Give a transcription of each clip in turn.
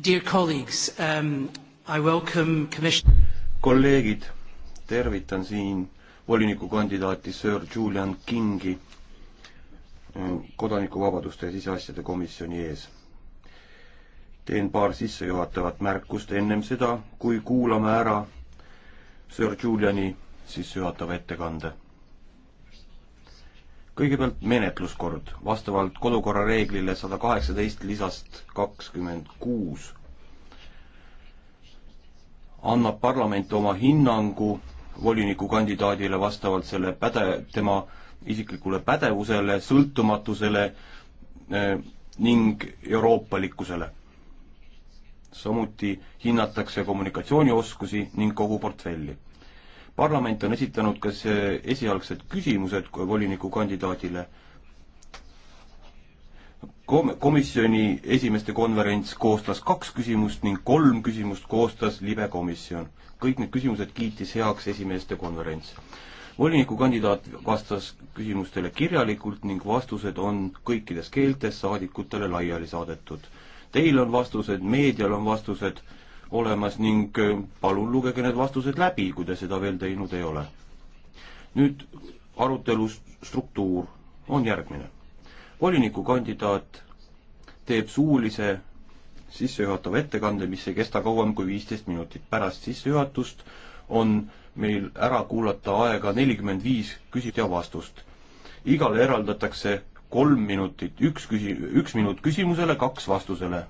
Dear colleagues, um, I welcome commission- kolleegid, tervitan siin volinikukandidaati Sir Julian Kingi ähm, kodanikuvabaduste ja siseasjade komisjoni ees. teen paar sissejuhatavat märkust ennem seda, kui kuulame ära Sir Juliani sissejuhatava ettekande kõigepealt menetluskord. vastavalt kodukorra reeglile sada kaheksateist lisast kakskümmend kuus annab parlament oma hinnangu volinikukandidaadile vastavalt selle päde-, tema isiklikule pädevusele, sõltumatusele eh, ning euroopalikkusele. samuti hinnatakse kommunikatsioonioskusi ning kogu portfelli parlament on esitanud ka esialgsed küsimused volinikukandidaadile. Kom-, komisjoni esimeste konverents koostas kaks küsimust ning kolm küsimust koostas libe komisjon. kõik need küsimused kiitis heaks esimeeste konverents. volinikukandidaat vastas küsimustele kirjalikult ning vastused on kõikides keeltes saadikutele laiali saadetud. Teil on vastused, meedial on vastused olemas ning äh, palun lugege need vastused läbi, kui te seda veel teinud ei ole. nüüd arutelu struktuur on järgmine. volinikukandidaat teeb suulise sissejuhatava ettekande, mis ei kesta kauem kui viisteist minutit. pärast sissejuhatust on meil ära kuulata aega nelikümmend viis küsimust ja vastust. igale eraldatakse kolm minutit, üks küsi-, üks minut küsimusele, kaks vastusele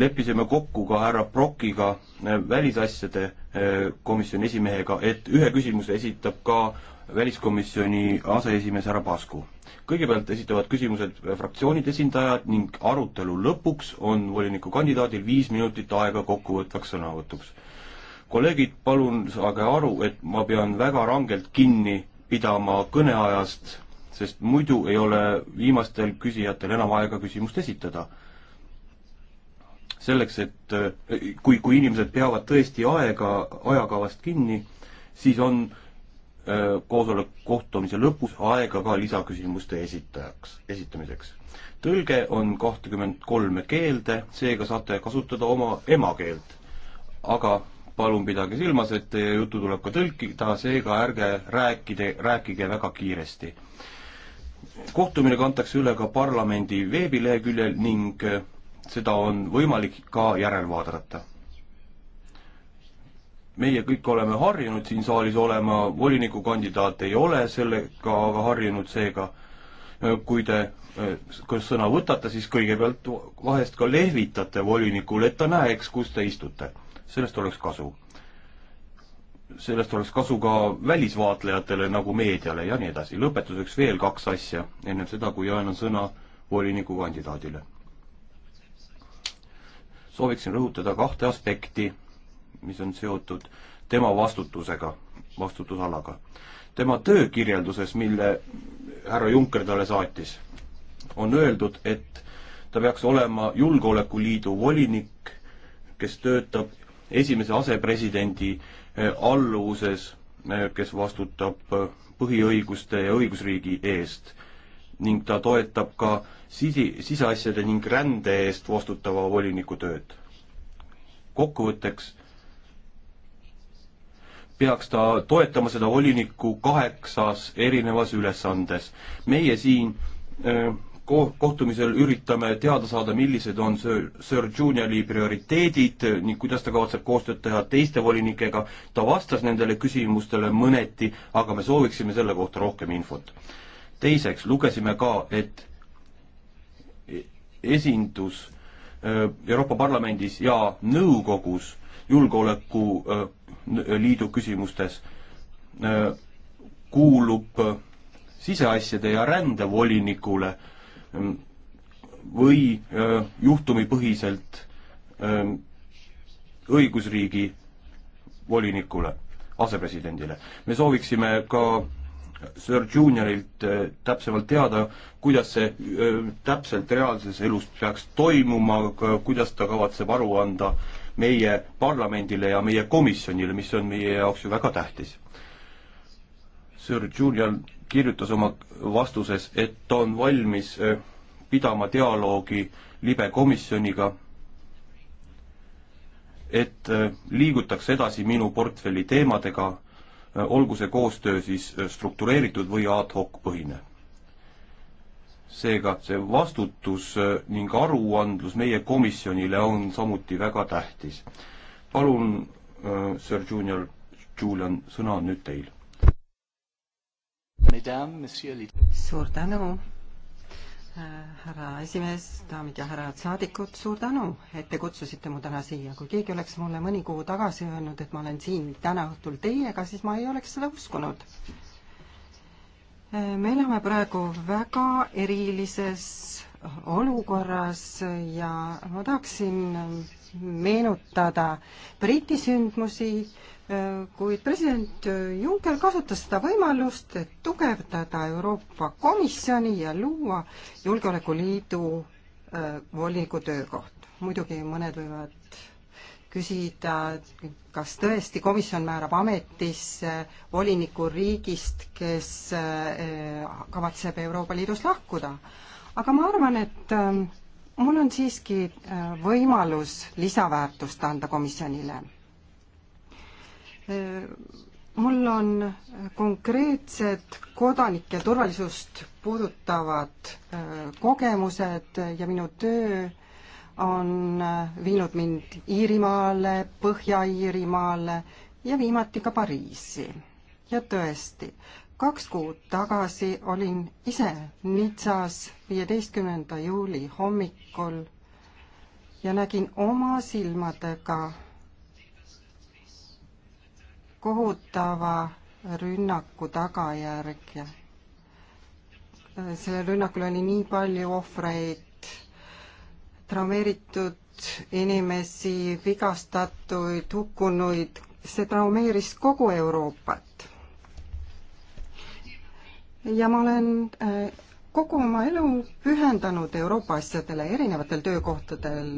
leppisime kokku ka härra Brokiga, äh, välisasjade äh, komisjoni esimehega, et ühe küsimuse esitab ka väliskomisjoni aseesimees härra Pasku. kõigepealt esitavad küsimused fraktsioonide esindajad ning arutelu lõpuks on volinikukandidaadil viis minutit aega kokkuvõtvaks sõnavõtuks. kolleegid, palun saage aru, et ma pean väga rangelt kinni pidama kõneajast, sest muidu ei ole viimastel küsijatel enam aega küsimust esitada selleks, et äh, kui, kui inimesed peavad tõesti aega, ajakavast kinni, siis on äh, koosoleku kohtumise lõpus aega ka lisaküsimuste esitajaks, esitamiseks. tõlge on kahtekümmend kolme keelde, seega saate kasutada oma emakeelt. aga palun pidage silmas, et teie juttu tuleb ka tõlkida, seega ärge rääkige, rääkige väga kiiresti. kohtumine kantakse üle ka parlamendi veebileheküljel ning äh, seda on võimalik ka järel vaadata. meie kõik oleme harjunud siin saalis olema, volinikukandidaat ei ole sellega aga harjunud, seega äh, kui te äh, kas sõna võtate, siis kõigepealt vahest ka lehvitate volinikule, et ta näeks, kus te istute. sellest oleks kasu. sellest oleks kasu ka välisvaatlejatele nagu meediale ja nii edasi. lõpetuseks veel kaks asja, ennem seda, kui annan sõna volinikukandidaadile sooviksin rõhutada kahte aspekti, mis on seotud tema vastutusega, vastutusalaga. tema töökirjelduses, mille härra Juncker talle saatis, on öeldud, et ta peaks olema Julgeolekuliidu volinik, kes töötab esimese asepresidendi eh, alluvuses, eh, kes vastutab eh, põhiõiguste ja õigusriigi eest ning ta toetab ka äh, sisi, siseasjade ning rände eest vastutava voliniku tööd. kokkuvõtteks peaks ta toetama seda volinikku kaheksas erinevas ülesandes. meie siin öö, äh, ko-, kohtumisel üritame teada saada, millised on Sir, Sir Juniali prioriteedid ning kuidas ta kavatseb koostööd teha teiste volinikega. ta vastas nendele küsimustele mõneti, aga me sooviksime selle kohta rohkem infot. teiseks lugesime ka, et esindus äh, Euroopa Parlamendis ja nõukogus julgeolekuliidu äh, küsimustes äh, kuulub siseasjade ja rändevolinikule mm, või juhtumipõhiselt õigusriigi volinikule, asepresidendile. me sooviksime ka Sir Juniorilt äh, täpsemalt teada, kuidas see äh, täpselt reaalses elus peaks toimuma, kuidas ta kavatseb aru anda meie parlamendile ja meie komisjonile, mis on meie jaoks ju väga tähtis. Sir Julian kirjutas oma vastuses, et ta on valmis äh, pidama dialoogi libe komisjoniga, et liigutakse edasi minu portfelli teemadega Äh, olgu see koostöö siis äh, struktureeritud või ad hoc põhine. seega see vastutus äh, ning aruandlus meie komisjonile on samuti väga tähtis. palun, Sir Junior Julian, sõna on nüüd teil. suur tänu Äh, härra esimees, daamid ja härrad saadikud, suur tänu, et te kutsusite mu täna siia. kui keegi oleks mulle mõni kuu tagasi öelnud, et ma olen siin täna õhtul teiega, siis ma ei oleks seda uskunud. Äh, me elame praegu väga erilises olukorras ja ma tahaksin meenutada Briti sündmusi, kuid president Juncker kasutas seda võimalust, et tugevdada Euroopa Komisjoni ja luua Julgeolekuliidu äh, voliniku töökoht. muidugi mõned võivad küsida, kas tõesti komisjon määrab ametisse voliniku riigist, kes äh, kavatseb Euroopa Liidust lahkuda. aga ma arvan, et ähm, mul on siiski äh, võimalus lisaväärtust anda komisjonile Äh, mul on konkreetsed kodanike turvalisust puudutavad äh, kogemused ja minu töö on äh, viinud mind Iirimaale, Põhja-Iirimaale ja viimati ka Pariisi. ja tõesti, kaks kuud tagasi olin ise Nitsas viieteistkümnenda juuli hommikul ja nägin oma silmadega kohutava rünnaku tagajärg. sellel rünnakul oli nii palju ohvreid, traumeeritud inimesi, vigastatuid, hukkunuid, see traumeeris kogu Euroopat. ja ma olen äh, kogu oma elu pühendanud Euroopa asjadele erinevatel töökohtadel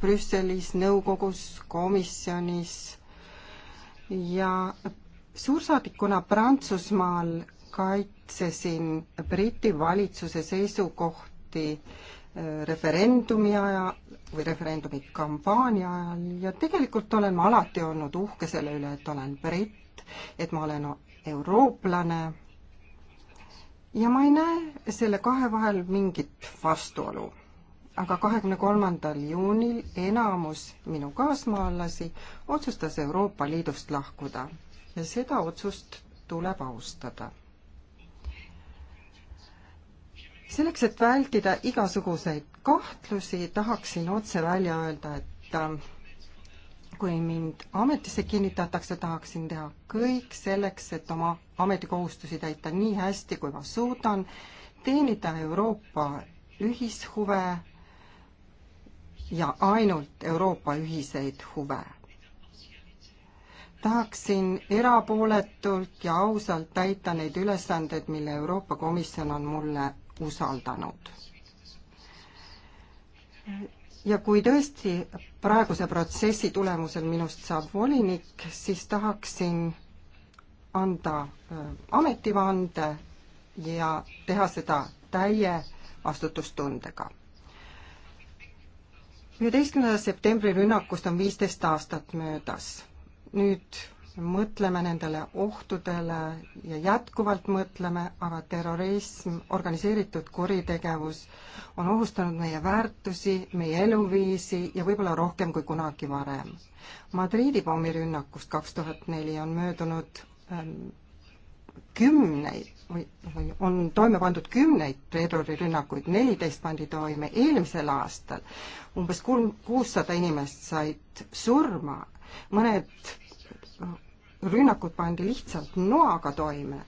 Brüsselis, nõukogus, komisjonis ja suursaadikuna Prantsusmaal kaitsesin Briti valitsuse seisukohti äh, referendumi aja või referendumi kampaania ajal ja tegelikult olen ma alati olnud uhke selle üle, et olen britt, et ma olen eurooplane ja ma ei näe selle kahe vahel mingit vastuolu aga kahekümne kolmandal juunil enamus minu kaasmaalasi otsustas Euroopa Liidust lahkuda ja seda otsust tuleb austada. selleks, et vältida igasuguseid kahtlusi, tahaksin otse välja öelda, et ähm, kui mind ametisse kinnitatakse, tahaksin teha kõik selleks, et oma ametikohustusi täita nii hästi, kui ma suudan, teenida Euroopa ühishuve ja ainult Euroopa ühiseid huve. tahaksin erapooletult ja ausalt täita neid ülesandeid, mille Euroopa Komisjon on mulle usaldanud. ja kui tõesti praeguse protsessi tulemusel minust saab volinik, siis tahaksin anda äh, ametivande ja teha seda täie vastutustundega üheteistkümnenda septembri rünnakust on viisteist aastat möödas. nüüd mõtleme nendele ohtudele ja jätkuvalt mõtleme, aga terrorism, organiseeritud kuritegevus on ohustanud meie väärtusi, meie eluviisi ja võib-olla rohkem kui kunagi varem. Madriidi pommirünnakust kaks tuhat neli on möödunud ähm, kümneid on toime pandud kümneid reedurirünnakuid, neliteist pandi toime eelmisel aastal. umbes kolm, kuussada inimest said surma, mõned rünnakud pandi lihtsalt noaga toime.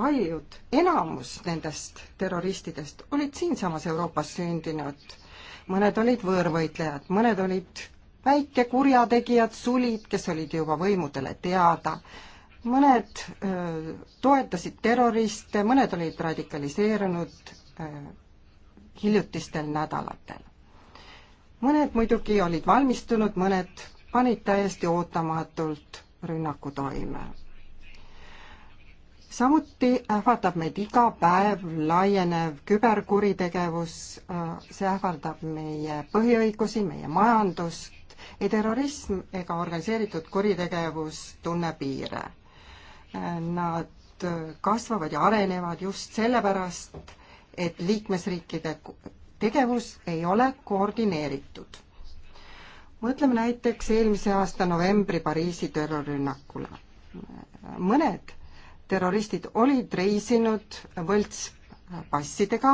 paljud, enamus nendest terroristidest olid siinsamas Euroopas sündinud, mõned olid võõrvõitlejad, mõned olid väikekurjategijad, sulid, kes olid juba võimudele teada mõned äh, toetasid terroriste, mõned olid radikaliseerunud äh, hiljutistel nädalatel. mõned muidugi olid valmistunud, mõned panid täiesti ootamatult rünnaku toime. samuti ähvardab meid iga päev laienev küberkuritegevus, äh, see ähvardab meie põhiõigusi, meie majandust, ei terrorism ega organiseeritud kuritegevus tunne piire nad kasvavad ja arenevad just sellepärast, et liikmesriikide tegevus ei ole koordineeritud. mõtleme näiteks eelmise aasta novembri Pariisi terrorirünnakule. mõned terroristid olid reisinud võlts passidega.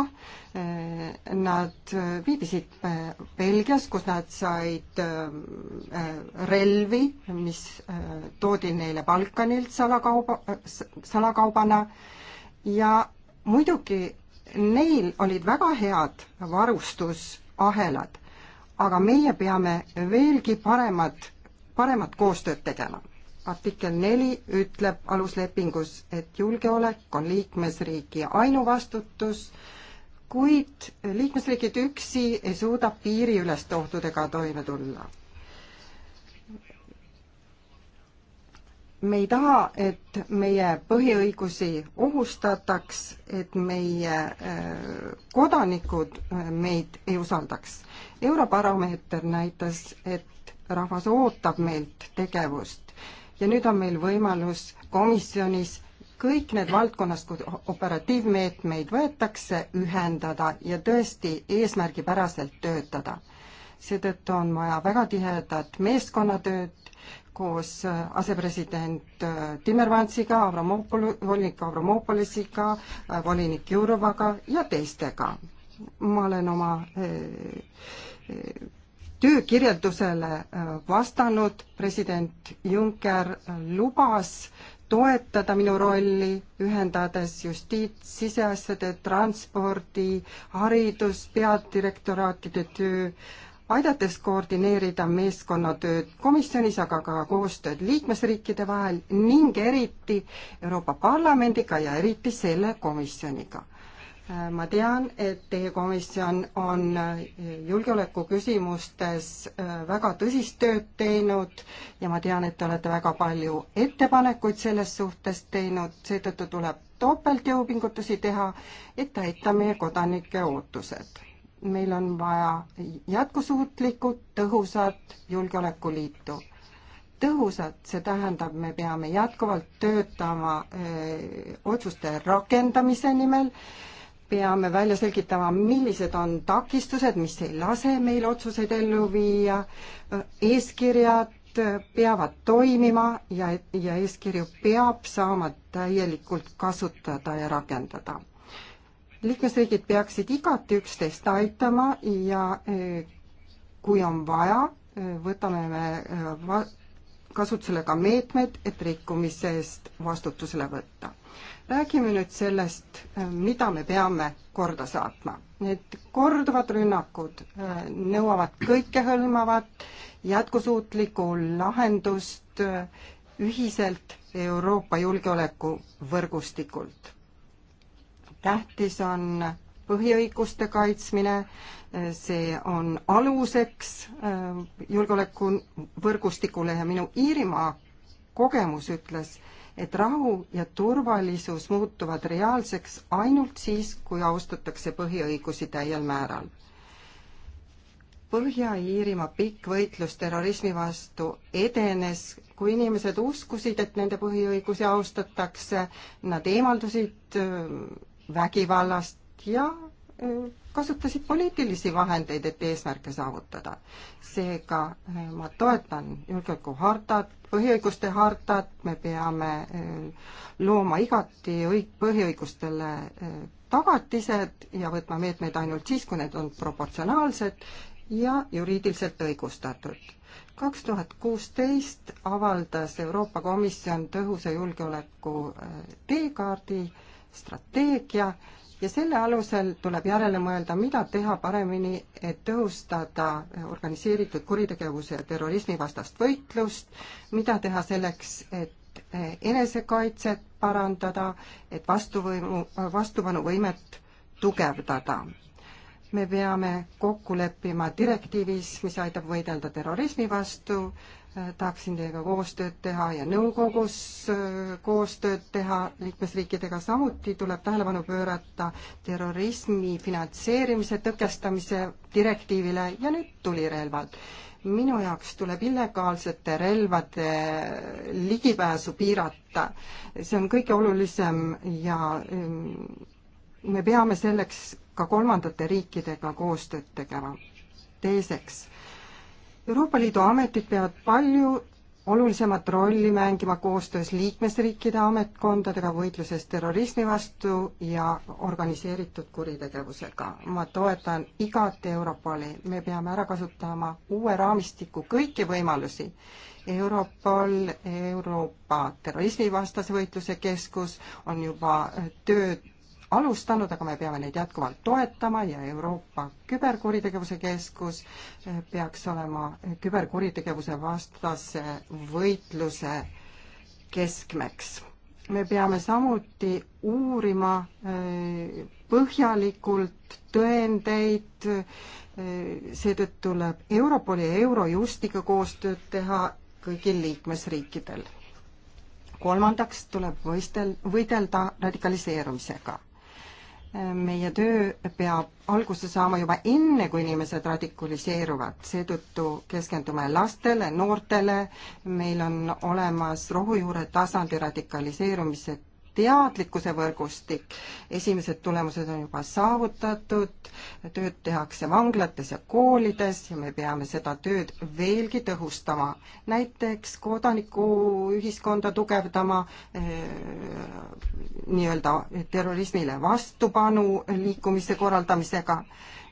Nad viibisid äh, Belgias, kus nad said äh, äh, relvi, mis toodi neile Balkanilt salakauba, salakaubana ja muidugi neil olid väga head varustusahelad, aga meie peame veelgi paremat, paremat koostööd tegema artikkel neli ütleb aluslepingus, et julgeolek on liikmesriigi ainuvastutus, kuid liikmesriigid üksi ei suuda piiriüleste ohtudega toime tulla. me ei taha, et meie põhiõigusi ohustataks, et meie äh, kodanikud äh, meid ei usaldaks. Eurobaromeeter näitas, et rahvas ootab meilt tegevust ja nüüd on meil võimalus komisjonis kõik need valdkonnas, kui operatiivmeetmeid võetakse, ühendada ja tõesti eesmärgipäraselt töötada. seetõttu on vaja väga tihedat meeskonnatööd koos äh, asepresident äh, Timmermansiga, Avramopol-, volinik Avramopolisiga, äh, volinik Jurovaga ja teistega. ma olen oma töökirjeldusele äh, vastanud president Juncker lubas toetada minu rolli, ühendades justiits, siseasjade, transpordi, haridus, peadirektoraatide töö, aidates koordineerida meeskonnatööd komisjonis, aga ka koostööd liikmesriikide vahel ning eriti Euroopa Parlamendiga ja eriti selle komisjoniga ma tean, et teie komisjon on eh, julgeolekuküsimustes eh, väga tõsist tööd teinud ja ma tean, et te olete väga palju ettepanekuid selles suhtes teinud, seetõttu tuleb topeltjõupingutusi teha, et täita meie kodanike ootused. meil on vaja jätkusuutlikku, tõhusat julgeolekuliitu tõhusad, see tähendab, me peame jätkuvalt töötama öö, eh, otsuste rakendamise nimel peame välja selgitama, millised on takistused, mis ei lase meil otsuseid ellu viia, eeskirjad peavad toimima ja, ja eeskirju peab saama täielikult kasutada ja rakendada. liikmesriigid peaksid igati üksteist aitama ja eh, kui on vaja, eh, võtame me eh, kasutusele ka meetmed, et rikkumise eest vastutusele võtta räägime nüüd sellest, äh, mida me peame korda saatma. Need korduvad rünnakud äh, nõuavad kõikehõlmavat jätkusuutlikku lahendust äh, ühiselt Euroopa julgeolekuvõrgustikult. tähtis on põhiõiguste kaitsmine, see on aluseks julgeolekuvõrgustikule ja minu Iirimaa kogemus ütles, et rahu ja turvalisus muutuvad reaalseks ainult siis, kui austatakse põhiõigusi täiel määral. Põhja-Iirimaa pikk võitlus terrorismi vastu edenes, kui inimesed uskusid, et nende põhiõigusi austatakse, nad eemaldusid äh, vägivallast ja kasutasid poliitilisi vahendeid, et eesmärke saavutada. seega eh, ma toetan julgeolekuhartat, põhiõiguste hartat, me peame eh, looma igati õig-, põhiõigustele eh, tagatised ja võtma meetmeid ainult siis, kui need on proportsionaalsed ja juriidiliselt õigustatud. kaks tuhat kuusteist avaldas Euroopa Komisjon tõhusa julgeoleku teekaardi strateegia, ja selle alusel tuleb järele mõelda, mida teha paremini, et tõhustada organiseeritud kuritegevuse ja terrorismi vastast võitlust, mida teha selleks, et eh, enesekaitset parandada, et vastuvõimu, vastupanuvõimet tugevdada. me peame kokku leppima direktiivis, mis aitab võidelda terrorismi vastu, Äh, tahaksin teiega koostööd teha ja nõukogus äh, koostööd teha liikmesriikidega, samuti tuleb tähelepanu pöörata terrorismi finantseerimise tõkestamise direktiivile ja nüüd tulirelvad. minu jaoks tuleb illegaalsete relvade ligipääsu piirata, see on kõige olulisem ja ähm, me peame selleks ka kolmandate riikidega koostööd tegema. teiseks Euroopa Liidu ametid peavad palju olulisemat rolli mängima koostöös liikmesriikide ametkondadega võitluses terrorismi vastu ja organiseeritud kuritegevusega. ma toetan igat Europoli, me peame ära kasutama uue raamistiku kõiki võimalusi. Europol, Euroopa terrorismivastase võitluse keskus on juba tööd alustanud, aga me peame neid jätkuvalt toetama ja Euroopa Küberkuritegevuse Keskus eh, peaks olema küberkuritegevuse vastase võitluse keskmeks. me peame samuti uurima eh, põhjalikult tõendeid, eh, seetõttu tuleb Europoli ja Eurojustiga koostööd teha kõigil liikmesriikidel kolmandaks tuleb võistel, võidelda radikaliseerumisega meie töö peab alguse saama juba enne, kui inimesed radikaliseeruvad, seetõttu keskendume lastele, noortele, meil on olemas rohujuure tasandi radikaliseerumise teadlikkuse võrgustik. esimesed tulemused on juba saavutatud, tööd tehakse vanglates ja koolides ja me peame seda tööd veelgi tõhustama. näiteks kodanikuühiskonda tugevdama eh, nii-öelda terrorismile vastupanu liikumise korraldamisega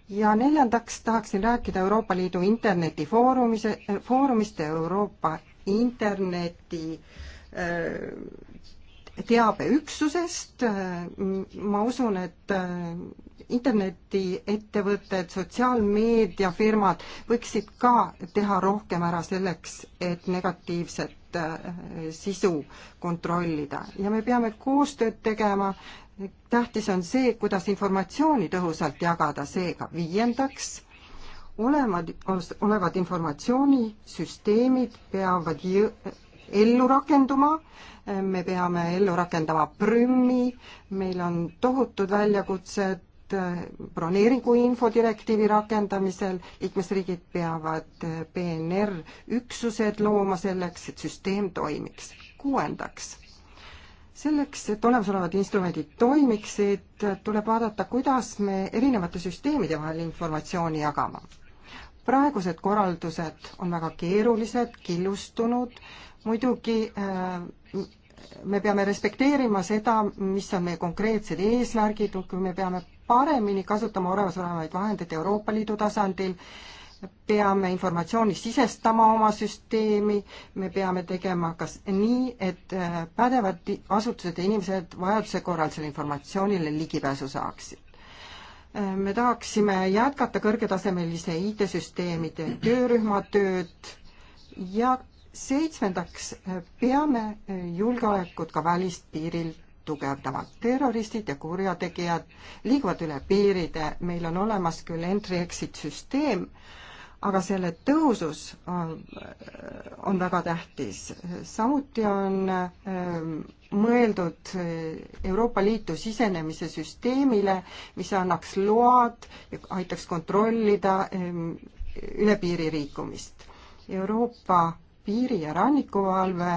ja neljandaks tahaksin rääkida Euroopa Liidu internetifoorumise, eh, foorumist Euroopa interneti öö, eh, teabeüksusest, ma usun, et äh, internetiettevõtted, sotsiaalmeediafirmad võiksid ka teha rohkem ära selleks, et negatiivset äh, sisu kontrollida ja me peame koostööd tegema, tähtis on see, kuidas informatsiooni tõhusalt jagada, seega viiendaks, olevad, olevad informatsioonisüsteemid peavad jõ-, ellu rakenduma, me peame ellu rakendama Prümmi, meil on tohutud väljakutsed eh, broneeringu infodirektiivi rakendamisel, liikmesriigid peavad eh, PNR-üksused looma selleks, et süsteem toimiks. kuuendaks, selleks, et olemasolevad instrumendid toimiksid, tuleb vaadata, kuidas me erinevate süsteemide vahel informatsiooni jagame praegused korraldused on väga keerulised, killustunud, muidugi äh, me peame respekteerima seda, mis on meie konkreetsed eesmärgid, kui me peame paremini kasutama olemasolevaid vahendeid Euroopa Liidu tasandil, peame informatsiooni sisestama oma süsteemi, me peame tegema kas nii, et äh, pädevad asutused ja inimesed vajaduse korral selle informatsioonile ligipääsu saaksid. Äh, me tahaksime jätkata kõrgetasemelise IT-süsteemide töörühma tööd ja seitsmendaks peame julgeolekut ka välispiiril tugevdama. terroristid ja kurjategijad liiguvad üle piiride, meil on olemas küll entry-exit süsteem, aga selle tõhusus on, on väga tähtis. samuti on ähm, mõeldud Euroopa Liitu sisenemise süsteemile, mis annaks load ja aitaks kontrollida ähm, üle piiri liikumist. Euroopa piiri- ja rannikuvalve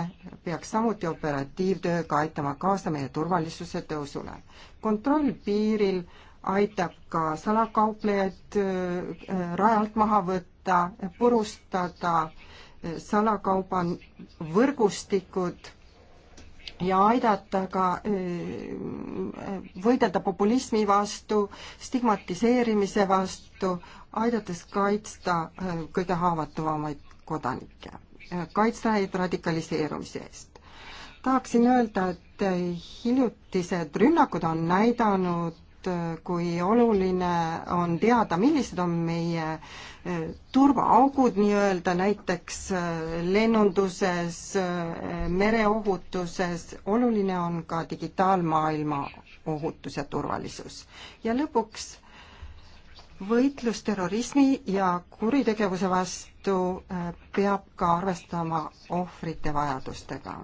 peaks samuti operatiivtööga aitama kaasa meie turvalisuse tõusule. kontroll piiril aitab ka salakauplejaid äh, rajalt maha võtta, purustada äh, salakauba võrgustikud ja aidata ka äh, võidelda populismi vastu, stigmatiseerimise vastu, aidates kaitsta kõige haavatavamaid kodanikke kaitsta neid radikaliseerumise eest. tahaksin öelda, et hiljutised rünnakud on näidanud, kui oluline on teada, millised on meie eh, turvaaugud nii-öelda näiteks eh, lennunduses, eh, mereohutuses, oluline on ka digitaalmaailma ohutus ja turvalisus. ja lõpuks võitlus terrorismi ja kuritegevuse vastu äh, peab ka arvestama ohvrite vajadustega.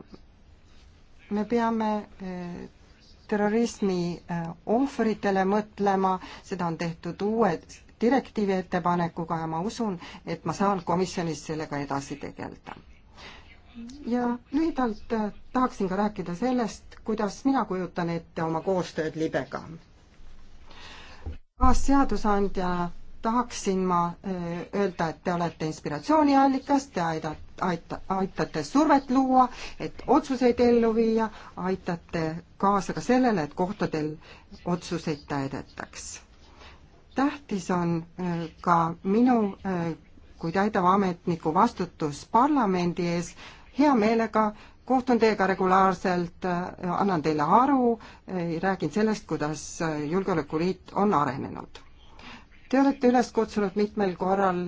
me peame äh, terrorismi äh, ohvritele mõtlema, seda on tehtud uue direktiivi ettepanekuga ja ma usun, et ma saan komisjonis sellega edasi tegeleda ja lühidalt tahaksin ka rääkida sellest, kuidas mina kujutan ette oma koostööd libega kaasseadusandjana tahaksin ma eh, öelda, et te olete inspiratsiooniallikas, te aidat-, aita-, aitate survet luua, et otsuseid ellu viia, aitate kaasa ka sellele, et kohtadel otsuseid täidetaks. tähtis on eh, ka minu eh, kui täideva ametniku vastutus parlamendi ees, hea meelega kohtun teiega regulaarselt, äh, annan teile aru, äh, räägin sellest, kuidas äh, Julgeolekuliit on arenenud. Te olete üles kutsunud mitmel korral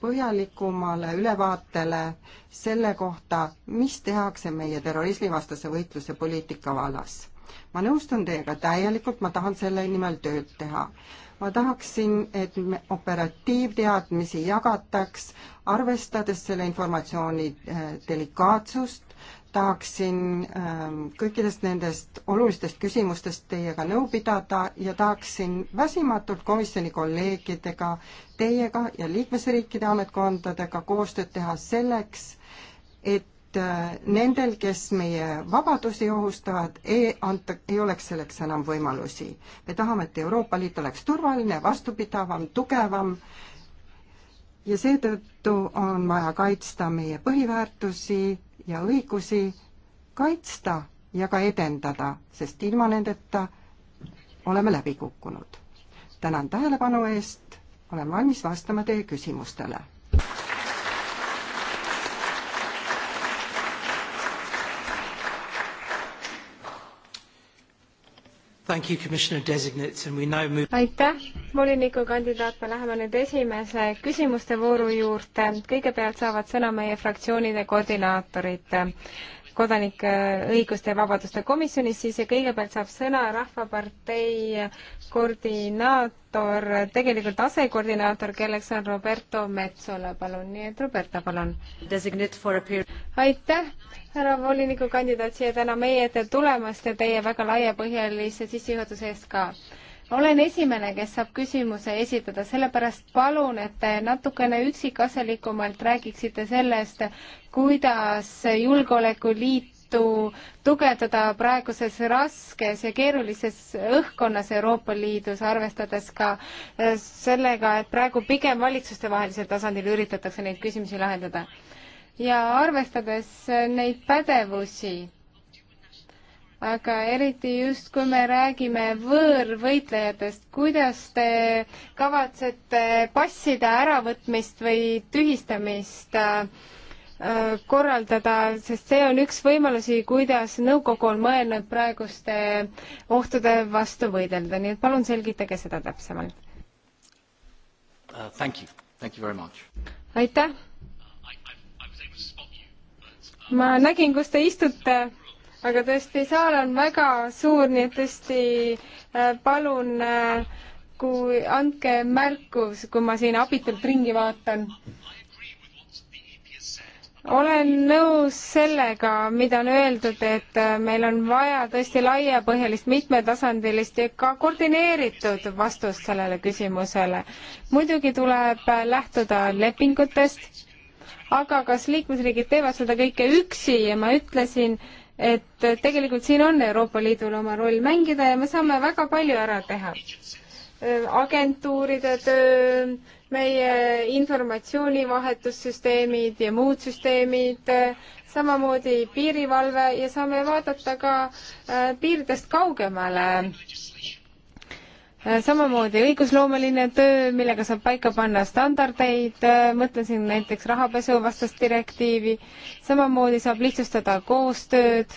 põhjalikumale ülevaatele selle kohta, mis tehakse meie terrorismivastase võitluse poliitika vallas. ma nõustun teiega täielikult, ma tahan selle nimel tööd teha ma tahaksin, et operatiivteadmisi jagataks, arvestades selle informatsiooni delikaatsust tahaksin ähm, kõikidest nendest olulistest küsimustest teiega nõu pidada ja tahaksin väsimatult komisjoni kolleegidega, teiega ja liikmesriikide ametkondadega koostööd teha selleks, et äh, nendel, kes meie vabadusi ohustavad, ei anta, ei oleks selleks enam võimalusi. me tahame, et Euroopa Liit oleks turvaline, vastupidavam, tugevam ja seetõttu on vaja kaitsta meie põhiväärtusi, ja õigusi kaitsta ja ka edendada, sest ilma nendeta oleme läbi kukkunud. tänan tähelepanu eest, olen valmis vastama teie küsimustele aitäh, volinikukandidaat, me läheme nüüd esimese küsimuste vooru juurde. kõigepealt saavad sõna meie fraktsioonide koordinaatorid kodanike õiguste ja vabaduste komisjonis siis ja kõigepealt saab sõna Rahvapartei koordinaator, tegelikult asekoordinaator, kelleks on Roberto Metsola, palun, nii et Roberta, palun. aitäh, härra volinikukandidaat, siia täna meie ette tulemast ja teie väga laiapõhjalise sissejuhatuse eest ka olen esimene, kes saab küsimuse esitada, sellepärast palun, et te natukene üksikasjalikumalt räägiksite sellest, kuidas Julgeolekuliitu tugevdada praeguses raskes ja keerulises õhkkonnas Euroopa Liidus, arvestades ka äh, sellega, et praegu pigem valitsustevahelisel tasandil üritatakse neid küsimusi lahendada. ja arvestades neid pädevusi aga eriti just, kui me räägime võõrvõitlejatest, kuidas te kavatsete passide äravõtmist või tühistamist äh, korraldada, sest see on üks võimalusi, kuidas nõukogu on mõelnud praeguste ohtude vastu võidelda, nii et palun selgitage seda täpsemalt uh,. Thank you, thank you very much. aitäh! ma nägin, kus te istute aga tõesti, saal on väga suur, nii et tõesti äh, palun äh, kui andke märku, kui ma siin abitult ringi vaatan. olen nõus sellega, mida on öeldud, et äh, meil on vaja tõesti laiapõhjalist, mitmetasandilist ja ka koordineeritud vastust sellele küsimusele. muidugi tuleb lähtuda lepingutest, aga kas liikmesriigid teevad seda kõike üksi ja ma ütlesin, et tegelikult siin on Euroopa Liidul oma roll mängida ja me saame väga palju ära teha. agentuuride töö, meie informatsioonivahetussüsteemid ja muud süsteemid, samamoodi piirivalve ja saame vaadata ka äh, piiridest kaugemale Äh, samamoodi õigusloomeline töö, millega saab paika panna standardeid, äh, mõtlesin näiteks rahapesuvastast direktiivi, samamoodi saab lihtsustada koostööd,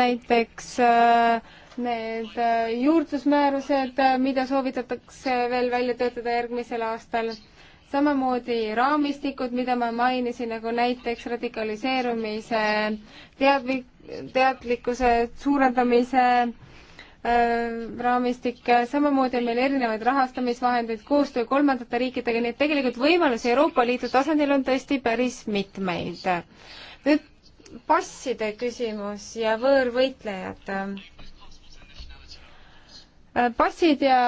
näiteks äh, need juurdlusmäärused, mida soovitatakse veel välja töötada järgmisel aastal, samamoodi raamistikud, mida ma mainisin, nagu näiteks radikaliseerumise teadlik-, teadlikkuse suurendamise äh, Äh, raamistikke, samamoodi on meil erinevaid rahastamisvahendeid, koostöö kolmandate riikidega, nii et tegelikult võimalusi Euroopa Liidu tasandil on tõesti päris mitmeid. nüüd passide küsimus ja võõrvõitlejad. Äh, passid ja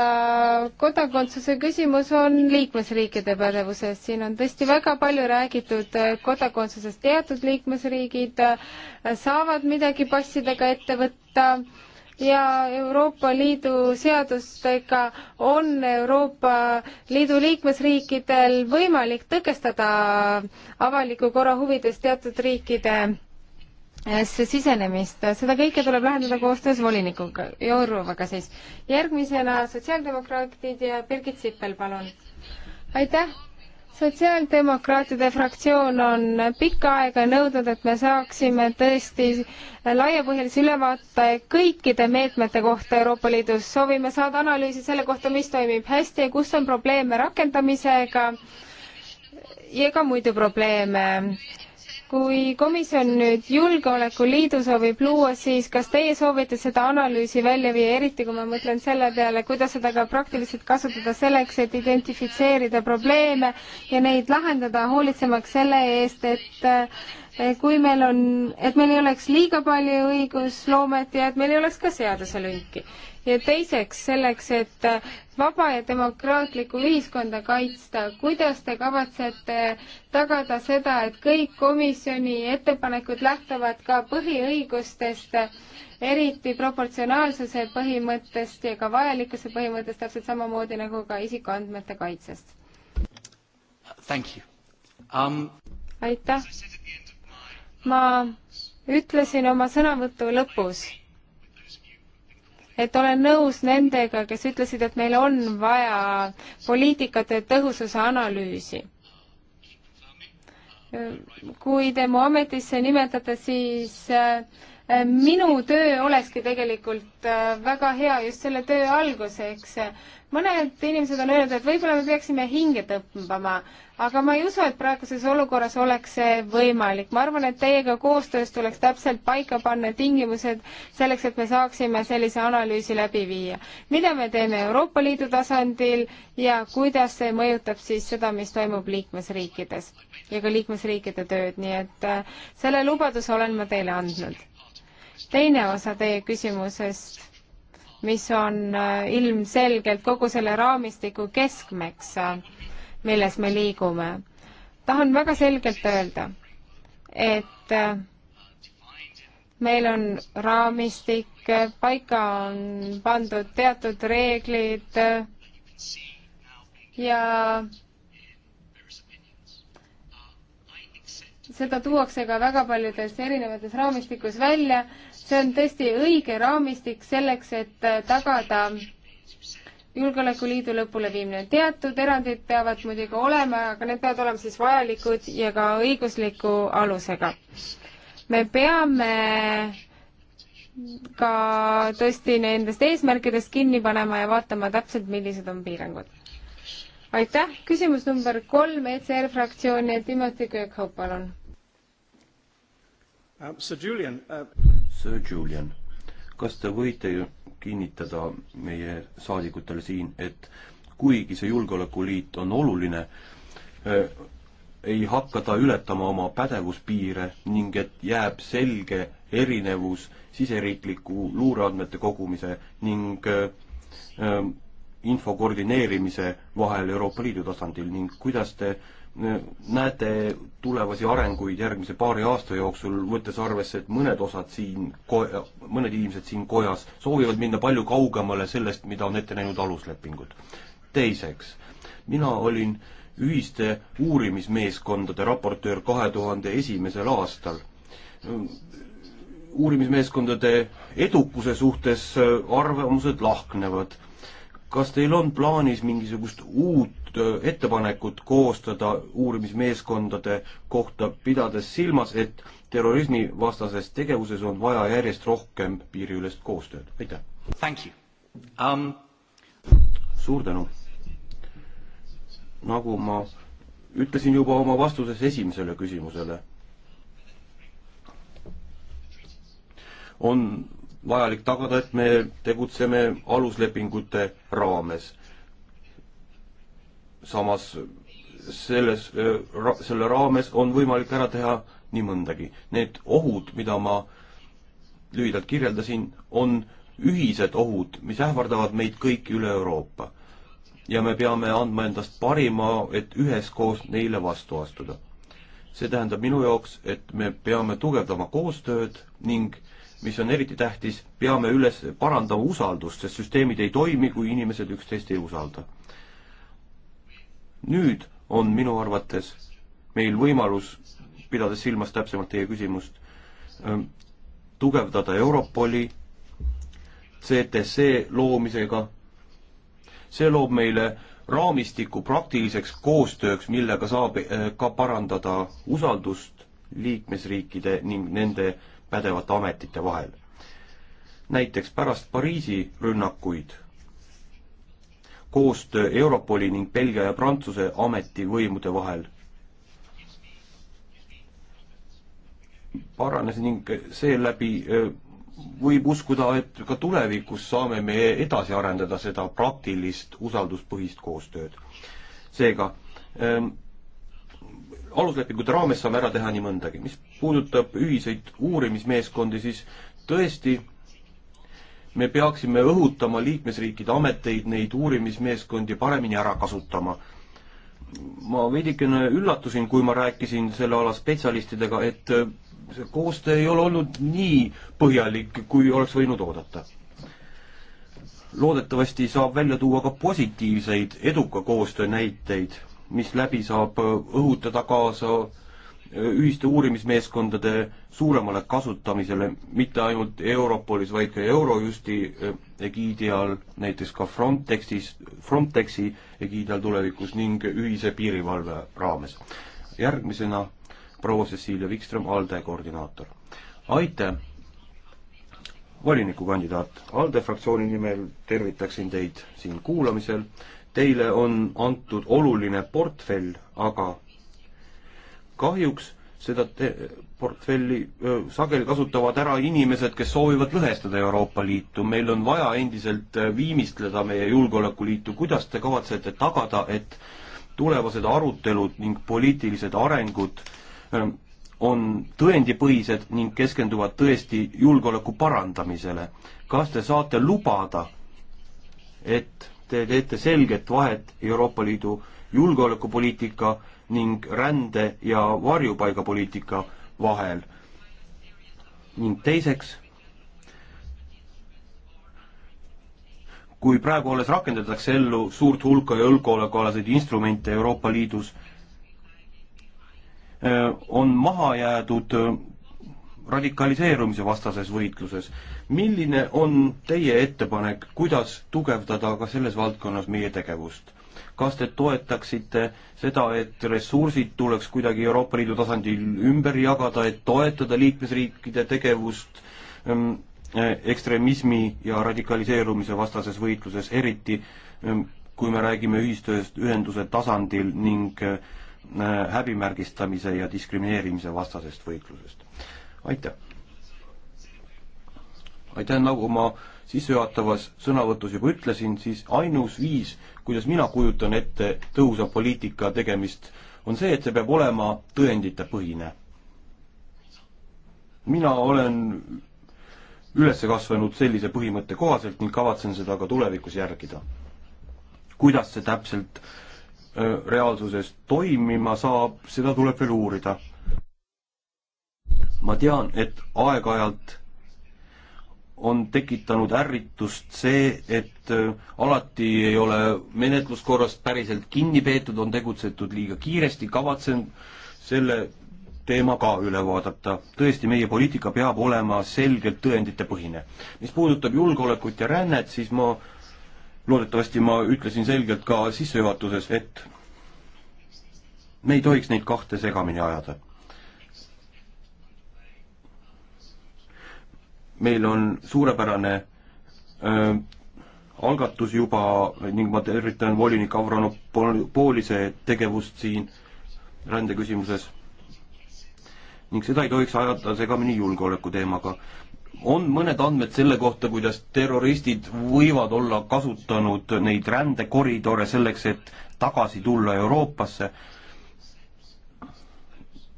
kodakondsuse küsimus on liikmesriikide pädevuses, siin on tõesti väga palju räägitud äh, kodakondsusest, teatud liikmesriigid saavad midagi passidega ette võtta ja Euroopa Liidu seadustega on Euroopa Liidu liikmesriikidel võimalik tõkestada avaliku korra huvides teatud riikide eh, sisenemist, seda kõike tuleb lahendada koostöös volinikuga, Jourovaga siis. järgmisena sotsiaaldemokraatid ja Birgit Sippel, palun. aitäh sotsiaaldemokraatide fraktsioon on pikka aega nõudnud, et me saaksime tõesti laiapõhjalise ülevaate kõikide meetmete kohta Euroopa Liidus. soovime saada analüüsi selle kohta, mis toimib hästi ja kus on probleeme rakendamisega ja ka muidu probleeme kui komisjon nüüd Julgeolekuliidu soovib luua, siis kas teie soovite seda analüüsi välja viia, eriti kui ma mõtlen selle peale, kuidas seda ka praktiliselt kasutada selleks, et identifitseerida probleeme ja neid lahendada, hoolitsemaks selle eest, et eh, kui meil on, et meil ei oleks liiga palju õigusloomet ja et meil ei oleks ka seaduselünki ja teiseks selleks, et vaba ja demokraatlikku ühiskonda kaitsta, kuidas te kavatsete tagada seda, et kõik komisjoni ettepanekud lähtuvad ka põhiõigustest, eriti proportsionaalsuse põhimõttest ja ka vajalikkuse põhimõttest, täpselt samamoodi nagu ka isikuandmete kaitsest? Um... aitäh. ma ütlesin oma sõnavõtu lõpus et olen nõus nendega, kes ütlesid, et meil on vaja poliitikate tõhususe analüüsi. kui te mu ametisse nimetate, siis äh, minu töö olekski tegelikult äh, väga hea just selle töö alguseks mõned inimesed on öelnud, et võib-olla me peaksime hinge tõmbama, aga ma ei usu, et praeguses olukorras oleks see võimalik. ma arvan, et teiega koostöös tuleks täpselt paika panna tingimused selleks, et me saaksime sellise analüüsi läbi viia. mida me teeme Euroopa Liidu tasandil ja kuidas see mõjutab siis seda, mis toimub liikmesriikides ja ka liikmesriikide tööd, nii et äh, selle lubaduse olen ma teile andnud. teine osa teie küsimusest mis on äh, ilmselgelt kogu selle raamistiku keskmeks, äh, milles me liigume. tahan väga selgelt öelda, et äh, meil on raamistik, paika on pandud teatud reeglid ja seda tuuakse ka väga paljudes erinevates raamistikus välja see on tõesti õige raamistik selleks, et äh, tagada julgeolekuliidu lõpuleviimine. teatud erandid peavad muidugi olema, aga need peavad olema siis vajalikud ja ka õigusliku alusega. me peame ka tõesti nendest eesmärkidest kinni panema ja vaatama täpselt, millised on piirangud. aitäh, küsimus number kolm ECR fraktsiooni, Timothy Kirkhope, palun. Uh, Sir Julian uh Sir Julian, kas te võite kinnitada meie saadikutele siin, et kuigi see julgeolekuliit on oluline, äh, ei hakka ta ületama oma pädevuspiire ning et jääb selge erinevus siseriikliku luureandmete kogumise ning äh, äh, info koordineerimise vahel Euroopa Liidu tasandil ning kuidas te äh, näete tulevasi arenguid järgmise paari aasta jooksul, võttes arvesse, et mõned osad siin ko-, mõned inimesed siin kojas soovivad minna palju kaugemale sellest, mida on ette näinud aluslepingud. teiseks, mina olin ühiste uurimismeeskondade raportöör kahe tuhande esimesel aastal. uurimismeeskondade edukuse suhtes arvamused lahknevad. kas teil on plaanis mingisugust uut ettepanekut koostada uurimismeeskondade kohta, pidades silmas, et terrorismivastases tegevuses on vaja järjest rohkem piiriülest koostööd. aitäh! Um... suur tänu! nagu ma ütlesin juba oma vastuses esimesele küsimusele, on vajalik tagada, et me tegutseme aluslepingute raames samas selles, äh, selle raames on võimalik ära teha nii mõndagi. Need ohud, mida ma lühidalt kirjeldasin, on ühised ohud, mis ähvardavad meid kõiki üle Euroopa. ja me peame andma endast parima, et üheskoos neile vastu astuda. see tähendab minu jaoks, et me peame tugevdama koostööd ning mis on eriti tähtis, peame üles parandama usaldust, sest süsteemid ei toimi, kui inimesed üksteist ei usalda nüüd on minu arvates meil võimalus, pidades silmas täpsemalt teie küsimust, tugevdada Europoli CTC loomisega. see loob meile raamistiku praktiliseks koostööks, millega saab ka parandada usaldust liikmesriikide ning nende pädevate ametite vahel. näiteks pärast Pariisi rünnakuid koostöö Europoli ning Belgia ja Prantsuse ametivõimude vahel paranes ning seeläbi võib uskuda, et ka tulevikus saame me edasi arendada seda praktilist usalduspõhist koostööd. seega ähm, aluslepingute raames saame ära teha nii mõndagi. mis puudutab ühiseid uurimismeeskondi, siis tõesti me peaksime õhutama liikmesriikide ameteid neid uurimismeeskondi paremini ära kasutama. ma veidikene üllatusin, kui ma rääkisin selle ala spetsialistidega, et äh, see koostöö ei ole olnud nii põhjalik, kui oleks võinud oodata. loodetavasti saab välja tuua ka positiivseid eduka koostöö näiteid, mis läbi saab äh, õhutada kaasa ühiste uurimismeeskondade suuremale kasutamisele, mitte ainult Europolis, vaid ka Eurojusti äh, egiidi all, näiteks ka Frontexis, Frontexi egiidi all tulevikus ning ühise piirivalve raames. järgmisena proua Cecilia Wikström, ALDE koordinaator. aitäh, volinikukandidaat, ALDE fraktsiooni nimel tervitaksin teid siin kuulamisel. Teile on antud oluline portfell, aga kahjuks seda portfelli sageli kasutavad ära inimesed, kes soovivad lõhestada Euroopa Liitu. meil on vaja endiselt viimistleda meie julgeolekuliitu. kuidas te kavatsete tagada, et tulevased arutelud ning poliitilised arengud on tõendipõhised ning keskenduvad tõesti julgeoleku parandamisele. kas te saate lubada, et te teete selget vahet Euroopa Liidu julgeolekupoliitika ning rände- ja varjupaigapoliitika vahel. ning teiseks, kui praegu alles rakendatakse ellu suurt hulka julgeolekualaseid instrumente Euroopa Liidus, äh, on maha jäädud äh, radikaliseerumise vastases võitluses. milline on teie ettepanek, kuidas tugevdada ka selles valdkonnas meie tegevust? kas te toetaksite seda, et ressursid tuleks kuidagi Euroopa Liidu tasandil ümber jagada, et toetada liikmesriikide tegevust ähm, äh, ekstremismi ja radikaliseerumise vastases võitluses, eriti ähm, kui me räägime ühistööst ühenduse tasandil ning äh, häbimärgistamise ja diskrimineerimise vastasest võitlusest. aitäh! aitäh, nagu ma sissejuhatavas sõnavõtus juba ütlesin, siis ainus viis, kuidas mina kujutan ette tõhusa poliitika tegemist, on see, et see peab olema tõenditepõhine. mina olen üles kasvanud sellise põhimõtte kohaselt ning kavatsen seda ka tulevikus järgida. kuidas see täpselt reaalsuses toimima saab, seda tuleb veel uurida. ma tean, et aeg-ajalt on tekitanud ärritust see, et äh, alati ei ole menetluskorrast päriselt kinni peetud, on tegutsetud liiga kiiresti, kavatsen selle teema ka üle vaadata. tõesti, meie poliitika peab olema selgelt tõenditepõhine. mis puudutab julgeolekut ja rännet, siis ma, loodetavasti ma ütlesin selgelt ka sissejuhatuses, et me ei tohiks neid kahte segamini ajada meil on suurepärane öö, algatus juba ning ma tervitan volinik Avramopoolise tegevust siin rändeküsimuses. ning seda ei tohiks ajada segamini julgeoleku teemaga. on mõned andmed selle kohta, kuidas terroristid võivad olla kasutanud neid rändekoridore selleks, et tagasi tulla Euroopasse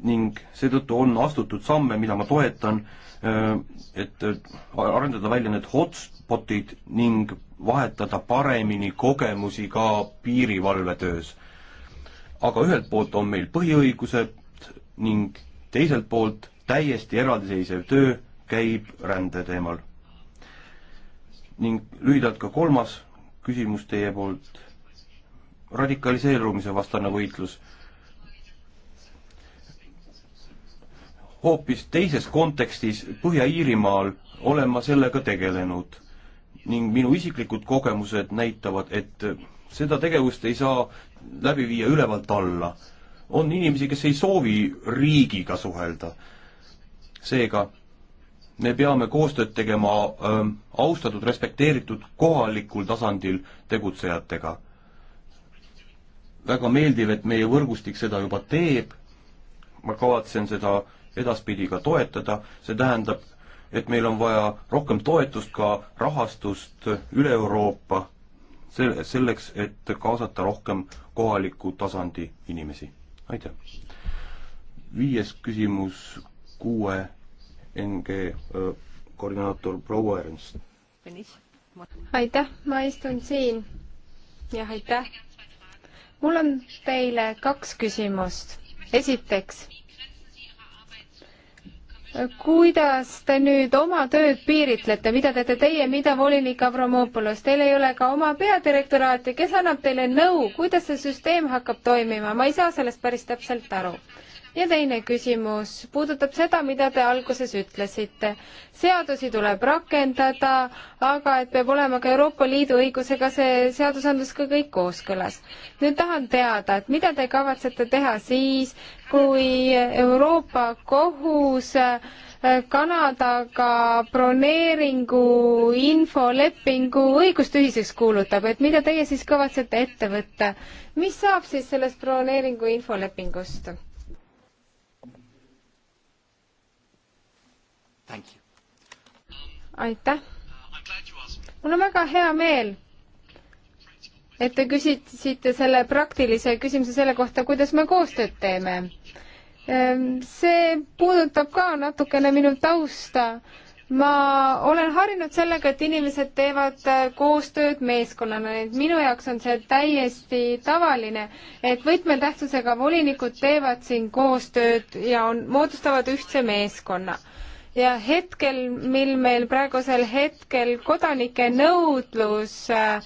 ning seetõttu on astutud samme, mida ma toetan Äh, et äh, arendada välja need hotspotid ning vahetada paremini kogemusi ka piirivalvetöös. aga ühelt poolt on meil põhiõigused ning teiselt poolt täiesti eraldiseisev töö käib rände teemal. ning lühidalt ka kolmas küsimus teie poolt, radikaliseerumise vastane võitlus hoopis teises kontekstis Põhja-Iirimaal olen ma sellega tegelenud ning minu isiklikud kogemused näitavad, et seda tegevust ei saa läbi viia ülevalt alla. on inimesi, kes ei soovi riigiga suhelda. seega me peame koostööd tegema äh, austatud, respekteeritud kohalikul tasandil tegutsejatega. väga meeldiv, et meie võrgustik seda juba teeb, ma kavatsen seda äh, edaspidi ka toetada, see tähendab, et meil on vaja rohkem toetust, ka rahastust üle Euroopa, selle, selleks, et kaasata rohkem kohaliku tasandi inimesi. aitäh! viies küsimus, kuue NG koordinaator proua Ernst. aitäh, ma istun siin. jah, aitäh. mul on teile kaks küsimust. esiteks kuidas te nüüd oma tööd piiritlete, mida teete teie, mida volinik Avramopoulos, teil ei ole ka oma peadirektoraati, kes annab teile nõu, kuidas see süsteem hakkab toimima, ma ei saa sellest päris täpselt aru ja teine küsimus puudutab seda, mida te alguses ütlesite. seadusi tuleb rakendada, aga et peab olema ka Euroopa Liidu õigusega see seadusandlus ka kõik kooskõlas. nüüd tahan teada, et mida te kavatsete teha siis, kui Euroopa Kohus äh, Kanadaga broneeringu infolepingu õigustühiseks kuulutab, et mida teie siis kavatsete ette võtta? mis saab siis sellest broneeringu infolepingust? aitäh. mul on väga hea meel, et te küsisite selle praktilise küsimuse selle kohta, kuidas me koostööd teeme. Ehm, see puudutab ka natukene minu tausta ma olen harjunud sellega, et inimesed teevad äh, koostööd meeskonnana, et minu jaoks on see täiesti tavaline, et võtmetähtsusega volinikud teevad siin koostööd ja on, moodustavad ühtse meeskonna ja hetkel, mil meil praegusel hetkel kodanike nõudlus äh,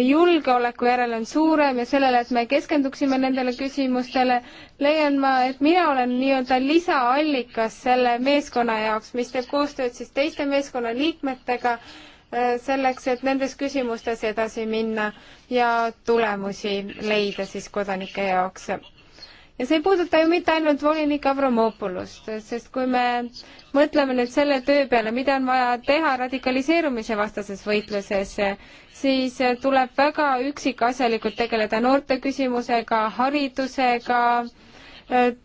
julgeoleku järele on suurem ja sellele, et me keskenduksime nendele küsimustele, leian ma, et mina olen nii-öelda lisaallikas selle meeskonna jaoks, mis teeb koostööd siis teiste meeskonna liikmetega äh, selleks, et nendes küsimustes edasi minna ja tulemusi leida siis kodanike jaoks ja see ei puuduta ju mitte ainult volinik Avramopolust, sest kui me mõtleme nüüd selle töö peale, mida on vaja teha radikaliseerumise vastases võitluses, siis tuleb väga üksikasjalikult tegeleda noorte küsimusega, haridusega,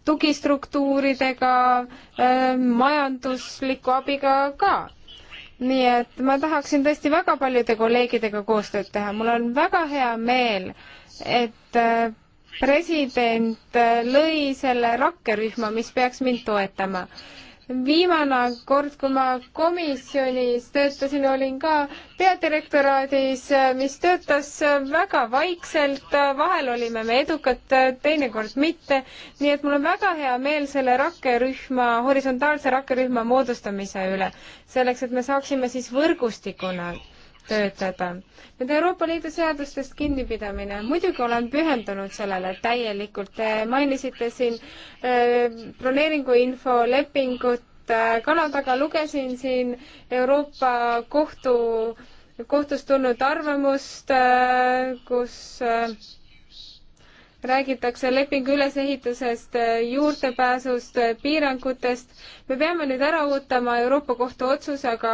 tugistruktuuridega, majandusliku abiga ka nii et ma tahaksin tõesti väga paljude kolleegidega koostööd teha, mul on väga hea meel, et president äh, lõi selle rakkerühma, mis peaks mind toetama. viimane kord, kui ma komisjonis töötasin, olin ka peadirektoraadis, äh, mis töötas äh, väga vaikselt, vahel olime me edukad, teinekord mitte, nii et mul on väga hea meel selle rakkerühma, horisontaalse rakkerühma moodustamise üle, selleks et me saaksime siis võrgustikuna töötada. nüüd Euroopa Liidu seadustest kinnipidamine, muidugi olen pühendunud sellele täielikult, te mainisite siin äh, broneeringuinfo lepingut äh, Kanadaga, lugesin siin Euroopa kohtu, kohtust tulnud arvamust, äh, kus räägitakse lepingu ülesehitusest, juurdepääsust, piirangutest. me peame nüüd ära ootama Euroopa Kohtu otsuse, aga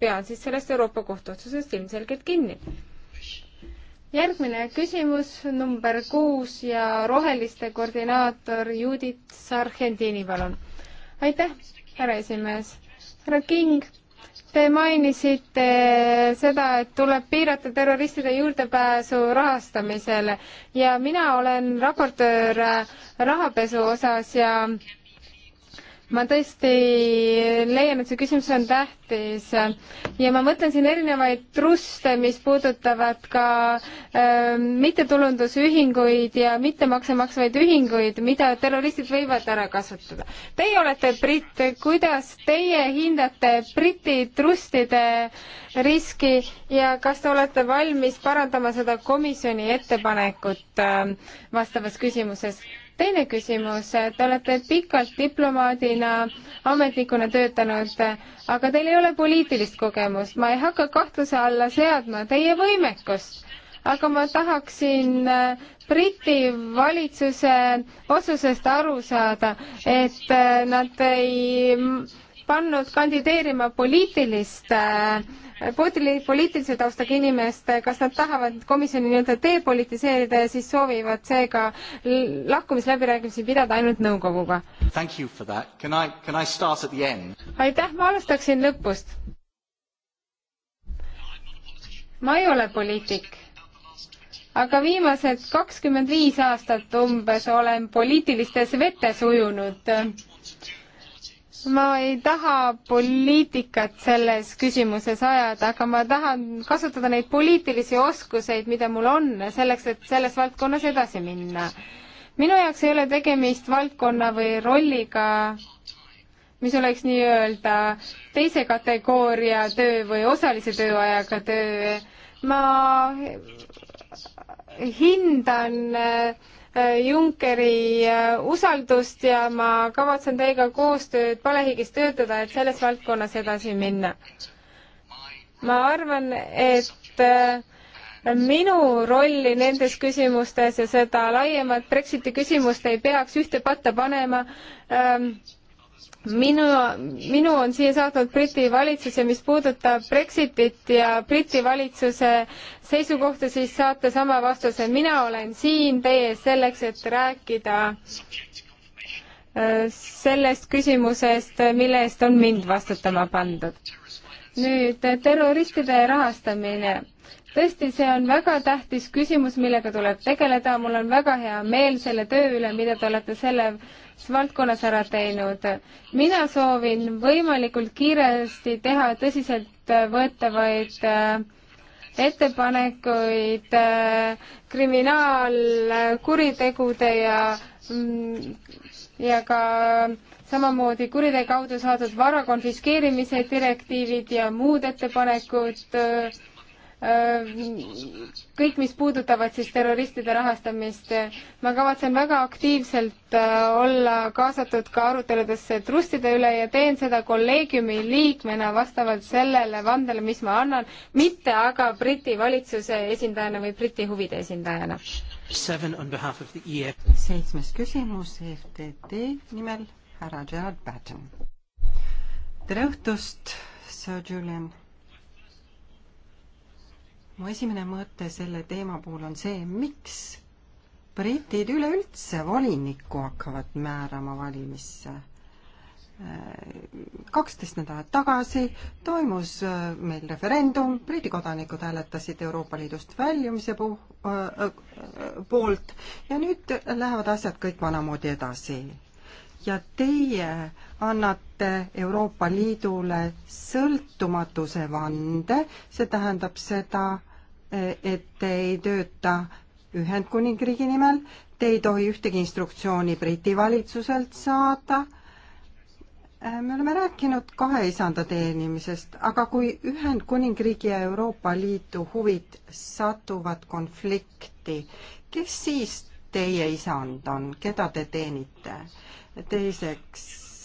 pean siis sellest Euroopa Kohtu otsusest ilmselgelt kinni. järgmine küsimus number kuus ja roheliste koordinaator Judith Sargentini, palun. aitäh, härra esimees. härra King Te mainisite seda, et tuleb piirata terroristide juurdepääsu rahastamisele ja mina olen raportöör rahapesu osas ja ma tõesti leian, et see küsimus on tähtis ja ma mõtlen siin erinevaid truste, mis puudutavad ka äh, mittetulundusühinguid ja mittemakse maksvaid ühinguid, mida terroristid võivad ära kasutada. Teie olete britt, kuidas teie hindate Briti trustide riski ja kas te olete valmis parandama seda komisjoni ettepanekut äh, vastavas küsimuses? teine küsimus, te olete pikalt diplomaadina, ametnikuna töötanud, aga teil ei ole poliitilist kogemust, ma ei hakka kahtluse alla seadma teie võimekust, aga ma tahaksin äh, Briti valitsuse otsusest aru saada, et äh, nad ei pannud kandideerima poliitiliste äh, poliitilise taustaga inimeste, kas nad tahavad komisjoni nii-öelda depolitiseerida ja siis soovivad seega lahkumisläbirääkimisi pidada ainult nõukoguga? aitäh, ma alustaksin lõpust. ma ei ole poliitik, aga viimased kakskümmend viis aastat umbes olen poliitilistes vetes ujunud ma ei taha poliitikat selles küsimuses ajada, aga ma tahan kasutada neid poliitilisi oskuseid, mida mul on, selleks, et selles valdkonnas edasi minna. minu jaoks ei ole tegemist valdkonna või rolliga, mis oleks nii-öelda teise kategooria töö või osalise tööajaga töö. ma hindan äh, Äh, Junckeri äh, usaldust ja ma kavatsen teiega koostööd palehigis töötada, et selles valdkonnas edasi minna. ma arvan, et äh, minu rolli nendes küsimustes ja seda laiemat Brexiti küsimust ei peaks ühte patta panema ähm, minu, minu on siia saatnud Briti valitsus ja mis puudutab Brexitit ja Briti valitsuse seisukohta, siis saate sama vastuse. mina olen siin teie ees selleks, et rääkida äh, sellest küsimusest, mille eest on mind vastutama pandud. nüüd terroristide rahastamine tõesti, see on väga tähtis küsimus, millega tuleb tegeleda, mul on väga hea meel selle töö üle, mida te olete selle valdkonnas ära teinud. mina soovin võimalikult kiiresti teha tõsiseltvõetavaid äh, ettepanekuid äh, kriminaalkuritegude ja, mm, ja ka samamoodi kuriteo kaudu saadud vara konfiskeerimise direktiivid ja muud ettepanekud äh, kõik, mis puudutavad siis terroristide rahastamist. ma kavatsen väga aktiivselt äh, olla kaasatud ka aruteludesse trustide üle ja teen seda kolleegiumi liikmena vastavalt sellele vandele, mis ma annan, mitte aga Briti valitsuse esindajana või Briti huvide esindajana. E seitsmes küsimus EFTT nimel härra Gerard Batten. tere õhtust, Sir Julian mu esimene mõte selle teema puhul on see, miks britid üleüldse volinikku hakkavad määrama valimisse. Äh, kaksteist nädalat tagasi toimus äh, meil referendum, Briti kodanikud hääletasid Euroopa Liidust väljumise puh-, äh, äh, poolt ja nüüd lähevad asjad kõik vanamoodi edasi. ja teie annate Euroopa Liidule sõltumatuse vande, see tähendab seda, Eh, et te ei tööta Ühendkuningriigi nimel, te ei tohi ühtegi instruktsiooni Briti valitsuselt saada. Eh, me oleme rääkinud kahe isanda teenimisest, aga kui Ühendkuningriigi ja Euroopa Liidu huvid satuvad konflikti, kes siis teie isand on, keda te teenite? teiseks,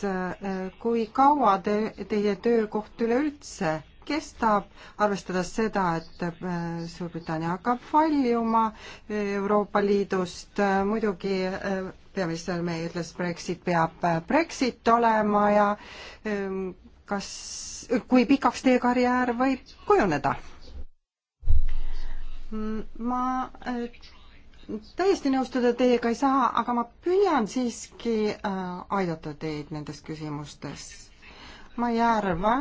eh, kui kaua te, teie töökoht üleüldse kes tahab, arvestades seda, et äh, Suurbritannia hakkab valjuma äh, Euroopa Liidust, äh, muidugi peaminister May ütles, Brexit peab Brexit olema ja ähm, kas, kui pikaks teie karjäär võib kujuneda? Mm, ma täiesti nõustuda teiega ei saa, aga ma püüan siiski äh, aidata teid nendes küsimustes. ma ei arva,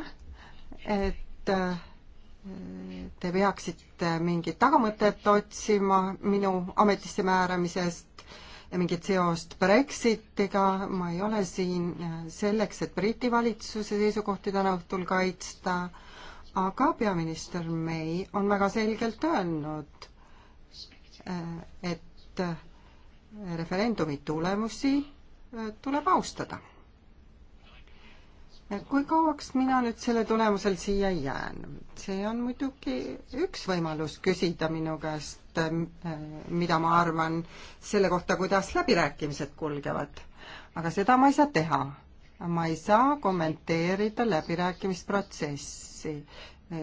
et et äh, te peaksite mingit tagamõtet otsima minu ametisse määramisest ja mingit seost Brexitiga, ma ei ole siin äh, selleks, et Briti valitsuse seisukohti täna õhtul kaitsta, aga peaminister May on väga selgelt öelnud, äh, et referendumi tulemusi tuleb austada kui kauaks mina nüüd selle tulemusel siia jään? see on muidugi üks võimalus küsida minu käest, äh, mida ma arvan selle kohta, kuidas läbirääkimised kulgevad. aga seda ma ei saa teha. ma ei saa kommenteerida läbirääkimisprotsessi, äh,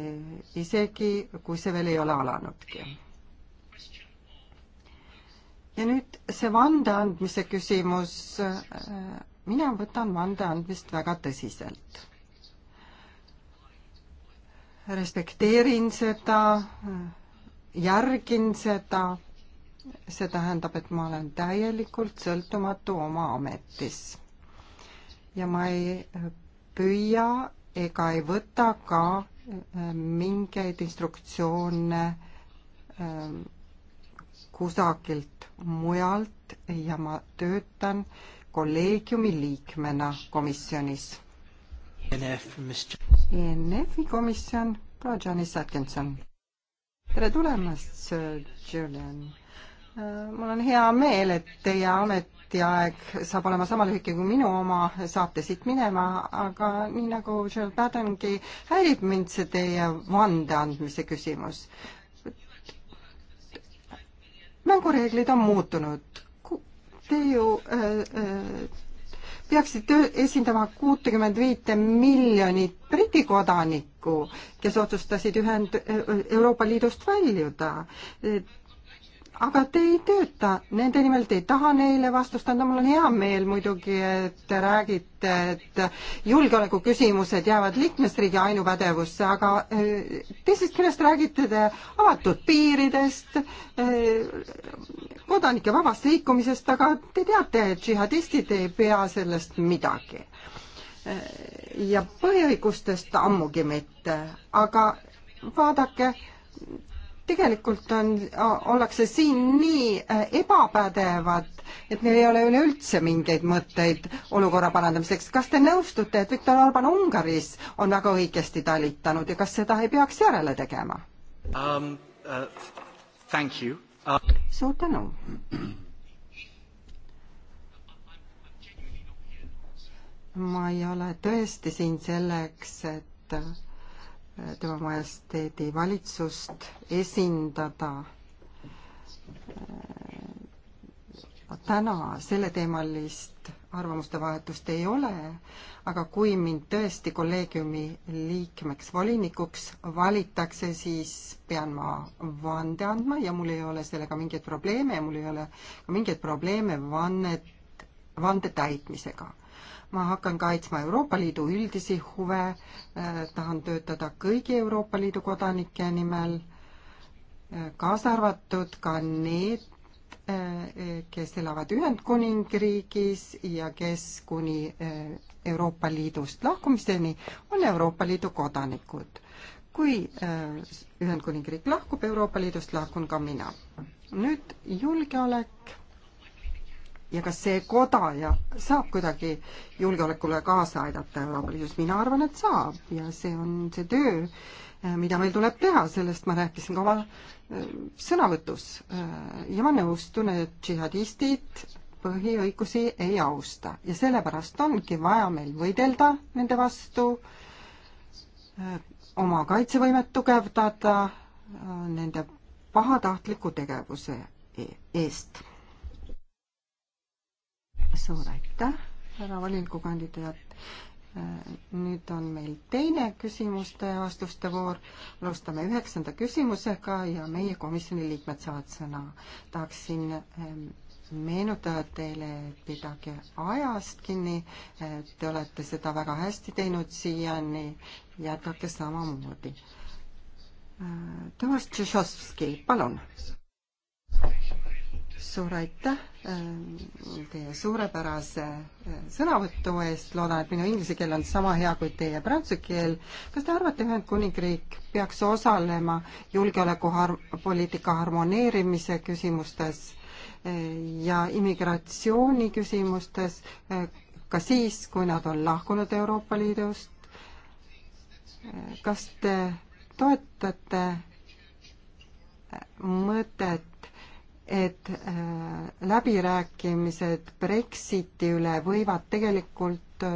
isegi kui see veel ei ole alanudki. ja nüüd see vande andmise küsimus äh, mina võtan vande andmist väga tõsiselt. respekteerin seda, järgin seda, see tähendab, et ma olen täielikult sõltumatu oma ametis. ja ma ei püüa ega ei võta ka äh, mingeid instruktsioone äh, kusagilt mujalt ja ma töötan äh, kolleegiumi liikmena komisjonis. ENF-i e komisjon, proua Janis Atkinson. tere tulemast, Julian. Äh, mul on hea meel, et teie ametiaeg saab olema sama lühike kui minu oma, saate siit minema, aga nii nagu Joel Pattongi, häirib mind see teie vande andmise küsimus mängureeglid on muutunud te ju äh, äh, peaksite esindama kuutekümmend viite miljonit Briti kodanikku, kes otsustasid ühend-, Euroopa Liidust väljuda aga te ei tööta nende nimel, te ei taha neile vastust anda, mul on hea meel muidugi, et te räägite, et julgeolekuküsimused jäävad liikmesriigi ainupädevusse, aga äh, teisest küljest räägite te avatud piiridest, äh, kodanike vabast liikumisest, aga te teate, et džihadistid ei pea sellest midagi. Äh, ja põhiõigustest ammugi mitte, aga vaadake, tegelikult on, ollakse siin nii äh, ebapädevad, et neil ei ole üleüldse mingeid mõtteid olukorra parandamiseks. kas te nõustute, et Viktor Orban Ungaris on väga õigesti talitanud ja kas seda ei peaks järele tegema um,? Uh, thank you uh.... suur tänu. ma ei ole tõesti siin selleks, et tema majesteedi valitsust esindada täna selleteemalist arvamuste vahetust ei ole, aga kui mind tõesti kolleegiumi liikmeks, volinikuks valitakse, siis pean ma vande andma ja mul ei ole sellega mingeid probleeme ja mul ei ole ka mingeid probleeme vannet, vande täitmisega ma hakkan kaitsma Euroopa Liidu üldisi huve, äh, tahan töötada kõigi Euroopa Liidu kodanike nimel, äh, kaasa arvatud ka need, äh, kes elavad Ühendkuningriigis ja kes kuni Euroopa Liidust lahkumiseni on Euroopa Liidu kodanikud. kui Ühendkuningriik lahkub Euroopa Liidust, lahkun ka mina. nüüd julgeolek ja kas see koda ja saab kuidagi julgeolekule kaasa aidata Euroopa Liidus, mina arvan, et saab ja see on see töö, eh, mida meil tuleb teha, sellest ma rääkisin ka oma eh, sõnavõtus. Eh, ja ma nõustun, et džihadistid põhiõigusi ei austa ja sellepärast ongi vaja meil võidelda nende vastu, oma kaitsevõimet tugevdada nende pahatahtliku tegevuse e-, eest suur aitäh, härra volinikukandidaat. Äh, nüüd on meil teine küsimuste ja vastuste voor. alustame üheksanda küsimusega ja meie komisjoni liikmed saavad sõna. tahaksin ähm, meenutada teile, pidage ajast kinni. Äh, te olete seda väga hästi teinud siiani, jätkake samamoodi. Äh, Tomas Tšešovski, palun suur aitäh ähm, teie suurepärase äh, sõnavõtu eest, loodan, et minu inglise keel on sama hea kui teie prantsuse keel. kas te arvate, Ühendkuningriik peaks osalema julgeolekupoliitika har harmoneerimise küsimustes äh, ja immigratsiooni küsimustes äh, ka siis, kui nad on lahkunud Euroopa Liidust? kas te toetate mõtet et äh, läbirääkimised Brexiti üle võivad tegelikult äh,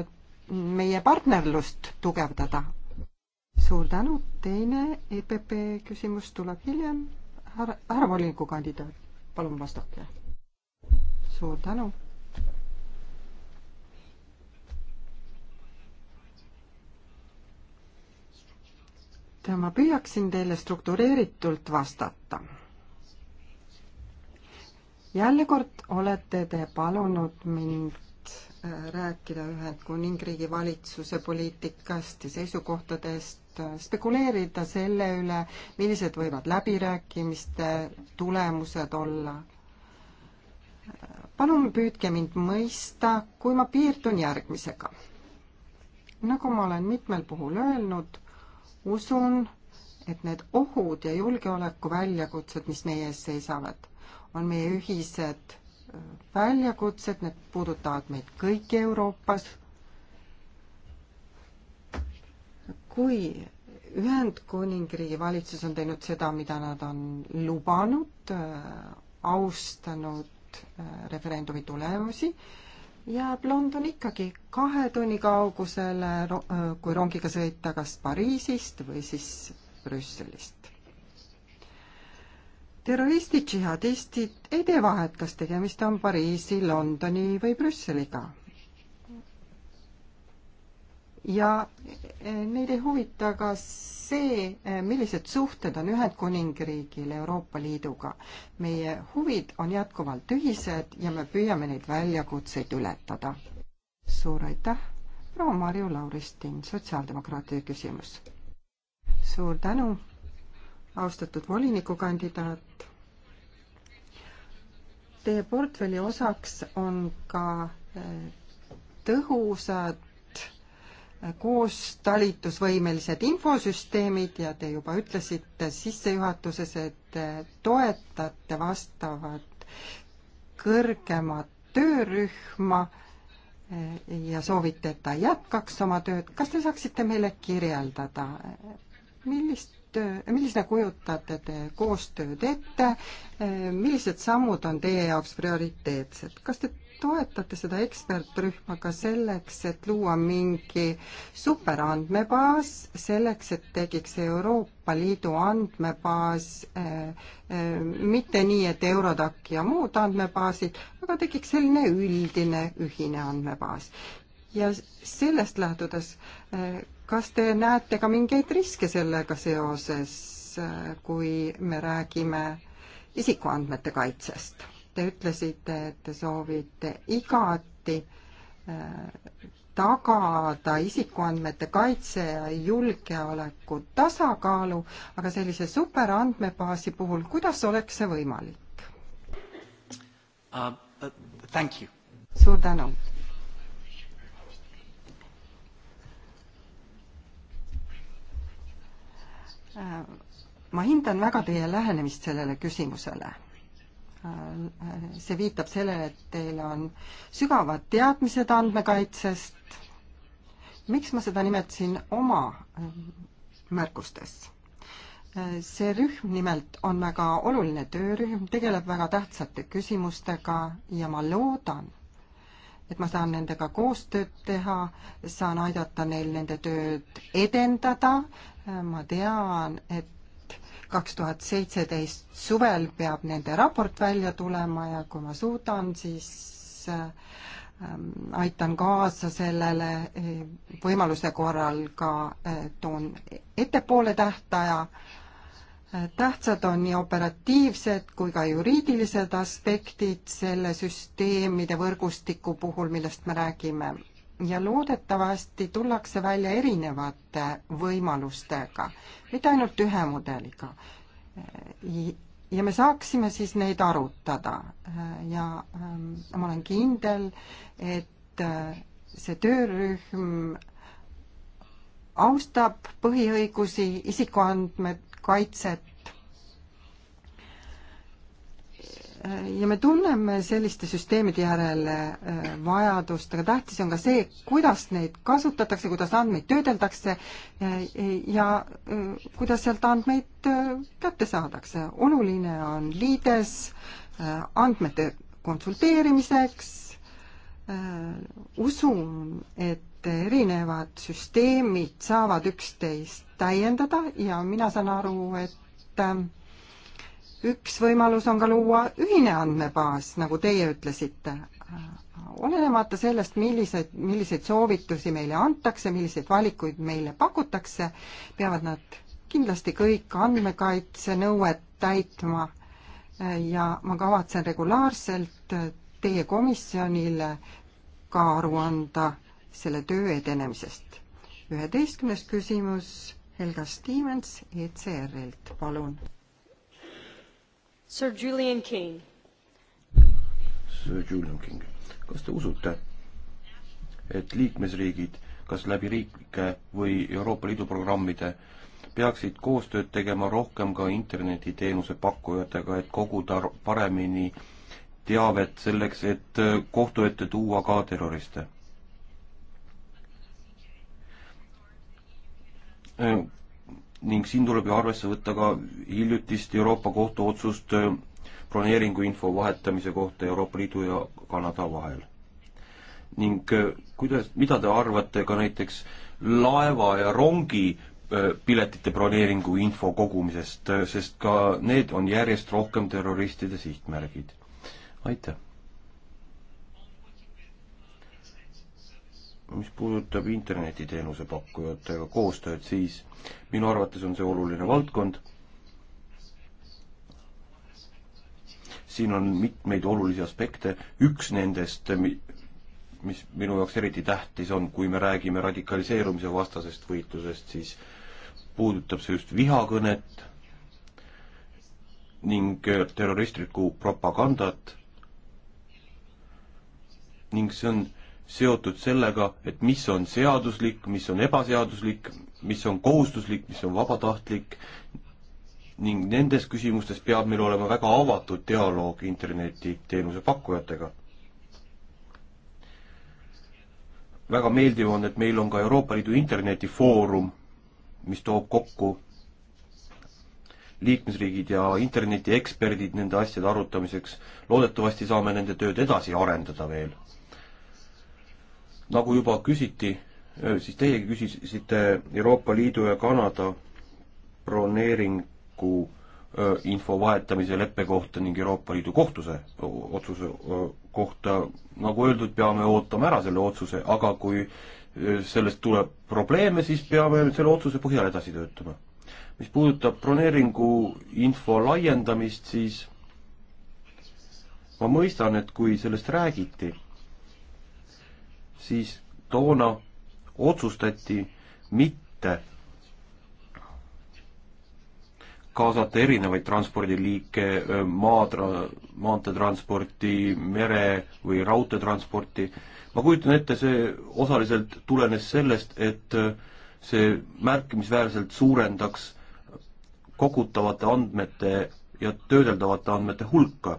meie partnerlust tugevdada. suur tänu, teine EPP küsimus tuleb hiljem. härra, härra voliniku kandidaat, palun vastake. suur tänu. ma püüaksin teile struktureeritult vastata jälle kord olete te palunud mind äh, rääkida Ühendkuningriigi valitsuse poliitikast ja seisukohtadest, äh, spekuleerida selle üle, millised võivad läbirääkimiste tulemused olla. palun püüdke mind mõista, kui ma piirdun järgmisega. nagu ma olen mitmel puhul öelnud, usun, et need ohud ja julgeoleku väljakutsed, mis meie ees seisavad on meie ühised äh, väljakutsed, need puudutavad meid kõiki Euroopas. kui Ühendkuningriigi valitsus on teinud seda, mida nad on lubanud, äh, austanud äh, referendumi tulemusi, jääb London ikkagi kahe tunni kaugusele, kui rongiga sõita kas Pariisist või siis Brüsselist terroristid, džihadistid ei tee vahet, kas tegemist on Pariisi, Londoni või Brüsseliga. ja e, neid ei huvita ka see, e, millised suhted on Ühendkuningriigil Euroopa Liiduga. meie huvid on jätkuvalt ühised ja me püüame neid väljakutseid ületada. suur aitäh, proua Marju Lauristin, sotsiaaldemokraatide küsimus. suur tänu austatud volinikukandidaat. Teie portfelli osaks on ka eh, tõhusad eh, koostalitusvõimelised infosüsteemid ja te juba ütlesite sissejuhatuses, et eh, toetate vastavat kõrgemat töörühma ja soovite, et ta jätkaks oma tööd. kas te saaksite meile kirjeldada, millist töö, millisena kujutate te koostööd ette, millised sammud on teie jaoks prioriteetsed, kas te toetate seda ekspertrühma ka selleks, et luua mingi superandmebaas, selleks, et tekiks Euroopa Liidu andmebaas äh,, äh, mitte nii, et Eurodac ja muud andmebaasid, aga tekiks selline üldine ühine andmebaas ja sellest lähtudes, eh, kas te näete ka mingeid riske sellega seoses, eh, kui me räägime isikuandmete kaitsest? Te ütlesite, et te soovite igati eh, tagada isikuandmete kaitse ja julgeoleku tasakaalu, aga sellise superandmebaasi puhul, kuidas oleks see võimalik uh,? Uh, suur tänu! ma hindan väga teie lähenemist sellele küsimusele. see viitab sellele, et teil on sügavad teadmised andmekaitsest. miks ma seda nimetasin oma märkustes? see rühm nimelt on väga oluline töörühm, tegeleb väga tähtsate küsimustega ja ma loodan, et ma saan nendega koostööd teha, saan aidata neil nende tööd edendada, ma tean, et kaks tuhat seitseteist suvel peab nende raport välja tulema ja kui ma suudan, siis ähm, aitan kaasa sellele eh, võimaluse korral ka eh, toon ettepoole tähtaja tähtsad on nii operatiivsed kui ka juriidilised aspektid selle süsteemide võrgustiku puhul, millest me räägime. ja loodetavasti tullakse välja erinevate võimalustega, mitte ainult ühe mudeliga. ja me saaksime siis neid arutada ja ähm, ma olen kindel, et äh, see töörühm austab põhiõigusi, isikuandmed, kaitset. ja me tunneme selliste süsteemide järele äh, vajadust, aga tähtis on ka see, kuidas neid kasutatakse, kuidas andmeid töödeldakse äh, ja äh, kuidas sealt andmeid kätte saadakse. oluline on liides andmete konsulteerimiseks, usun, et et erinevad süsteemid saavad üksteist täiendada ja mina saan aru, et ähm, üks võimalus on ka luua ühine andmebaas, nagu teie ütlesite. olenemata sellest, milliseid, milliseid soovitusi meile antakse, milliseid valikuid meile pakutakse, peavad nad kindlasti kõik andmekaitsenõuet täitma ja ma kavatsen regulaarselt teie komisjonile ka aru anda selle töö edenemisest. üheteistkümnes küsimus Helga Stevens ECR-ilt, palun. Sir Julian King. Sir Julian King, kas te usute, et liikmesriigid kas läbi riiklike või Euroopa Liidu programmide peaksid koostööd tegema rohkem ka internetiteenuse pakkujatega, et koguda paremini teavet selleks, et kohtu ette tuua ka terroriste. Äh, ning siin tuleb ju arvesse võtta ka hiljutist Euroopa Kohtu otsust äh, broneeringuinfo vahetamise kohta Euroopa Liidu ja Kanada vahel. ning äh, kuidas, mida te arvate ka näiteks laeva ja rongi piletite broneeringu info kogumisest, sest ka need on järjest rohkem terroristide sihtmärgid. aitäh! mis puudutab internetiteenuse pakkujatega koostööd, siis minu arvates on see oluline valdkond. siin on mitmeid olulisi aspekte, üks nendest, mis minu jaoks eriti tähtis on, kui me räägime radikaliseerumise vastasest võitlusest, siis puudutab see just vihakõnet ning terroristlikku propagandat ning see on seotud sellega, et mis on seaduslik, mis on ebaseaduslik, mis on kohustuslik, mis on vabatahtlik ning nendes küsimustes peab meil olema väga avatud dialoog internetiteenuse pakkujatega. väga meeldiv on, et meil on ka Euroopa Liidu internetifoorum, mis toob kokku liikmesriigid ja internetieksperdid nende asjade arutamiseks. loodetavasti saame nende tööd edasi arendada veel nagu juba küsiti, siis teiegi küsisite Euroopa Liidu ja Kanada broneeringu info vahetamise leppe kohta ning Euroopa Liidu kohtuse otsuse kohta. nagu öeldud, peame ootama ära selle otsuse, aga kui sellest tuleb probleeme, siis peame selle otsuse põhjal edasi töötama. mis puudutab broneeringu info laiendamist, siis ma mõistan, et kui sellest räägiti siis toona otsustati mitte kaasata erinevaid transpordiliike, maatra-, maanteetransporti, mere- või raudteetransporti. ma kujutan ette, see osaliselt tulenes sellest, et see märkimisväärselt suurendaks kogutavate andmete ja töödeldavate andmete hulka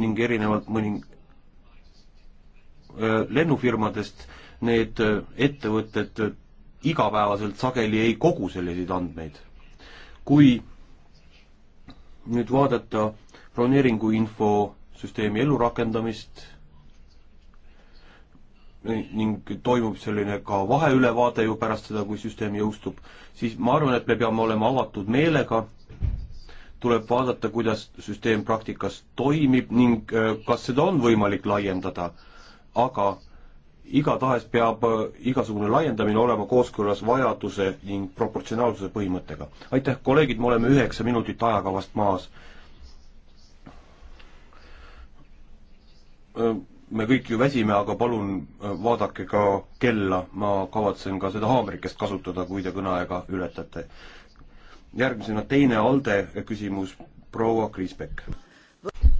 ning erinevalt mõning-, Äh, lennufirmadest need äh, ettevõtted äh, igapäevaselt sageli ei kogu selliseid andmeid. kui nüüd vaadata broneeringu infosüsteemi ellurakendamist eh, ning toimub selline ka vaheülevaade ju pärast seda, kui süsteem jõustub, siis ma arvan, et me peame olema avatud meelega, tuleb vaadata, kuidas süsteem praktikas toimib ning eh, kas seda on võimalik laiendada aga igatahes peab äh, igasugune laiendamine olema kooskõlas vajaduse ning proportsionaalsuse põhimõttega. aitäh, kolleegid, me oleme üheksa minutit ajakavast maas. Äh, me kõik ju väsime, aga palun äh, vaadake ka kella, ma kavatsen ka seda haamrikest kasutada, kui te kõneaega ületate. järgmisena teine ALDE küsimus, proua Kriisbek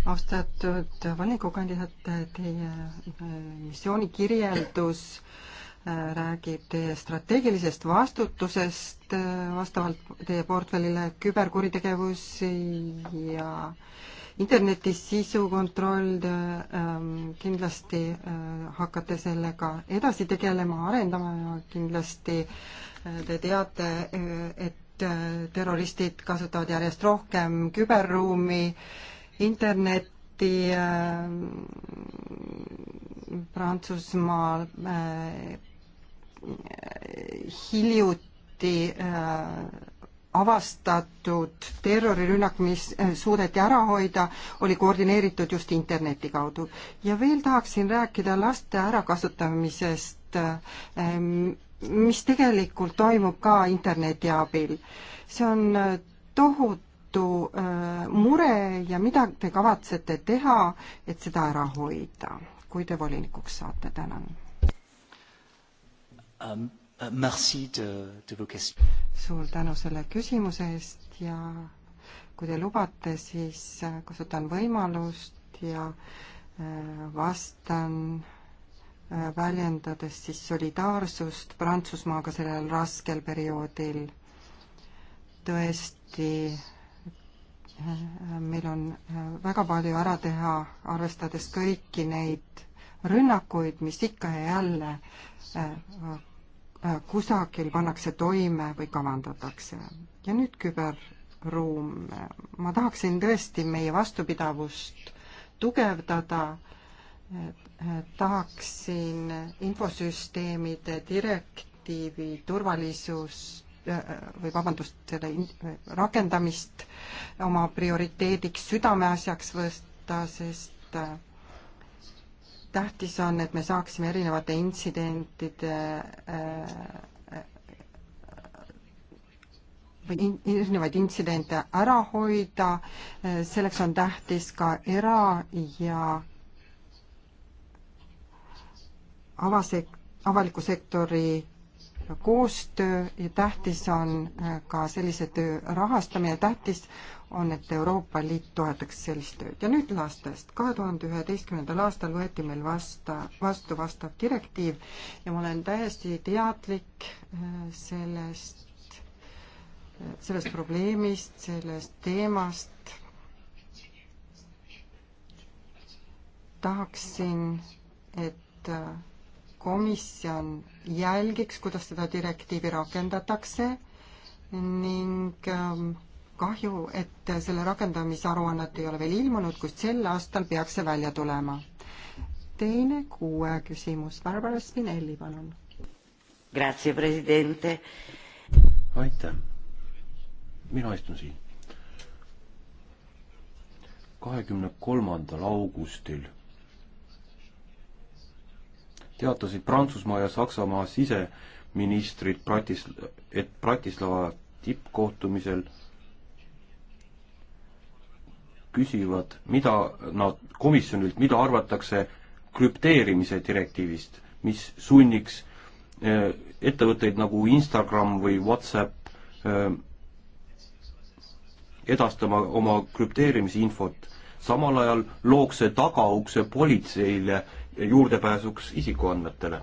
austatud volinikukandidaat, teie äh, missiooni kirjeldus äh, räägib teie strateegilisest vastutusest äh, vastavalt teie portfellile küberkuritegevus ja internetis sisu kontroll, ähm, kindlasti hakkate sellega edasi tegelema, arendama ja kindlasti te teate, et terroristid kasutavad järjest rohkem küberruumi internetti äh, Prantsusmaal äh, hiljuti äh, avastatud terrorirünnak, mis suudeti ära hoida, oli koordineeritud just interneti kaudu. ja veel tahaksin rääkida laste ärakasutamisest, mis tegelikult toimub ka interneti abil. see on tohutu tohutu äh, mure ja mida te kavatsete teha, et seda ära hoida, kui te volinikuks saate, tänan um,. Merci de, de vos questions. suur tänu selle küsimuse eest ja kui te lubate, siis äh, kasutan võimalust ja vastan väljendades siis solidaarsust Prantsusmaaga sellel raskel perioodil. tõesti Äh, meil on äh, väga palju ära teha, arvestades kõiki neid rünnakuid, mis ikka ja jälle äh, kusagil pannakse toime või kavandatakse. ja nüüd küberruum. ma tahaksin tõesti meie vastupidavust tugevdada, tahaksin infosüsteemide direktiivi turvalisust Äh, või vabandust, selle rakendamist oma prioriteediks südameasjaks võtta, sest äh, tähtis on, et me saaksime erinevate intsidentide äh, või in, erinevaid intsidente ära hoida, selleks on tähtis ka era- ja avasek-, avaliku sektori koostöö ja tähtis on äh, ka sellise töö rahastamine, tähtis on, et Euroopa Liit toetaks sellist tööd. ja nüüd lastest. kahe tuhande üheteistkümnendal aastal võeti meil vasta, vastu vastav direktiiv ja ma olen täiesti teadlik äh, sellest, äh, sellest probleemist, sellest teemast. tahaksin, et komisjon jälgiks, kuidas seda direktiivi rakendatakse ning ähm, kahju, et selle rakendamisaruannet ei ole veel ilmunud, kuid sel aastal peaks see välja tulema. teine kuue küsimus, Barbara Spinelli, palun. Grazie, president. aitäh. mina istun siin. kahekümne kolmandal augustil teatasid Prantsusmaa ja Saksamaa siseministrid Bratis-, et Bratislava tippkohtumisel küsivad, mida nad komisjonilt, mida arvatakse krüpteerimise direktiivist, mis sunniks eh, ettevõtteid nagu Instagram või Whatsapp eh, edastama oma krüpteerimise infot. samal ajal looks see tagaukse politseile äh, juurdepääsuks isikuandmetele.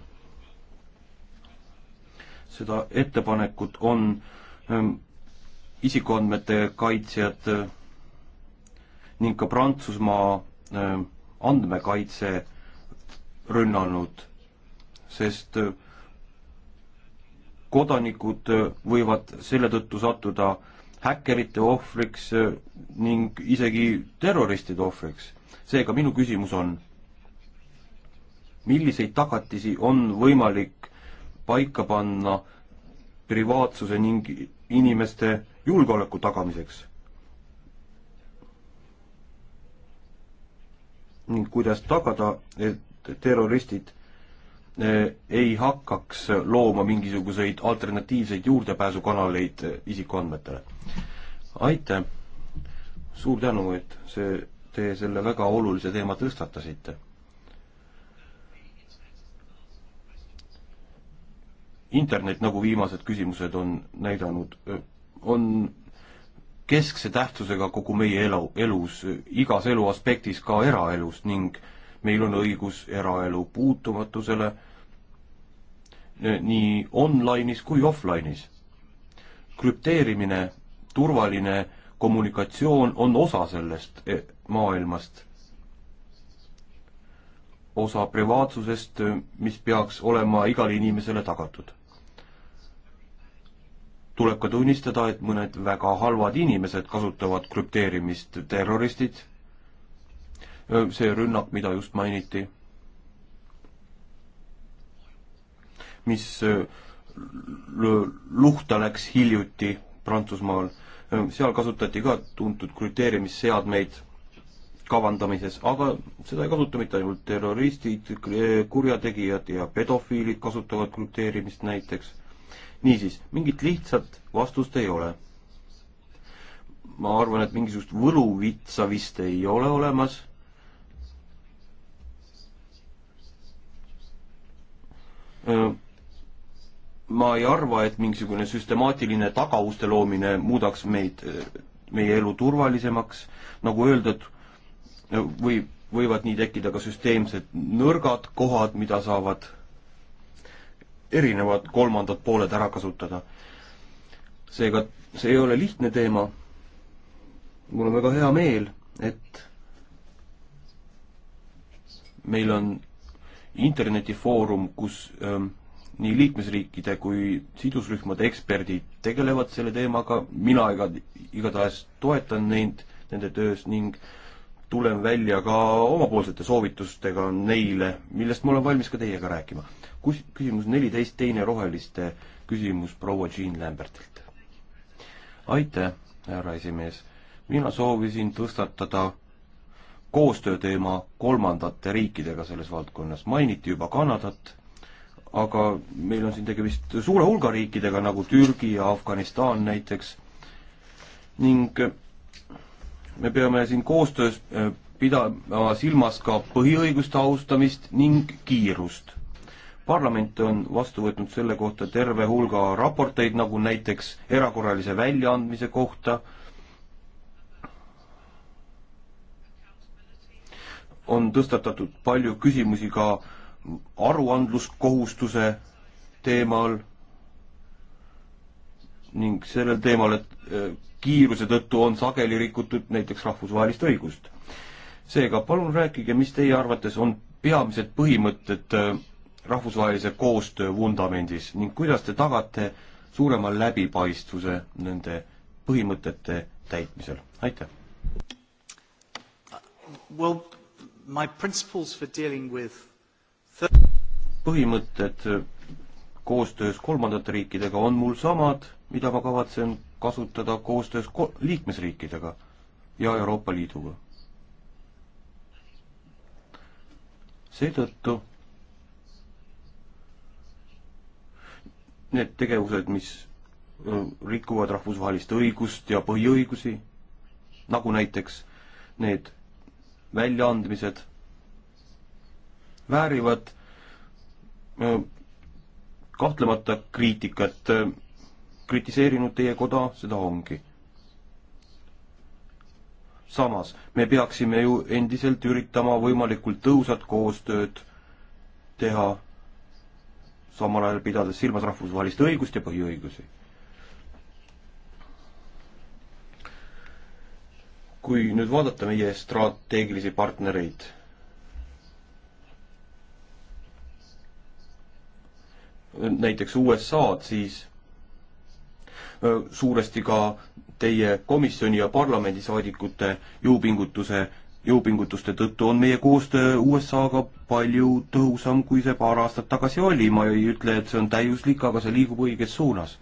seda ettepanekut on ähm, isikuandmete kaitsjad äh, ning ka Prantsusmaa ähm, andmekaitse rünnanud, sest äh, kodanikud äh, võivad selle tõttu sattuda häkkerite ohvriks ning isegi terroristide ohvriks. seega minu küsimus on, milliseid tagatisi on võimalik paika panna privaatsuse ning inimeste julgeoleku tagamiseks? ning kuidas tagada, et terroristid eh, ei hakkaks looma mingisuguseid alternatiivseid juurdepääsukanaleid eh, isikuandmetele. aitäh, suur tänu, et see, te selle väga olulise teema tõstatasite. internet, nagu viimased küsimused on näidanud, on keskse tähtsusega kogu meie elu, elus, igas elu aspektis, ka eraelus ning meil on õigus eraelu puutumatusele nii online'is kui offline'is. krüpteerimine, turvaline kommunikatsioon on osa sellest maailmast osa privaatsusest, mis peaks olema igale inimesele tagatud. tuleb ka tunnistada, et mõned väga halvad inimesed kasutavad krüpteerimist, terroristid, see rünnak, mida just mainiti, mis luhta läks hiljuti Prantsusmaal, seal kasutati ka tuntud krüpteerimisseadmeid kavandamises, aga seda ei kasuta mitte ainult terroristid, eh, kurjategijad ja pedofiilid kasutavad krüpteerimist näiteks. niisiis, mingit lihtsat vastust ei ole. ma arvan, et mingisugust võluvitsa vist ei ole olemas. ma ei arva, et mingisugune süstemaatiline tagauste loomine muudaks meid, meie elu turvalisemaks, nagu öeldud või võivad nii tekkida ka süsteemsed nõrgad kohad, mida saavad erinevad kolmandad pooled ära kasutada. seega see ei ole lihtne teema. mul on väga hea meel, et meil on internetifoorum, kus ähm, nii liikmesriikide kui sidusrühmade eksperdid tegelevad selle teemaga, mina iga, igatahes toetan neid nende töös ning äh, tulen välja ka omapoolsete soovitustega neile, millest ma olen valmis ka teiega rääkima. kus, küsimus neliteist, teine roheliste küsimus proua Jean Lambertilt. aitäh, härra esimees. mina soovisin tõstatada koostööteema kolmandate riikidega selles valdkonnas. mainiti juba Kanadat, aga meil on siin tegemist suure hulga riikidega, nagu Türgi ja Afganistan näiteks, ning me peame siin koostöös äh, pidama silmas ka põhiõiguste austamist ning kiirust. parlament on vastu võtnud selle kohta terve hulga raporteid, nagu näiteks erakorralise väljaandmise kohta, on tõstatatud palju küsimusi ka aruandluskohustuse teemal ning sellel teemal, et äh, kiiruse tõttu on sageli rikutud näiteks rahvusvahelist õigust. seega palun rääkige, mis teie arvates on peamised põhimõtted äh, rahvusvahelise koostöö vundamendis ning kuidas te tagate suurema läbipaistvuse nende põhimõtete täitmisel, aitäh! Well, my principles for dealing with põhimõtted äh, koostöös kolmandate riikidega on mul samad, mida ma kavatsen kasutada koostöös ko liikmesriikidega ja Euroopa Liiduga. seetõttu need tegevused, mis rikuvad rahvusvahelist õigust ja põhiõigusi, nagu näiteks need väljaandmised, väärivad kahtlemata kriitikat kritiseerinud teie koda, seda ongi. samas, me peaksime ju endiselt üritama võimalikult tõhusat koostööd teha, samal ajal pidades silmas rahvusvahelist õigust ja põhiõigusi. kui nüüd vaadata meie strateegilisi partnereid, näiteks USA-d, siis suuresti ka teie komisjoni ja parlamendisaadikute jõupingutuse, jõupingutuste tõttu on meie koostöö USA-ga palju tõhusam, kui see paar aastat tagasi oli, ma ei ütle, et see on täiuslik, aga see liigub õiges suunas.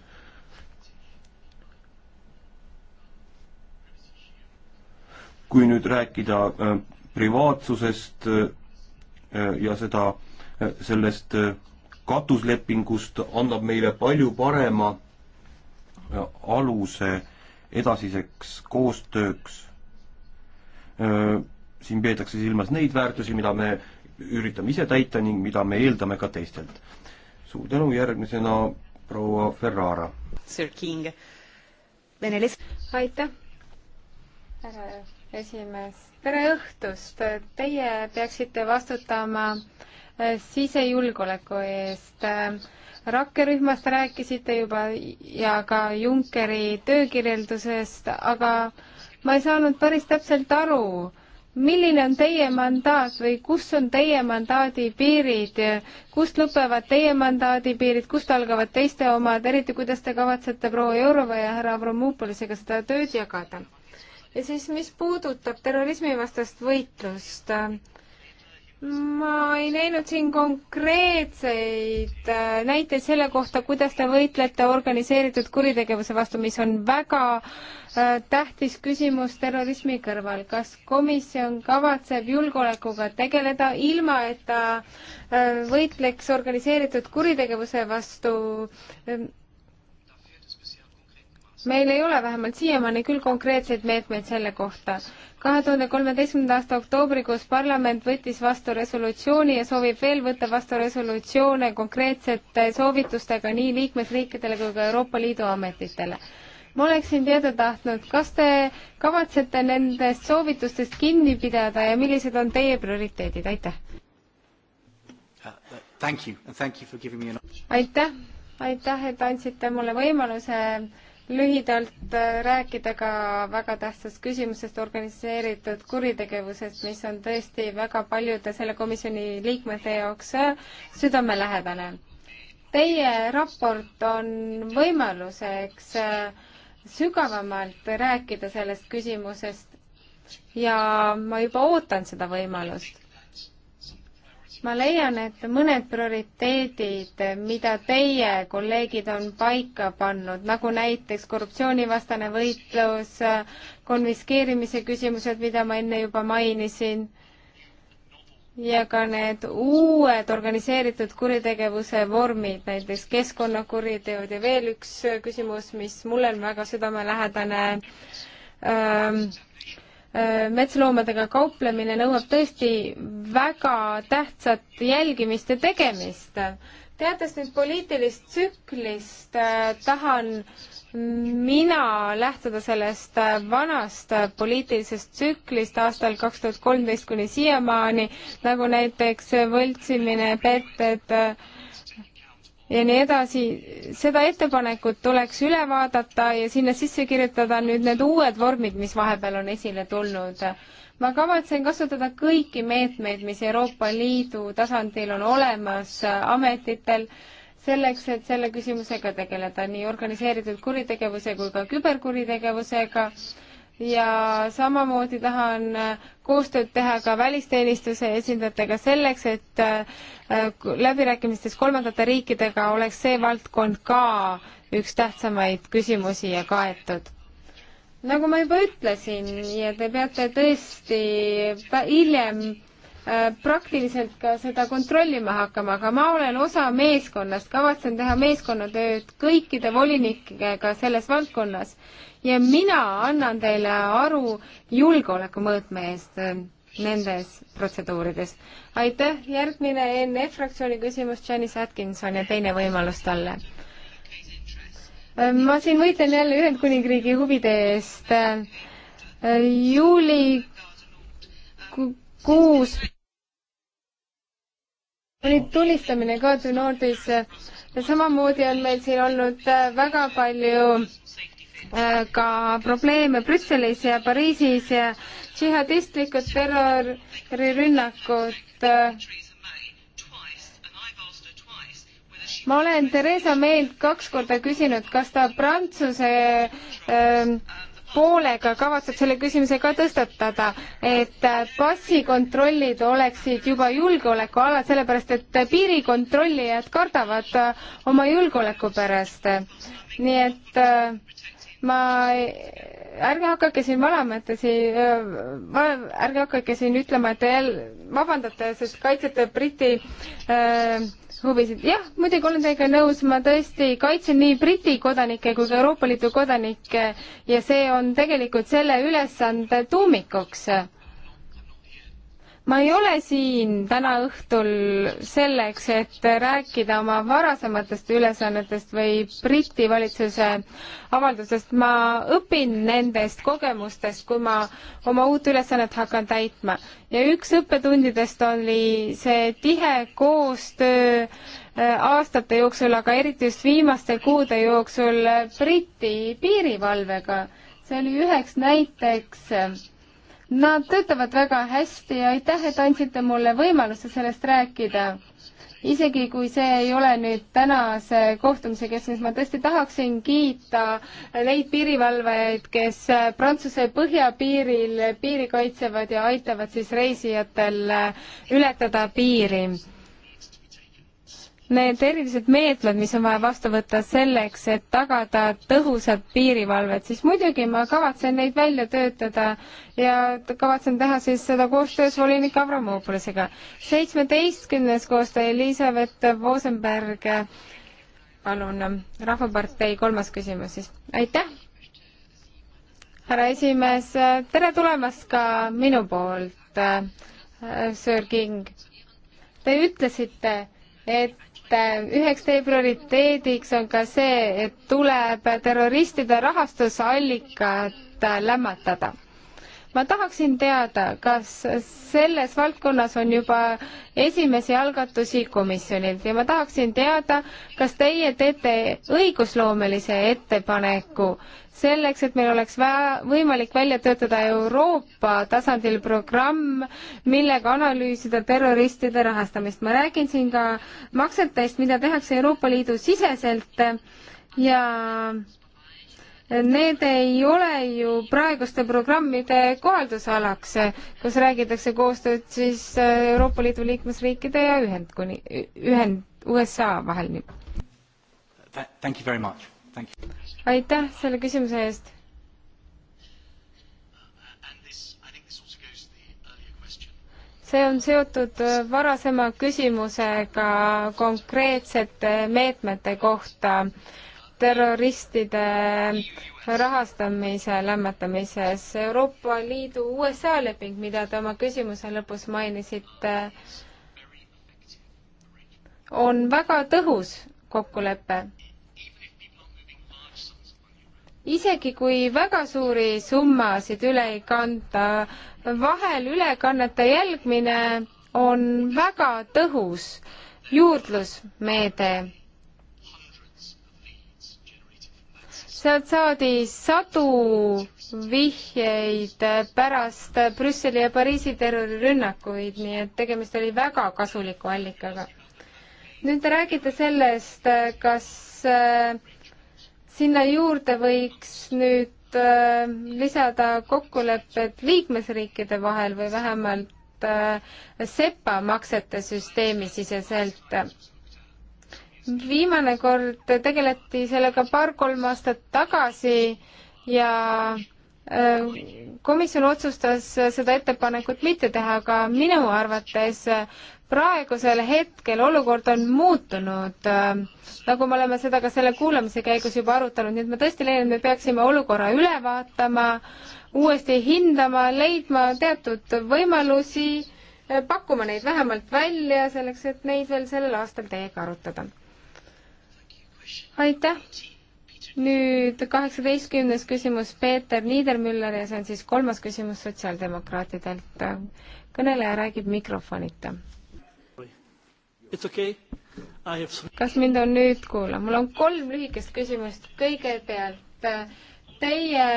kui nüüd rääkida äh, privaatsusest äh, ja seda äh,, sellest äh, katuslepingust annab meile palju parema aluse edasiseks koostööks. siin peetakse silmas neid väärtusi, mida me üritame ise täita ning mida me eeldame ka teistelt. suur tänu, järgmisena proua Ferrara. aitäh, härra esimees, tere õhtust, teie peaksite vastutama äh, Äh, sisejulgeoleku eest. Äh, rakkerühmast rääkisite juba ja ka Junckeri töökirjeldusest, aga ma ei saanud päris täpselt aru, milline on teie mandaat või kus on teie mandaadi piirid, kust lõpevad teie mandaadi piirid, kust algavad teiste omad, eriti kuidas te kavatsete proua Jourova ja härra Avramopolisega seda tööd jagada? ja siis, mis puudutab terrorismivastast võitlust äh,, ma ei näinud siin konkreetseid äh, näiteid selle kohta, kuidas te võitlete organiseeritud kuritegevuse vastu, mis on väga äh, tähtis küsimus terrorismi kõrval. kas komisjon kavatseb julgeolekuga tegeleda, ilma et ta äh, võitleks organiseeritud kuritegevuse vastu meil ei ole vähemalt siiamaani küll konkreetseid meetmeid selle kohta. kahe tuhande kolmeteistkümnenda aasta oktoobrikuus parlament võttis vastu resolutsiooni ja soovib veel võtta vastu resolutsioone konkreetsete soovitustega nii liikmesriikidele kui ka Euroopa Liidu ametitele. ma oleksin teada tahtnud, kas te kavatsete nendest soovitustest kinni pidada ja millised on teie prioriteedid, aitäh! Uh, aitäh, aitäh, et andsite mulle võimaluse lühidalt äh, rääkida ka väga tähtsast küsimusest, organiseeritud kuritegevusest, mis on tõesti väga paljude selle komisjoni liikmete jaoks äh, südamelähedane. Teie raport on võimaluseks äh, sügavamalt rääkida sellest küsimusest ja ma juba ootan seda võimalust ma leian, et mõned prioriteedid, mida teie kolleegid on paika pannud, nagu näiteks korruptsioonivastane võitlus, konfiskeerimise küsimused, mida ma enne juba mainisin, ja ka need uued organiseeritud kuritegevuse vormid, näiteks keskkonnakuriteod ja veel üks küsimus, mis mulle on väga südamelähedane ähm,, Äh, metsloomadega kauplemine nõuab tõesti väga tähtsat jälgimist ja tegemist. teades nüüd poliitilist tsüklist, äh, tahan mina lähtuda sellest äh, vanast poliitilisest tsüklist aastal kaks tuhat kolmteist kuni siiamaani, nagu näiteks võltsimine, petted, ja nii edasi, seda ettepanekut tuleks üle vaadata ja sinna sisse kirjutada nüüd need uued vormid, mis vahepeal on esile tulnud. ma kavatsen kasutada kõiki meetmeid, mis Euroopa Liidu tasandil on olemas ametitel, selleks, et selle küsimusega tegeleda, nii organiseeritud kuritegevuse kui ka küberkuritegevusega ja samamoodi tahan äh, koostööd teha ka välisteenistuse esindajatega selleks, et äh, läbirääkimistes kolmandate riikidega oleks see valdkond ka üks tähtsamaid küsimusi ja kaetud. nagu ma juba ütlesin ja te peate tõesti hiljem äh, praktiliselt ka seda kontrollima hakkama, aga ma olen osa meeskonnast, kavatsen teha meeskonnatööd kõikide volinikega selles valdkonnas ja mina annan teile aru julgeolekumõõtme eest äh, nendes protseduurides. aitäh, järgmine ENF fraktsiooni küsimus, Janice Atkinson ja teine võimalus talle. Äh, ma siin võitlen jälle Ühendkuningriigi huvide eest. Äh, juulikuus oli tulistamine ka Dunordis ja samamoodi on meil siin olnud väga palju Äh, ka probleeme Brüsselis ja Pariisis ja džihadistlikud terrorirünnakud. Äh. ma olen Theresa May'lt kaks korda küsinud, kas ta Prantsuse äh, poolega kavatseb selle küsimuse ka tõstatada, et äh, passikontrollid oleksid juba julgeolekualad, sellepärast et piirikontrollijad kardavad oma julgeoleku pärast. nii et ma ärge hakake siin valamete siin, ärge hakake siin ütlema, et te jälle vabandate, sest kaitsete Briti äh, huvisid. jah, muidugi olen teiega nõus, ma tõesti kaitsen nii Briti kodanikke kui ka Euroopa Liidu kodanikke ja see on tegelikult selle ülesande tuumikuks äh, ma ei ole siin täna õhtul selleks, et rääkida oma varasematest ülesannetest või Briti valitsuse avaldusest. ma õpin nendest kogemustest, kui ma oma uut ülesannet hakkan täitma. ja üks õppetundidest oli see tihe koostöö äh, aastate jooksul, aga eriti just viimaste kuude jooksul Briti piirivalvega. see oli üheks näiteks äh, Nad töötavad väga hästi ja aitäh, et andsite mulle võimaluse sellest rääkida. isegi kui see ei ole nüüd tänase kohtumise keskmes, ma tõesti tahaksin kiita neid piirivalvajaid, kes Prantsuse põhjapiiril piiri kaitsevad ja aitavad siis reisijatel ületada piiri need erilised meetmed, mis on vaja vastu võtta selleks, et tagada tõhusat piirivalvet, siis muidugi ma kavatsen neid välja töötada ja kavatsen teha siis seda koostöös volinik Avramopolisega. seitsmeteistkümnes koostöö Elizabeth Vosenberg, palun, Rahvapartei kolmas küsimus siis, aitäh! härra esimees, tere tulemast ka minu poolt, Sir King. Te ütlesite, et et äh, üheks teie prioriteediks on ka see, et tuleb terroristide rahastusallikad lämmatada ma tahaksin teada, kas selles valdkonnas on juba esimesi algatusi komisjonilt ja ma tahaksin teada, kas teie teete õigusloomelise ettepaneku selleks, et meil oleks võimalik välja töötada Euroopa tasandil programm, millega analüüsida terroristide rahastamist. ma räägin siin ka maksetest, mida tehakse Euroopa Liidu siseselt ja need ei ole ju praeguste programmide kohaldusalaks, kus räägitakse koostööd siis äh, Euroopa Liidu liikmesriikide ja Ühendkuni-, Ühend-, USA vahel. aitäh selle küsimuse eest. see on seotud äh, varasema küsimusega konkreetsete meetmete kohta äh, terroristide rahastamise lämmatamises. Euroopa Liidu USA leping, mida te oma küsimuse lõpus mainisite, on väga tõhus kokkulepe. isegi kui väga suuri summasid üle ei kanta, vahel ülekannete jälgmine on väga tõhus juurdlusmeede sealt saadi sadu vihjeid pärast Brüsseli ja Pariisi terrorirünnakuid, nii et tegemist oli väga kasuliku allikaga. nüüd te räägite sellest, kas äh, sinna juurde võiks nüüd äh, lisada kokkulepped liikmesriikide vahel või vähemalt äh, SEPA maksete süsteemi siseselt viimane kord tegeleti sellega paar-kolm aastat tagasi ja äh, komisjon otsustas seda ettepanekut mitte teha, aga minu arvates praegusel hetkel olukord on muutunud, äh, nagu me oleme seda ka selle kuulamise käigus juba arutanud, nii et ma tõesti leian, et me peaksime olukorra üle vaatama, uuesti hindama, leidma teatud võimalusi, äh, pakkuma neid vähemalt välja selleks, et neid veel sellel aastal teiega arutada aitäh! nüüd kaheksateistkümnes küsimus Peeter Niedermüller ja see on siis kolmas küsimus sotsiaaldemokraatidelt. kõneleja räägib mikrofonita. Okay. Have... kas mind on nüüd kuulda? mul on kolm lühikest küsimust. kõigepealt, teie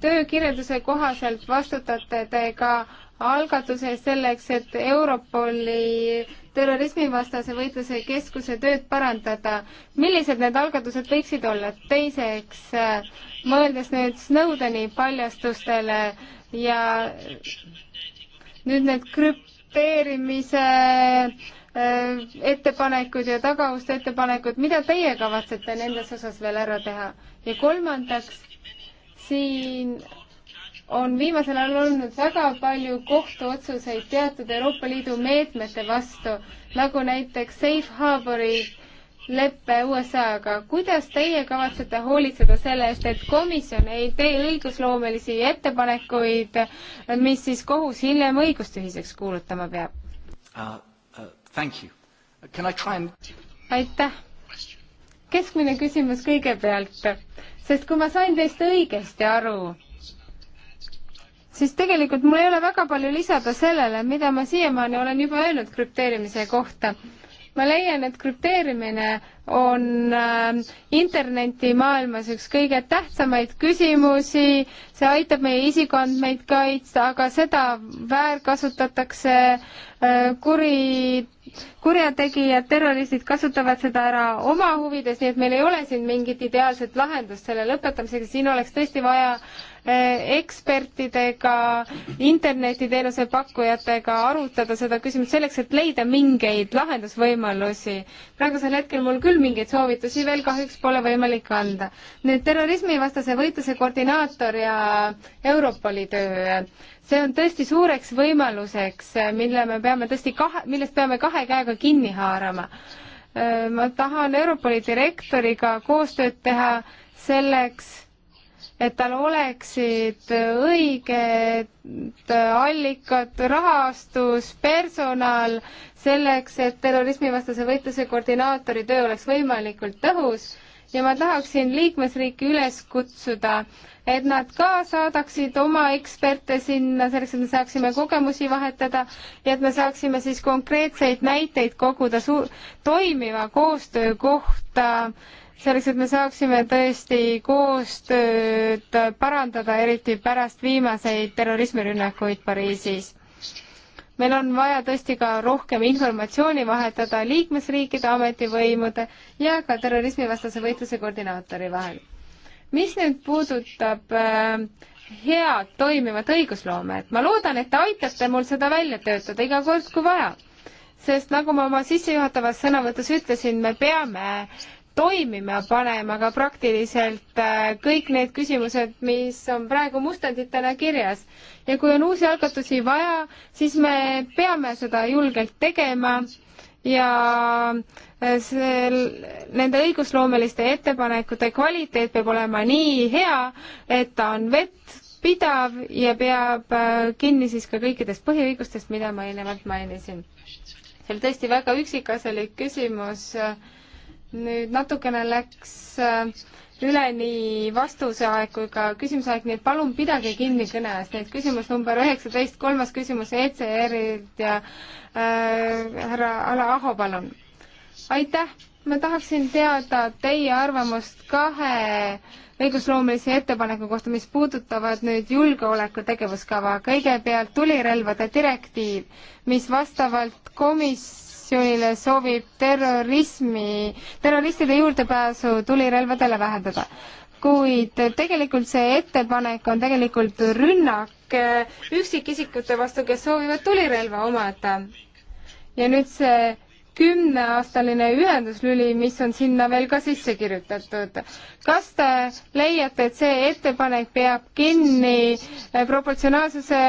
töökirjelduse kohaselt vastutate te ka algatuse eest selleks, et Europoli terrorismivastase võitluse keskuse tööd parandada. millised need algatused võiksid olla? teiseks, äh, mõeldes nüüd Snowdeni paljastustele ja nüüd need krüpteerimise äh, ettepanekud ja tagauste ettepanekud, mida teie kavatsete nendes osas veel ära teha? ja kolmandaks, siin on viimasel ajal olnud väga palju kohtuotsuseid teatud Euroopa Liidu meetmete vastu, nagu näiteks Safe Harbori leppe USA-ga. kuidas teie kavatsete hoolitseda selle eest, et komisjon ei tee õigusloomelisi ettepanekuid, mis siis kohus hiljem õigustühiseks kuulutama peab uh,? Uh, thank you. Can I try and aitäh! keskmine küsimus kõigepealt, sest kui ma sain teist õigesti aru, siis tegelikult mul ei ole väga palju lisada sellele, mida ma siiamaani olen juba öelnud krüpteerimise kohta. ma leian, et krüpteerimine on äh, internetimaailmas üks kõige tähtsamaid küsimusi, see aitab meie isikuandmeid kaitsta, aga seda väärkasutatakse äh, kuri, kurjategijad, terroristid kasutavad seda ära oma huvides, nii et meil ei ole siin mingit ideaalset lahendust selle lõpetamisega, siin oleks tõesti vaja äh, Eh, ekspertidega, internetiteenuse pakkujatega arutada seda küsimust selleks, et leida mingeid lahendusvõimalusi. praegusel hetkel mul küll mingeid soovitusi veel kahjuks pole võimalik anda. nüüd terrorismivastase võitluse koordinaator ja Europoli töö. see on tõesti suureks võimaluseks, mille me peame tõesti kahe, millest peame kahe käega kinni haarama eh, ma tahan Europoli direktoriga koostööd teha selleks, et tal oleksid õiged allikad, rahastus, personal, selleks, et terrorismivastase võitluse koordinaatori töö oleks võimalikult tõhus ja ma tahaksin liikmesriiki üles kutsuda, et nad ka saadaksid oma eksperte sinna, selleks et me saaksime kogemusi vahetada ja et me saaksime siis konkreetseid näiteid koguda su-, toimiva koostöö kohta äh, selleks, et me saaksime tõesti koostööd parandada, eriti pärast viimaseid terrorismirünnakuid Pariisis. meil on vaja tõesti ka rohkem informatsiooni vahetada liikmesriikide ametivõimude ja ka terrorismivastase võitluse koordinaatori vahel. mis nüüd puudutab äh, head toimivat õigusloomet, ma loodan, et te aitate mul seda välja töötada iga kord, kui vaja sest nagu ma oma sissejuhatavas sõnavõtus ütlesin, me peame toimima panema ka praktiliselt äh, kõik need küsimused, mis on praegu mustanditena kirjas. ja kui on uusi algatusi vaja, siis me peame seda julgelt tegema ja äh, see, nende õigusloomeliste ettepanekute kvaliteet peab olema nii hea, et ta on vettpidav ja peab äh, kinni siis ka kõikidest põhiõigustest, mida ma eelnevalt mainisin. see oli tõesti väga üksikasjalik küsimus äh, nüüd natukene läks äh, üle nii vastuse aeg kui ka küsimuse aeg, nii et palun pidage kinni kõne eest, nii et küsimus number üheksateist, kolmas küsimus ECR-ilt ja äh, härra Ala Aho, palun. aitäh, ma tahaksin teada teie arvamust kahe õigusloomelise ettepaneku kohta, mis puudutavad nüüd julgeoleku tegevuskava. kõigepealt tulirelvade direktiiv, mis vastavalt komis-, komisjonile soovib terrorismi, terroristide juurdepääsu tulirelvadele vähendada. kuid tegelikult see ettepanek on tegelikult rünnak äh, üksikisikute vastu, kes soovivad tulirelva omada. ja nüüd see kümneaastaline ühenduslüli, mis on sinna veel ka sisse kirjutatud. kas te leiate, et see ettepanek peab kinni eh, proportsionaalsuse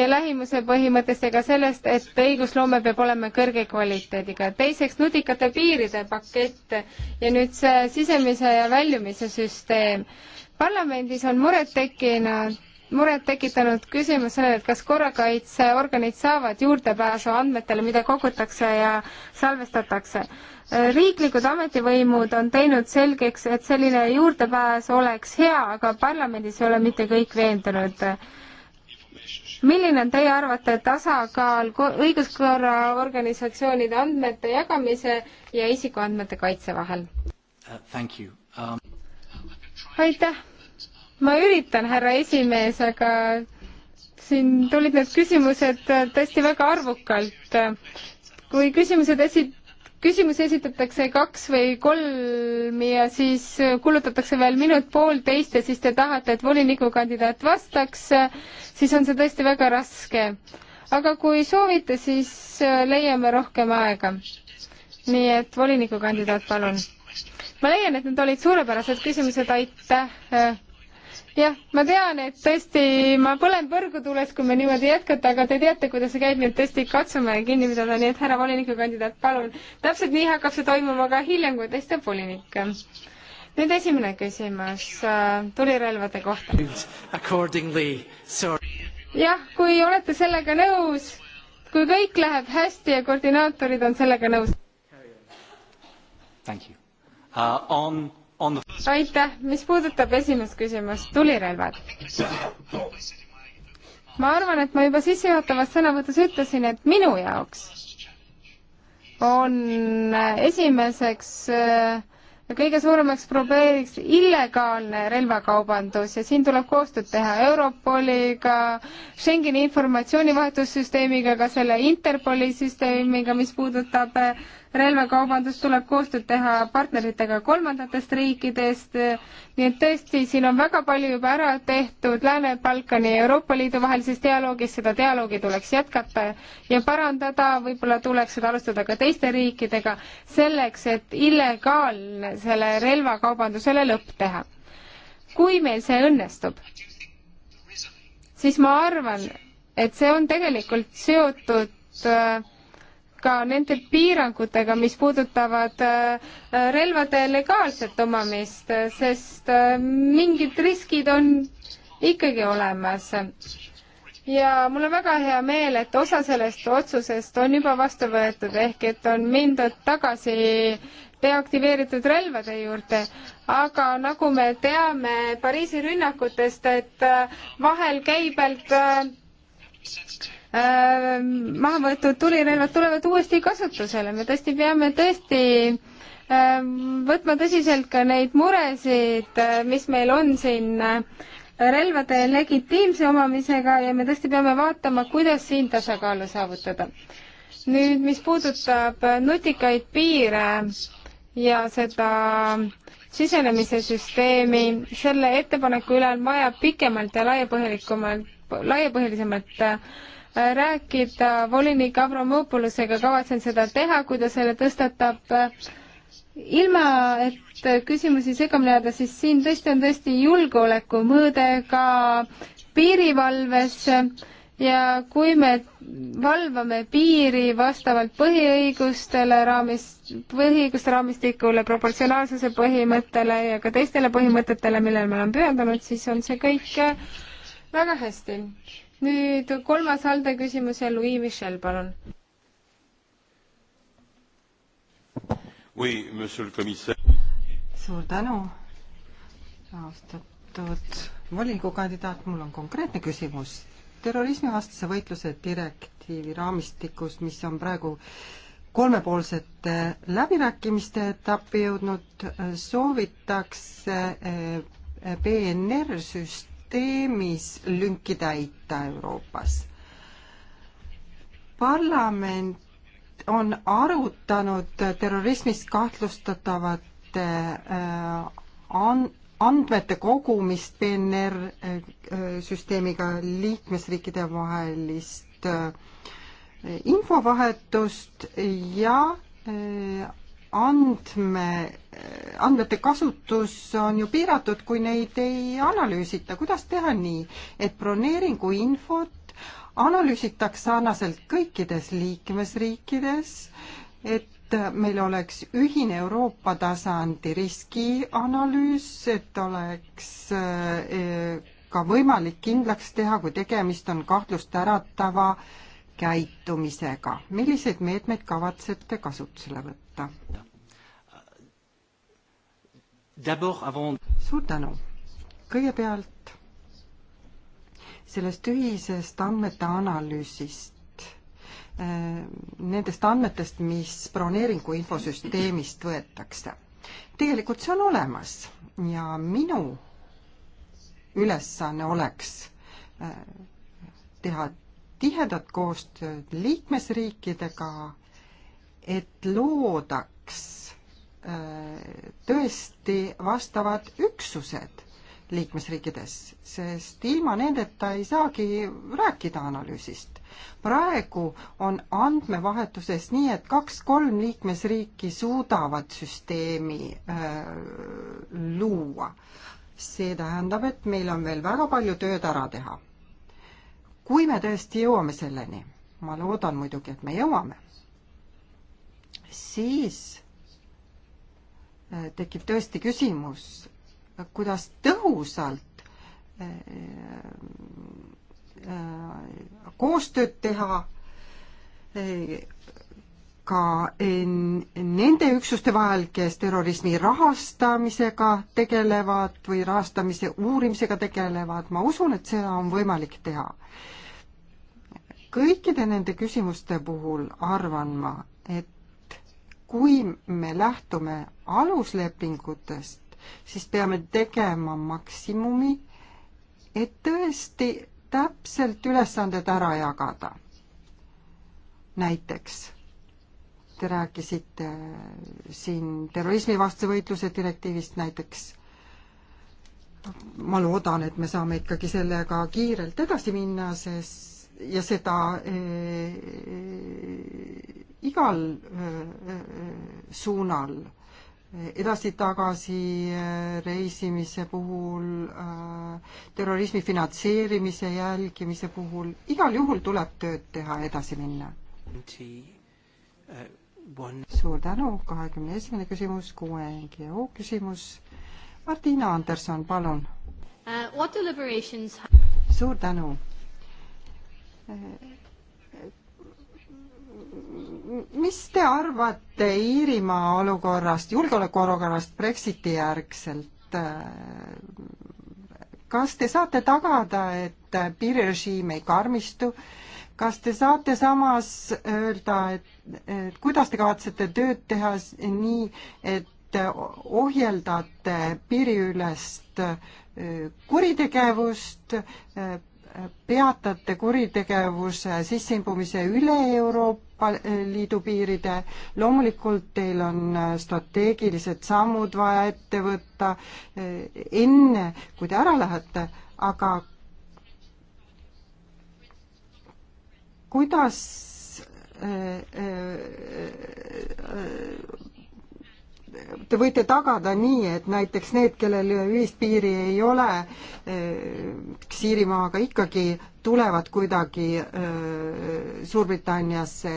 ja lähimuse põhimõttest ega sellest, et õigusloome peab olema kõrge kvaliteediga? teiseks, nutikate piiride pakett ja nüüd see sisemise ja väljumise süsteem. parlamendis on muret tekkinud muret tekitanud küsimus sellele, et kas korrakaitseorganid saavad juurdepääsu andmetele, mida kogutakse ja salvestatakse. riiklikud ametivõimud on teinud selgeks, et selline juurdepääs oleks hea, aga parlamendis ei ole mitte kõik veendunud milline on teie arvate tasakaal õiguskorra organisatsioonide andmete jagamise ja isikuandmete kaitse vahel uh,? Um... aitäh ma üritan, härra esimees, aga siin tulid need küsimused äh, tõesti väga arvukalt. kui küsimused esi-, küsimusi esitatakse kaks või kolm ja siis kulutatakse veel minut-poolteist ja siis te tahate, et volinikukandidaat vastaks, siis on see tõesti väga raske. aga kui soovite, siis äh, leiame rohkem aega. nii et volinikukandidaat, palun. ma leian, et need olid suurepärased küsimused, aitäh äh, jah, ma tean, et tõesti ma põlen põrgutuules, kui me niimoodi jätkata, aga te teate, kuidas see käib, nii et tõesti katsume kinni pidada, nii et härra volinikukandidaat, palun. täpselt nii hakkab see toimuma ka hiljem, kui teist jääb volinik. nüüd esimene küsimus äh, tulirelvade kohta. jah, kui olete sellega nõus, kui kõik läheb hästi ja koordinaatorid on sellega nõus. Thank you. Uh, on aitäh, mis puudutab esimest küsimust, tulirelvad. ma arvan, et ma juba sissejuhatavas sõnavõtus ütlesin, et minu jaoks on esimeseks äh, kõige suuremaks probleemiks illegaalne relvakaubandus ja siin tuleb koostööd teha Europoliga, Schengeni informatsioonivahetussüsteemiga, ka selle Interpoli süsteemiga, mis puudutab äh, relvakaubandus, tuleb koostööd teha partneritega kolmandatest riikidest, nii et tõesti, siin on väga palju juba ära tehtud Lääne-Balkani ja Euroopa Liidu vahelises dialoogis, seda dialoogi tuleks jätkata ja parandada, võib-olla tuleks seda alustada ka teiste riikidega, selleks, et illegaalne selle relvakaubandusele lõpp teha. kui meil see õnnestub, siis ma arvan, et see on tegelikult seotud äh, ka nende piirangutega, mis puudutavad äh, relvade legaalset omamist, sest äh, mingid riskid on ikkagi olemas. ja mul on väga hea meel, et osa sellest otsusest on juba vastu võetud, ehk et on mindud tagasi deaktiveeritud relvade juurde, aga nagu me teame Pariisi rünnakutest, et äh, vahel käibelt Äh, maha võetud tulirelvad tulevad uuesti kasutusele, me tõesti peame tõesti äh, võtma tõsiselt ka neid muresid, äh, mis meil on siin relvade legitiimse omamisega ja me tõesti peame vaatama, kuidas siin tasakaalu saavutada. nüüd, mis puudutab nutikaid piire ja seda sisenemise süsteemi, selle ettepaneku üle on vaja pikemalt ja laiapõhjalikumalt, laiapõhjalisemalt rääkida volinik Avramopoulosega, kavatsen seda teha, kui ta selle tõstatab. ilma, et küsimusi segamini ajada, siis siin tõesti on tõesti julgeolekumõõde ka piirivalves ja kui me valvame piiri vastavalt põhiõigustele raamis, põhiõiguste raamistikule, proportsionaalsuse põhimõttele ja ka teistele põhimõtetele, millele me oleme pühendunud, siis on see kõik väga hästi nüüd kolmas halde küsimus ja Louis Michel, palun. suur tänu, austatud volikogu kandidaat, mul on konkreetne küsimus. terrorismivastase võitluse direktiivi raamistikus, mis on praegu kolmepoolsete läbirääkimiste etappi jõudnud, soovitakse PNR-süst-, eh, eh, süsteemis lünki täita Euroopas. parlament on arutanud terrorismis kahtlustatavate äh, an-, andmete kogumist PNR-süsteemiga äh, liikmesriikide vahelist äh, infovahetust ja andme, andmete kasutus on ju piiratud, kui neid ei analüüsita. kuidas teha nii, et broneeringu infot analüüsitakse sarnaselt kõikides liikmesriikides, et meil oleks ühine Euroopa tasandi riskianalüüs, et oleks eh, ka võimalik kindlaks teha, kui tegemist on kahtlust äratava äh, käitumisega. milliseid meetmeid kavatsete kasutusele võtta? suur tänu. kõigepealt sellest ühisest andmete analüüsist, äh, nendest andmetest, mis broneeringu infosüsteemist võetakse. tegelikult see on olemas ja minu ülesanne oleks äh, teha tihedat koostööd liikmesriikidega, et loodaks äh, tõesti vastavad üksused liikmesriikides, sest ilma nendeta ei saagi rääkida analüüsist. praegu on andmevahetuses nii, et kaks-kolm liikmesriiki suudavad süsteemi äh, luua. see tähendab, et meil on veel väga palju tööd ära teha kui me tõesti jõuame selleni, ma loodan muidugi, et me jõuame, siis äh, tekib tõesti küsimus, kuidas tõhusalt äh, äh, koostööd teha, ka nende üksuste vahel, kes terrorismi rahastamisega tegelevad või rahastamise uurimisega tegelevad, ma usun, et seda on võimalik teha. kõikide nende küsimuste puhul arvan ma, et kui me lähtume aluslepingutest, siis peame tegema maksimumi, et tõesti täpselt ülesanded ära jagada. näiteks Te rääkisite äh, siin terrorismivastase võitluse direktiivist näiteks. ma loodan, et me saame ikkagi sellega kiirelt edasi minna, sest ja seda äh, igal äh, äh suunal edasi-tagasi äh, reisimise puhul, terrorismi finantseerimise jälgimise puhul, igal juhul tuleb tööd teha, edasi minna suur tänu, kahekümne esimene küsimus, QNGO küsimus. Martina Anderson, palun uh,. suur tänu eh, mis te arvate Iirimaa olukorrast, julgeolekuolukorrast Brexiti järgselt? Eh, kas te saate tagada, et piirirežiim ei karmistu, kas te saate samas öelda, et, et kuidas te kavatsete tööd teha nii, et ohjeldate piiriülest äh, kuritegevust, äh, peatate kuritegevuse sisseimplumise üle Euroopa äh, Liidu piiride, loomulikult teil on strateegilised sammud vaja ette võtta enne, kui te ära lähete, aga kuidas äh, äh, te võite tagada nii, et näiteks need, kellel ühist piiri ei ole äh, Siirimaaga, ikkagi tulevad kuidagi Suurbritanniasse.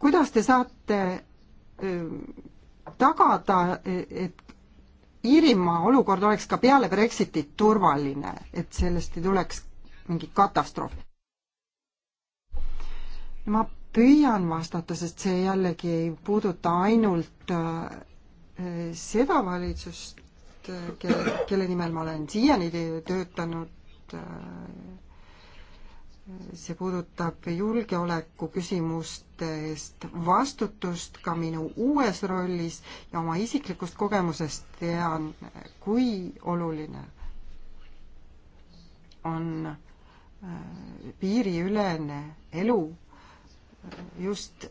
kuidas te saate tagada, et Iirimaa olukord oleks ka peale Brexitit turvaline, et sellest ei tuleks mingi katastroof? ma püüan vastata, sest see jällegi ei puuduta ainult äh, seda valitsust, äh, kelle, kelle nimel ma olen siiani töötanud. Äh, see puudutab julgeoleku küsimuste eest vastutust ka minu uues rollis ja oma isiklikust kogemusest tean, kui oluline on piiriülene elu just äh,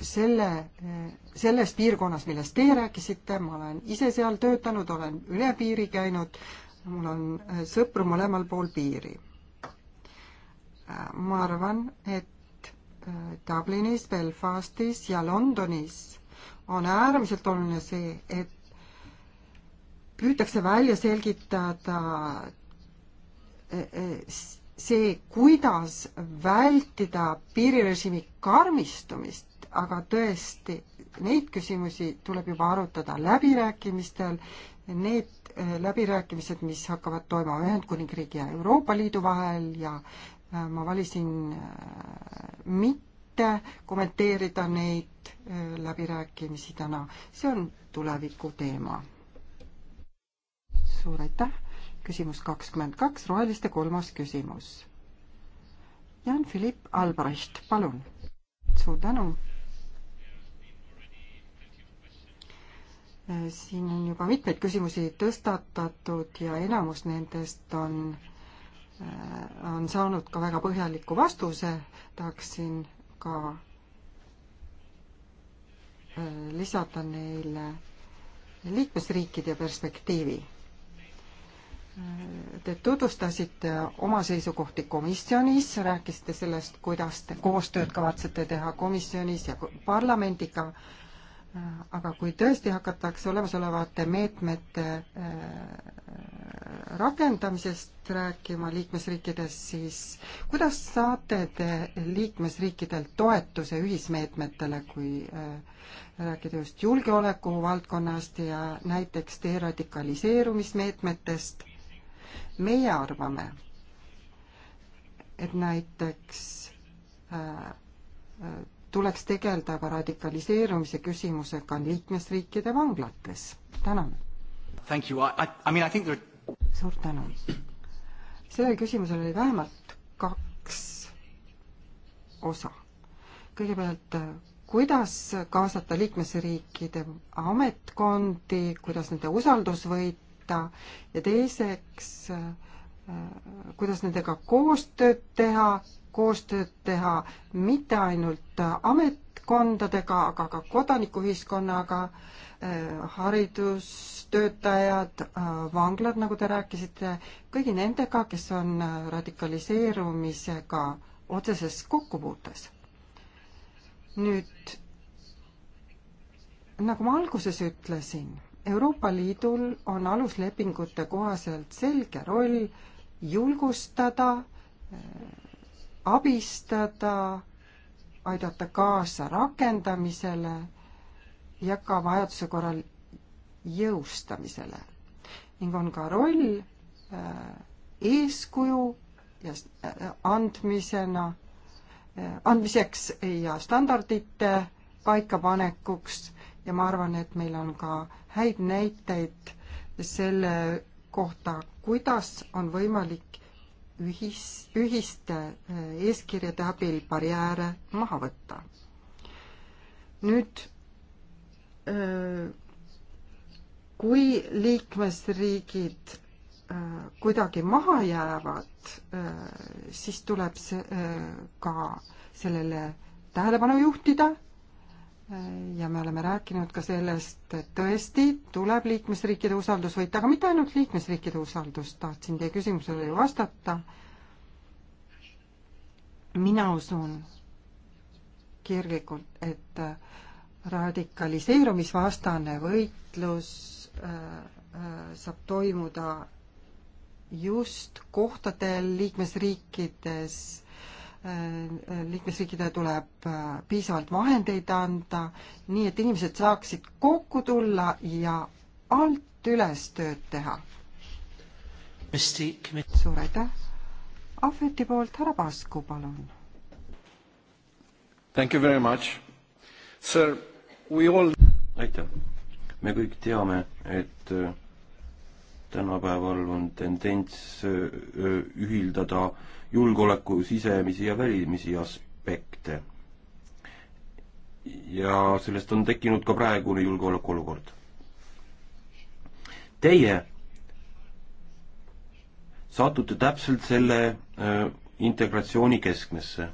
selle, äh, selles piirkonnas, millest teie rääkisite, ma olen ise seal töötanud, olen üle piiri käinud, mul on äh, sõpru mõlemal pool piiri. ma arvan, et Dublinis, Belfastis ja Londonis on äärmiselt oluline see, et püütakse välja selgitada see, kuidas vältida piirirežiimi karmistumist, aga tõesti, neid küsimusi tuleb juba arutada läbirääkimistel, need äh, läbirääkimised, mis hakkavad toimuma Ühendkuningriigi ja Euroopa Liidu vahel ja äh, ma valisin äh, mitte kommenteerida neid läbirääkimisi täna, see on tuleviku teema. suur aitäh! küsimus kakskümmend kaks, roheliste kolmas küsimus. Jan-Philipp Albrecht, palun. suur tänu. Äh, siin on juba mitmeid küsimusi tõstatatud ja enamus nendest on, äh, on saanud ka väga põhjaliku vastuse. tahaksin ka äh, lisada neile liikmesriikide perspektiivi Te tutvustasite oma seisukohti komisjonis, rääkisite sellest, kuidas te koostööd kavatsete teha komisjonis ja parlamendiga, aga kui tõesti hakatakse olemasolevate meetmete äh, rakendamisest rääkima liikmesriikides, siis kuidas saate te liikmesriikidelt toetuse ühismeetmetele, kui äh, rääkida just julgeoleku valdkonnast ja näiteks deradikaliseerumismeetmetest, meie arvame, et näiteks äh, äh, tuleks tegeleda ka radikaliseerumise küsimusega liikmesriikide vanglates. tänan. I mean, there... suur tänu. sellel küsimusel oli vähemalt kaks osa. kõigepealt, kuidas kaasata liikmesriikide ametkondi, kuidas nende usaldusvõit võtta ja teiseks, äh, kuidas nendega koostööd teha, koostööd teha mitte ainult ametkondadega, aga ka kodanikuühiskonnaga, äh, haridustöötajad, äh, vanglad, nagu te rääkisite, kõigi nendega, kes on radikaliseerumisega otseses kokkupuutes. nüüd nagu ma alguses ütlesin Euroopa Liidul on aluslepingute kohaselt selge roll julgustada, äh, abistada, aidata kaasa rakendamisele ja ka vajaduse korral jõustamisele ning on ka roll äh, eeskuju ja äh, andmisena, andmiseks ja standardite paikapanekuks ja ma arvan, et meil on ka häid näiteid selle kohta, kuidas on võimalik ühis, ühiste äh, eeskirjade abil barjääre maha võtta. nüüd äh, kui liikmesriigid äh, kuidagi maha jäävad, siis tuleb see ka sellele tähelepanu juhtida ja me oleme rääkinud ka sellest, et tõesti tuleb liikmesriikide usaldus võita, aga mitte ainult liikmesriikide usaldust, tahtsin teie küsimusele ju vastata. mina usun kirglikult, et radikaliseerumisvastane võitlus äh, äh, saab toimuda just kohtadel liikmesriikides Äh, liikmesriikidele tuleb äh, piisavalt vahendeid anda, nii et inimesed saaksid kokku tulla ja alt üles tööd teha. suur aitäh. Ahveti poolt härra Pasku, palun. Thank you very much. Sir, we all aitäh. me kõik teame, et äh, tänapäeval on tendents ühildada äh, julgeoleku sisemisi ja välimisi aspekte. ja sellest on tekkinud ka praegune julgeolekuolukord. Teie satute täpselt selle äh, integratsiooni keskmesse.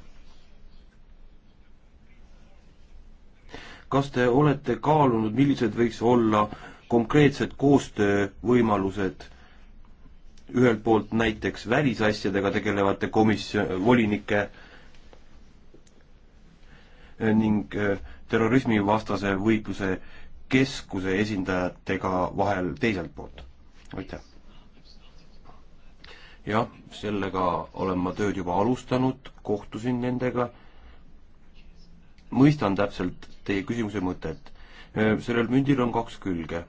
kas te olete kaalunud, millised võiks olla konkreetsed koostöövõimalused ühelt poolt näiteks välisasjadega tegelevate komisjon, volinike ning äh, terrorismivastase võitluse keskuse esindajatega vahel teiselt poolt. aitäh! jah, sellega olen ma tööd juba alustanud, kohtusin nendega, mõistan täpselt teie küsimuse mõtet. Äh, sellel mündil on kaks külge.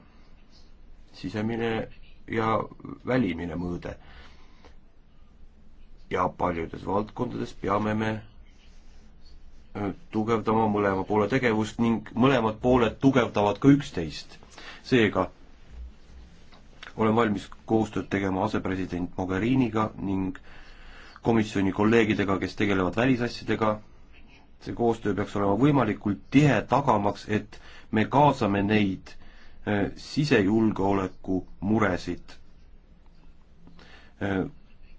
sisemine ja välimine mõõde. ja paljudes valdkondades peame me äh, tugevdama mõlema poole tegevust ning mõlemad pooled tugevdavad ka üksteist. seega olen valmis koostööd tegema asepresident Mogheriniga ning komisjoni kolleegidega, kes tegelevad välisasjadega. see koostöö peaks olema võimalikult tihe, tagamaks, et me kaasame neid Äh, sisejulgeoleku muresid. Äh,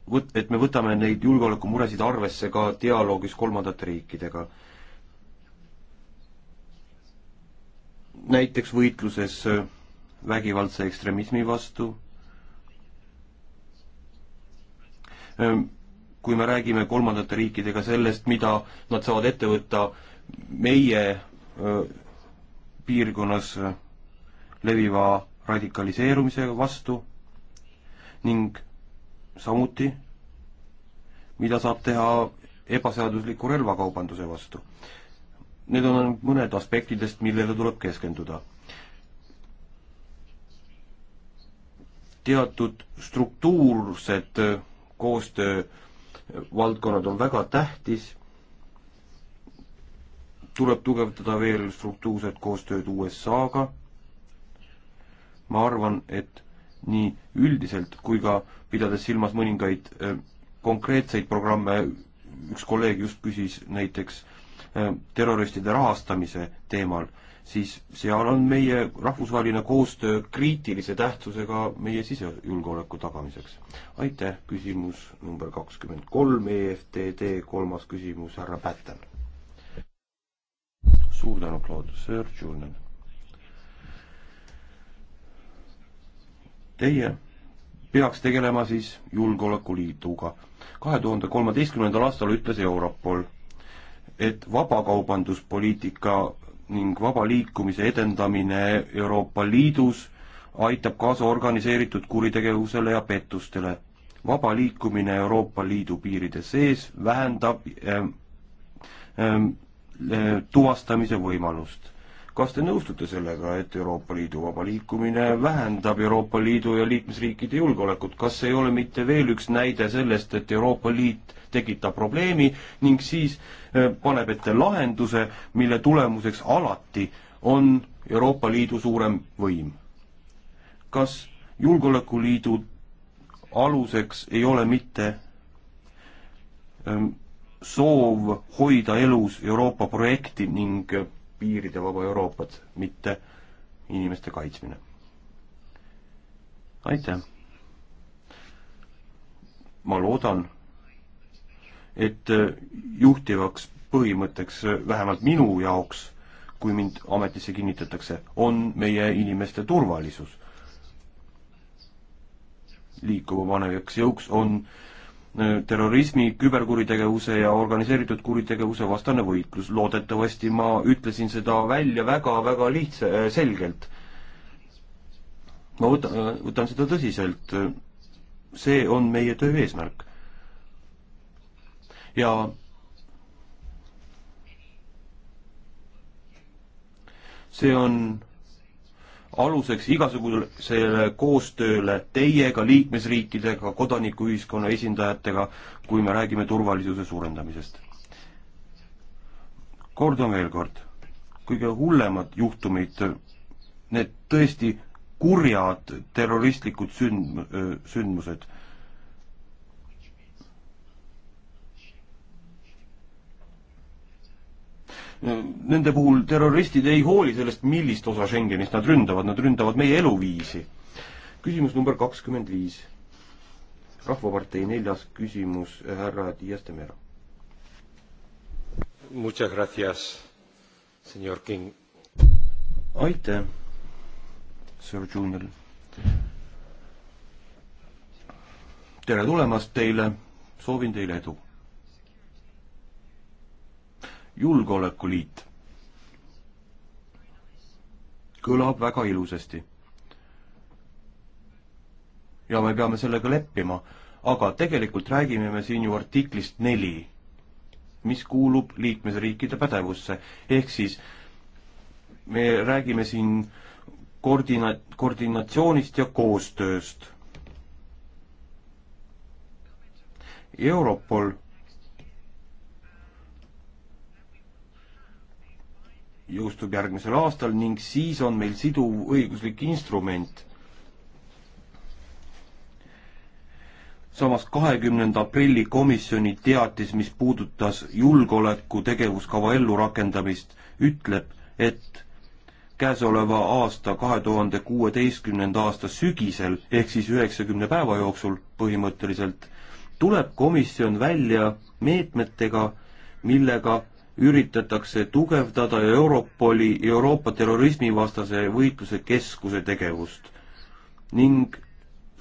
võt-, et me võtame neid julgeolekumuresid arvesse ka dialoogis kolmandate riikidega. näiteks võitluses äh, vägivaldse ekstremismi vastu, kui me räägime kolmandate riikidega sellest, mida nad saavad ette võtta meie piirkonnas leviva radikaliseerumise vastu ning samuti, mida saab teha ebaseadusliku relvakaubanduse vastu. Need on ainult mõned aspektidest, millele tuleb keskenduda. teatud struktuursed koostöövaldkonnad on väga tähtis, tuleb tugevdada veel struktuurset koostööd USA-ga ma arvan, et nii üldiselt kui ka pidades silmas mõningaid äh, konkreetseid programme, üks kolleeg just küsis näiteks äh, terroristide rahastamise teemal, siis seal on meie rahvusvaheline koostöö kriitilise tähtsusega meie sisejulgeoleku tagamiseks. aitäh, küsimus number kakskümmend kolm, EFTD kolmas küsimus, härra Pätten. suur tänu, Claude, Sir Julian Teie peaks tegelema siis Julgeolekuliiduga. kahe tuhande kolmeteistkümnendal aastal ütles Europol, et vabakaubanduspoliitika ning vaba liikumise edendamine Euroopa Liidus aitab kaasa organiseeritud kuritegevusele ja pettustele. vaba liikumine Euroopa Liidu piiride sees vähendab äh, äh, tuvastamise võimalust kas te nõustute sellega, et Euroopa Liidu vaba liikumine vähendab Euroopa Liidu ja liikmesriikide julgeolekut, kas ei ole mitte veel üks näide sellest, et Euroopa Liit tekitab probleemi ning siis eh, paneb ette lahenduse, mille tulemuseks alati on Euroopa Liidu suurem võim? kas julgeolekuliidu aluseks ei ole mitte ehm, soov hoida elus Euroopa projekti ning piiride vaba Euroopat, mitte inimeste kaitsmine. aitäh! ma loodan, et juhtivaks põhimõtteks vähemalt minu jaoks, kui mind ametisse kinnitatakse, on meie inimeste turvalisus. liikuma panevaks jõuks on äh, terrorismi, küberkuritegevuse ja organiseeritud kuritegevuse vastane võitlus. loodetavasti ma ütlesin seda välja väga-väga lihtsa, äh, selgelt. ma võtan, äh, võtan seda tõsiselt. see on meie töö eesmärk. ja see on aluseks igasugusele koostööle teiega, liikmesriikidega, kodanikuühiskonna esindajatega, kui me räägime turvalisuse suurendamisest. kordan veel kord, kõige hullemad juhtumid, need tõesti kurjad terroristlikud sünd-, sündmused nende puhul terroristid ei hooli sellest, millist osa Schengenist nad ründavad, nad ründavad meie eluviisi. küsimus number kakskümmend viis. rahvapartei neljas küsimus, härra Dias de Mera. Muchas gracias, senor King. aitäh, Sir Junior. tere tulemast teile, soovin teile edu julgeolekuliit. kõlab väga ilusasti. ja me peame sellega leppima, aga tegelikult räägime me siin ju artiklist neli, mis kuulub liikmesriikide pädevusse, ehk siis me räägime siin koordina-, koordinatsioonist ja koostööst. Europol jõustub järgmisel aastal ning siis on meil siduv õiguslik instrument. samas kahekümnenda aprilli komisjoni teatis, mis puudutas julgeoleku tegevuskava ellurakendamist, ütleb, et käesoleva aasta, kahe tuhande kuueteistkümnenda aasta sügisel ehk siis üheksakümne päeva jooksul põhimõtteliselt tuleb komisjon välja meetmetega, millega üritatakse tugevdada Europoli, Euroopa terrorismivastase võitluse keskuse tegevust ning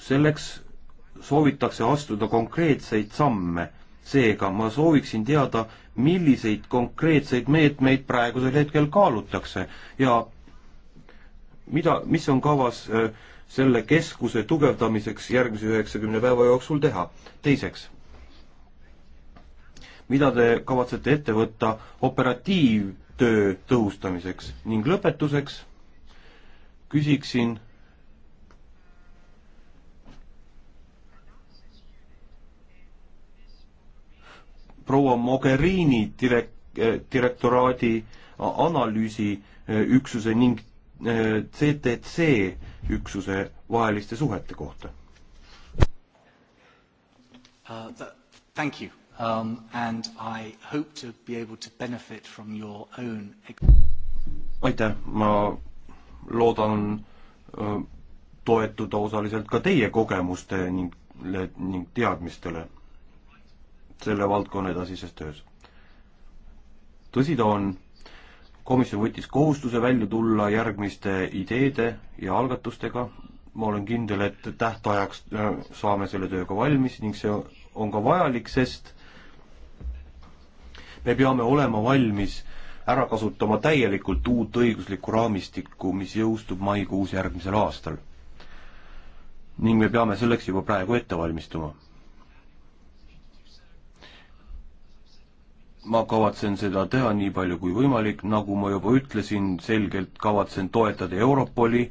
selleks soovitakse astuda konkreetseid samme. seega ma sooviksin teada, milliseid konkreetseid meetmeid praegusel hetkel kaalutakse ja mida, mis on kavas äh, selle keskuse tugevdamiseks järgmise üheksakümne päeva jooksul teha. teiseks mida te kavatsete ette võtta operatiivtöö tõhustamiseks ning lõpetuseks küsiksin proua Mogherini direk-, direktoraadi analüüsiüksuse eh, ning CTC eh, üksuse vaheliste suhete kohta uh,. Thank you um, and I hope to be able to benefit from your own aitäh, ma loodan öö, äh, toetuda osaliselt ka teie kogemuste ning, ning teadmistele selle valdkonna edasises töös. tõsi ta on, komisjon võttis kohustuse välja tulla järgmiste ideede ja algatustega, ma olen kindel, et tähtajaks äh, saame selle tööga valmis ning see on ka vajalik, sest me peame olema valmis ära kasutama täielikult uut õiguslikku raamistikku, mis jõustub maikuus järgmisel aastal. ning me peame selleks juba praegu ette valmistuma. ma kavatsen seda teha nii palju kui võimalik, nagu ma juba ütlesin, selgelt kavatsen toetada Europoli,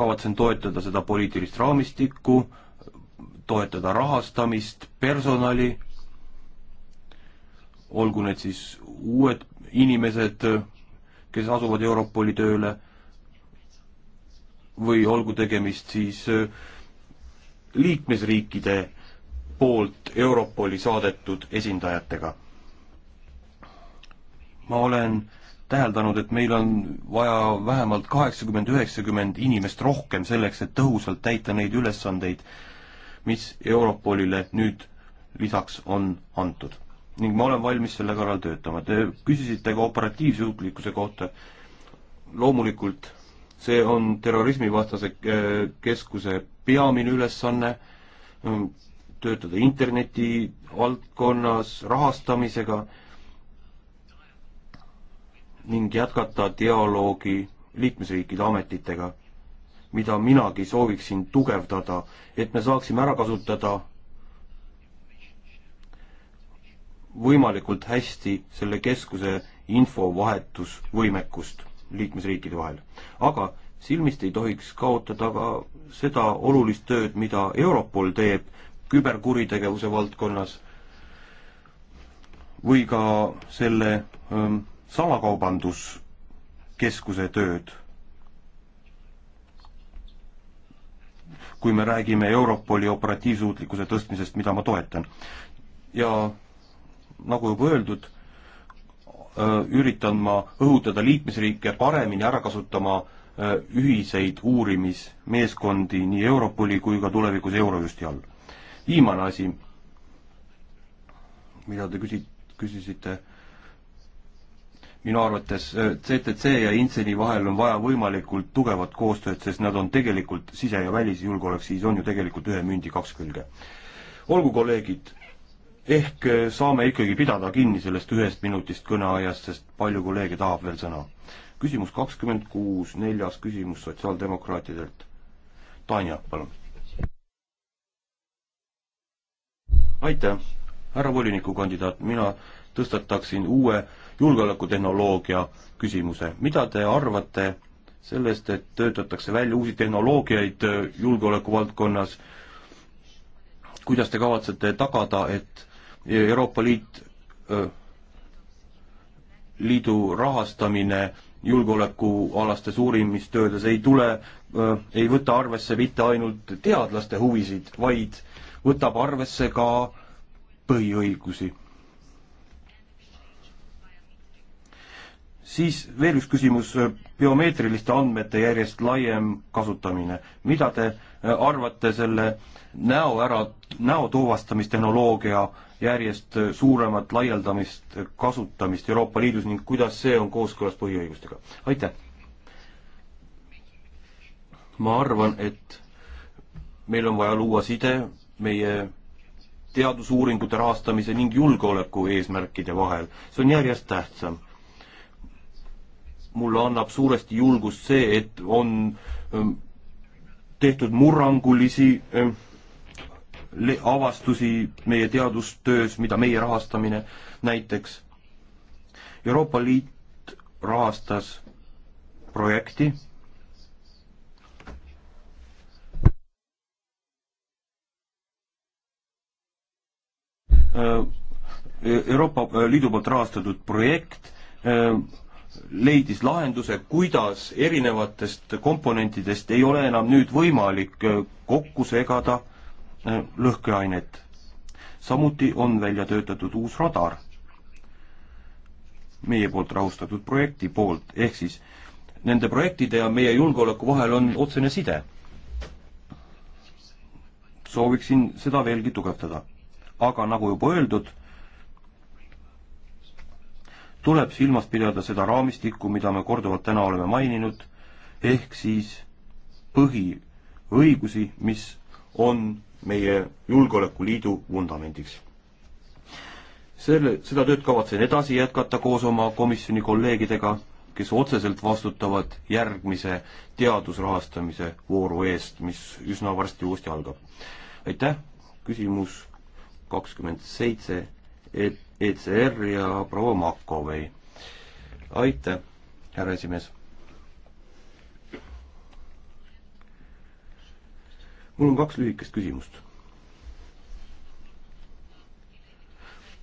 kavatsen toetada seda poliitilist raamistikku, toetada rahastamist, personali olgu need siis uued inimesed, kes asuvad Europoli tööle, või olgu tegemist siis äh, liikmesriikide poolt Europoli saadetud esindajatega. ma olen täheldanud, et meil on vaja vähemalt kaheksakümmend, üheksakümmend inimest rohkem selleks, et tõhusalt täita neid ülesandeid, mis Europolile nüüd lisaks on antud ning ma olen valmis selle kallal töötama. Te küsisite ka operatiivsuutlikkuse kohta. loomulikult see on terrorismivastase äh, keskuse peamine ülesanne, mm, töötada interneti valdkonnas rahastamisega ning jätkata dialoogi liikmesriikide ametitega, mida minagi sooviksin tugevdada, et me saaksime ära kasutada võimalikult hästi selle keskuse infovahetusvõimekust liikmesriikide vahel. aga silmist ei tohiks kaotada ka seda olulist tööd, mida Europol teeb küberkuritegevuse valdkonnas või ka selle ähm, salakaubanduskeskuse tööd. kui me räägime Europoli operatiivsuutlikkuse tõstmisest, mida ma toetan. ja nagu juba öeldud, üritan ma õhutada liikmesriike paremini ära kasutama ühiseid uurimismeeskondi nii Europoli kui ka tulevikus Eurojusti all. viimane asi, mida te küsi-, küsisite, minu arvates CTC ja Inseni vahel on vaja võimalikult tugevat koostööd, sest nad on tegelikult sise- ja välisjulgeolek, siis on ju tegelikult ühe mündi kaks külge. olgu, kolleegid ehk eh, saame ikkagi pidada kinni sellest ühest minutist kõneajast, sest palju kolleege tahab veel sõna. küsimus kakskümmend kuus, neljas küsimus sotsiaaldemokraatidelt. Tanja, palun. aitäh, härra volinikukandidaat, mina tõstataksin uue julgeolekutehnoloogia küsimuse. mida te arvate sellest, et töötatakse välja uusi tehnoloogiaid eh, julgeolekuvaldkonnas, kuidas te kavatsete tagada, et Euroopa Liit, liidu rahastamine julgeolekualastes uurimistöödes ei tule, ei võta arvesse mitte ainult teadlaste huvisid, vaid võtab arvesse ka põhiõigusi siis veel üks küsimus, äh, biomeetriliste andmete järjest laiem kasutamine. mida te äh, arvate selle näo ära, näo tuvastamistehnoloogia järjest äh, suuremat laialdamist, kasutamist Euroopa Liidus ning kuidas see on kooskõlas põhiõigustega? aitäh! ma arvan, et meil on vaja luua side meie teadusuuringute rahastamise ning julgeoleku eesmärkide vahel, see on järjest tähtsam mulle annab suuresti julgust see, et on ähm, tehtud murrangulisi ähm, avastusi meie teadustöös, mida meie rahastamine näiteks. Euroopa Liit rahastas projekti, äh, Euroopa äh, Liidu poolt rahastatud projekt äh, leidis lahenduse, kuidas erinevatest komponentidest ei ole enam nüüd võimalik äh, kokku segada äh, lõhkeainet. samuti on välja töötatud uus radar meie poolt rahustatud projekti poolt, ehk siis nende projektide ja meie julgeoleku vahel on otsene side. sooviksin seda veelgi tugevdada. aga nagu juba öeldud tuleb silmas pidada seda raamistikku, mida me korduvalt täna oleme maininud, ehk siis põhiõigusi, mis on meie Julgeolekuliidu vundamendiks. selle, seda tööd kavatsen edasi jätkata koos oma komisjoni kolleegidega, kes otseselt vastutavad järgmise teadusrahastamise vooru eest, mis üsna varsti uuesti algab. aitäh, küsimus kakskümmend seitse, et ECR ja proua Makovei. aitäh, härra esimees. mul on kaks lühikest küsimust.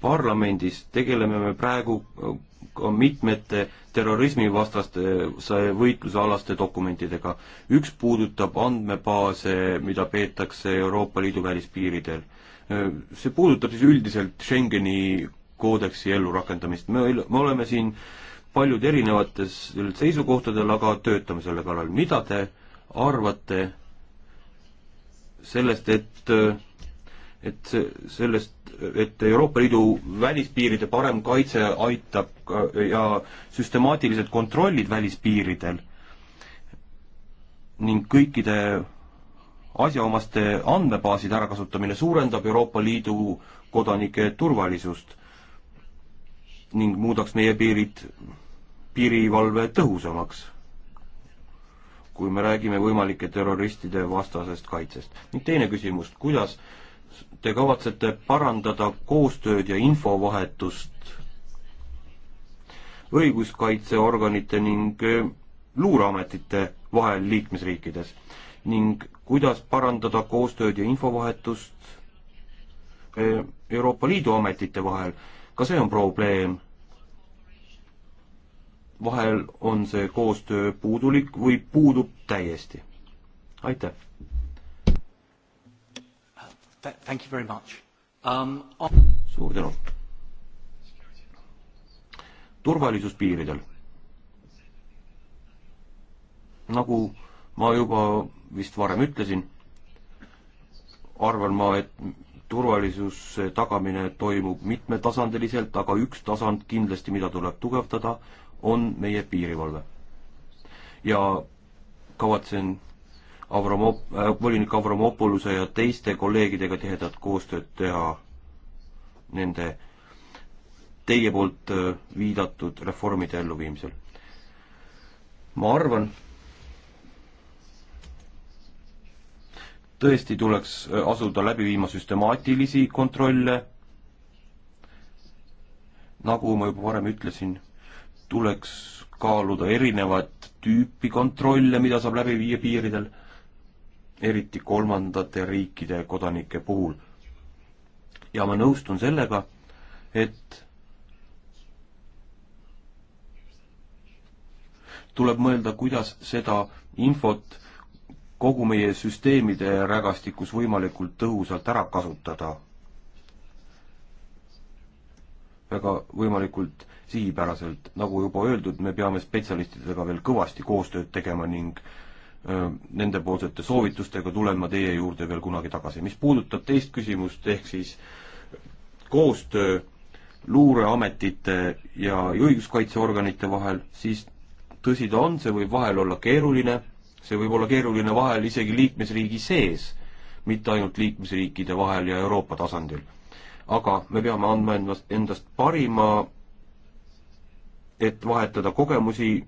parlamendis tegeleme me praegu äh, ka mitmete terrorismivastaste äh, võitluse alaste dokumentidega. üks puudutab andmebaase, mida peetakse Euroopa Liidu välispiiridel. Äh, see puudutab siis üldiselt Schengeni koodeksi ellurakendamist. me, me oleme siin paljud erinevatel seisukohtadel, aga töötame selle kallal. mida te arvate sellest, et et sellest, et Euroopa Liidu välispiiride parem kaitse aitab ja süstemaatilised kontrollid välispiiridel ning kõikide asjaomaste andmebaaside ärakasutamine suurendab Euroopa Liidu kodanike turvalisust ning muudaks meie piirid, piirivalve tõhusamaks. kui me räägime võimalike terroristide vastasest kaitsest. ning teine küsimus, kuidas te kavatsete parandada koostööd ja infovahetust õiguskaitseorganite ning eh, luureametite vahel liikmesriikides ning kuidas parandada koostööd ja infovahetust eh, Euroopa Liidu ametite vahel ka see on probleem. vahel on see koostöö puudulik või puudub täiesti. aitäh! Thank you very much um,. On... suur tänu! turvalisus piiridel. nagu ma juba vist varem ütlesin, arvan ma, et turvalisuse tagamine toimub mitmetasandiliselt, aga üks tasand kindlasti, mida tuleb tugevdada, on meie piirivalve. ja kavatsen Avramop- äh,, volinik Avramopoluse ja teiste kolleegidega tihedat koostööd teha nende teie poolt äh, viidatud reformide elluviimisel. ma arvan, tõesti tuleks äh, asuda läbi viima süstemaatilisi kontrolle, nagu ma juba varem ütlesin, tuleks kaaluda erinevat tüüpi kontrolle, mida saab läbi viia piiridel, eriti kolmandate riikide kodanike puhul. ja ma nõustun sellega, et tuleb mõelda, kuidas seda infot kogu meie süsteemide rägastikus võimalikult tõhusalt ära kasutada. väga võimalikult sihipäraselt, nagu juba öeldud, me peame spetsialistidega veel kõvasti koostööd tegema ning nendepoolsete soovitustega tulen ma teie juurde veel kunagi tagasi. mis puudutab teist küsimust, ehk siis koostöö luureametite ja õiguskaitseorganite vahel, siis tõsi ta on, see võib vahel olla keeruline, see võib olla keeruline vahel isegi liikmesriigi sees, mitte ainult liikmesriikide vahel ja Euroopa tasandil. aga me peame andma endast, endast parima, et vahetada kogemusi,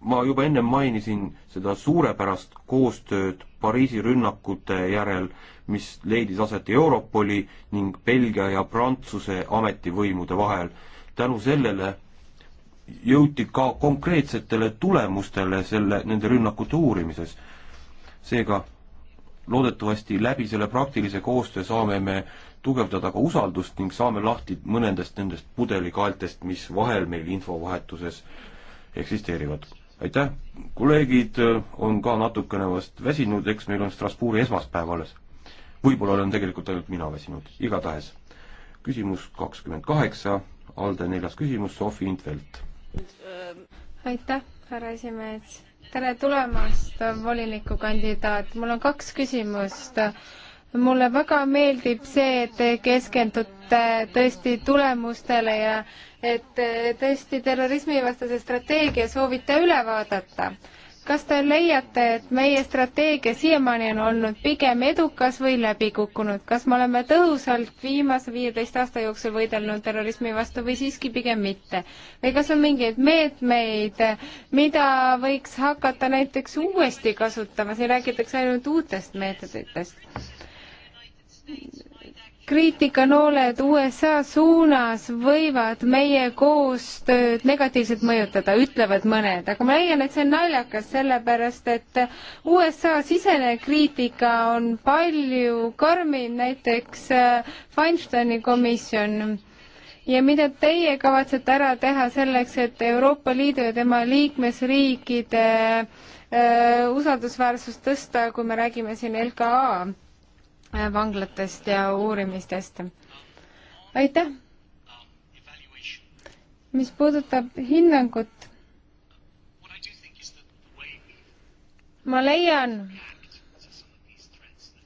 ma juba ennem mainisin seda suurepärast koostööd Pariisi rünnakute järel, mis leidis aset Europoli ning Belgia ja Prantsuse ametivõimude vahel. tänu sellele jõuti ka konkreetsetele tulemustele selle, nende rünnakute uurimises. seega loodetavasti läbi selle praktilise koostöö saame me tugevdada ka usaldust ning saame lahti mõnedest nendest pudelikaeltest, mis vahel meil infovahetuses eksisteerivad. aitäh, kolleegid äh, on ka natukene vast väsinud, eks meil on Strasbourgi esmaspäev alles. võib-olla olen tegelikult ainult mina väsinud, igatahes. küsimus kakskümmend kaheksa, Alde neljas küsimus, Sofi Intvelt aitäh, härra esimees. tere tulemast, volinikukandidaat. mul on kaks küsimust. mulle väga meeldib see, et te keskendute tõesti tulemustele ja et tõesti terrorismivastase strateegia soovite üle vaadata kas te leiate, et meie strateegia siiamaani on olnud pigem edukas või läbikukkunud, kas me oleme tõhusalt viimase viieteist aasta jooksul võidelnud terrorismi vastu või siiski pigem mitte? või kas on mingeid meetmeid, mida võiks hakata näiteks uuesti kasutama, siin räägitakse ainult uutest meetoditest? kriitikanooled USA suunas võivad meie koostööd negatiivselt mõjutada, ütlevad mõned, aga ma leian, et see on naljakas, sellepärast et USA sisene kriitika on palju karmim, näiteks äh, Feinsteini komisjon ja mida teie kavatsete ära teha selleks, et Euroopa Liidu ja tema liikmesriikide äh, usaldusväärsust tõsta, kui me räägime siin LKA vanglatest ja uurimistest. aitäh! mis puudutab hinnangut, ma leian,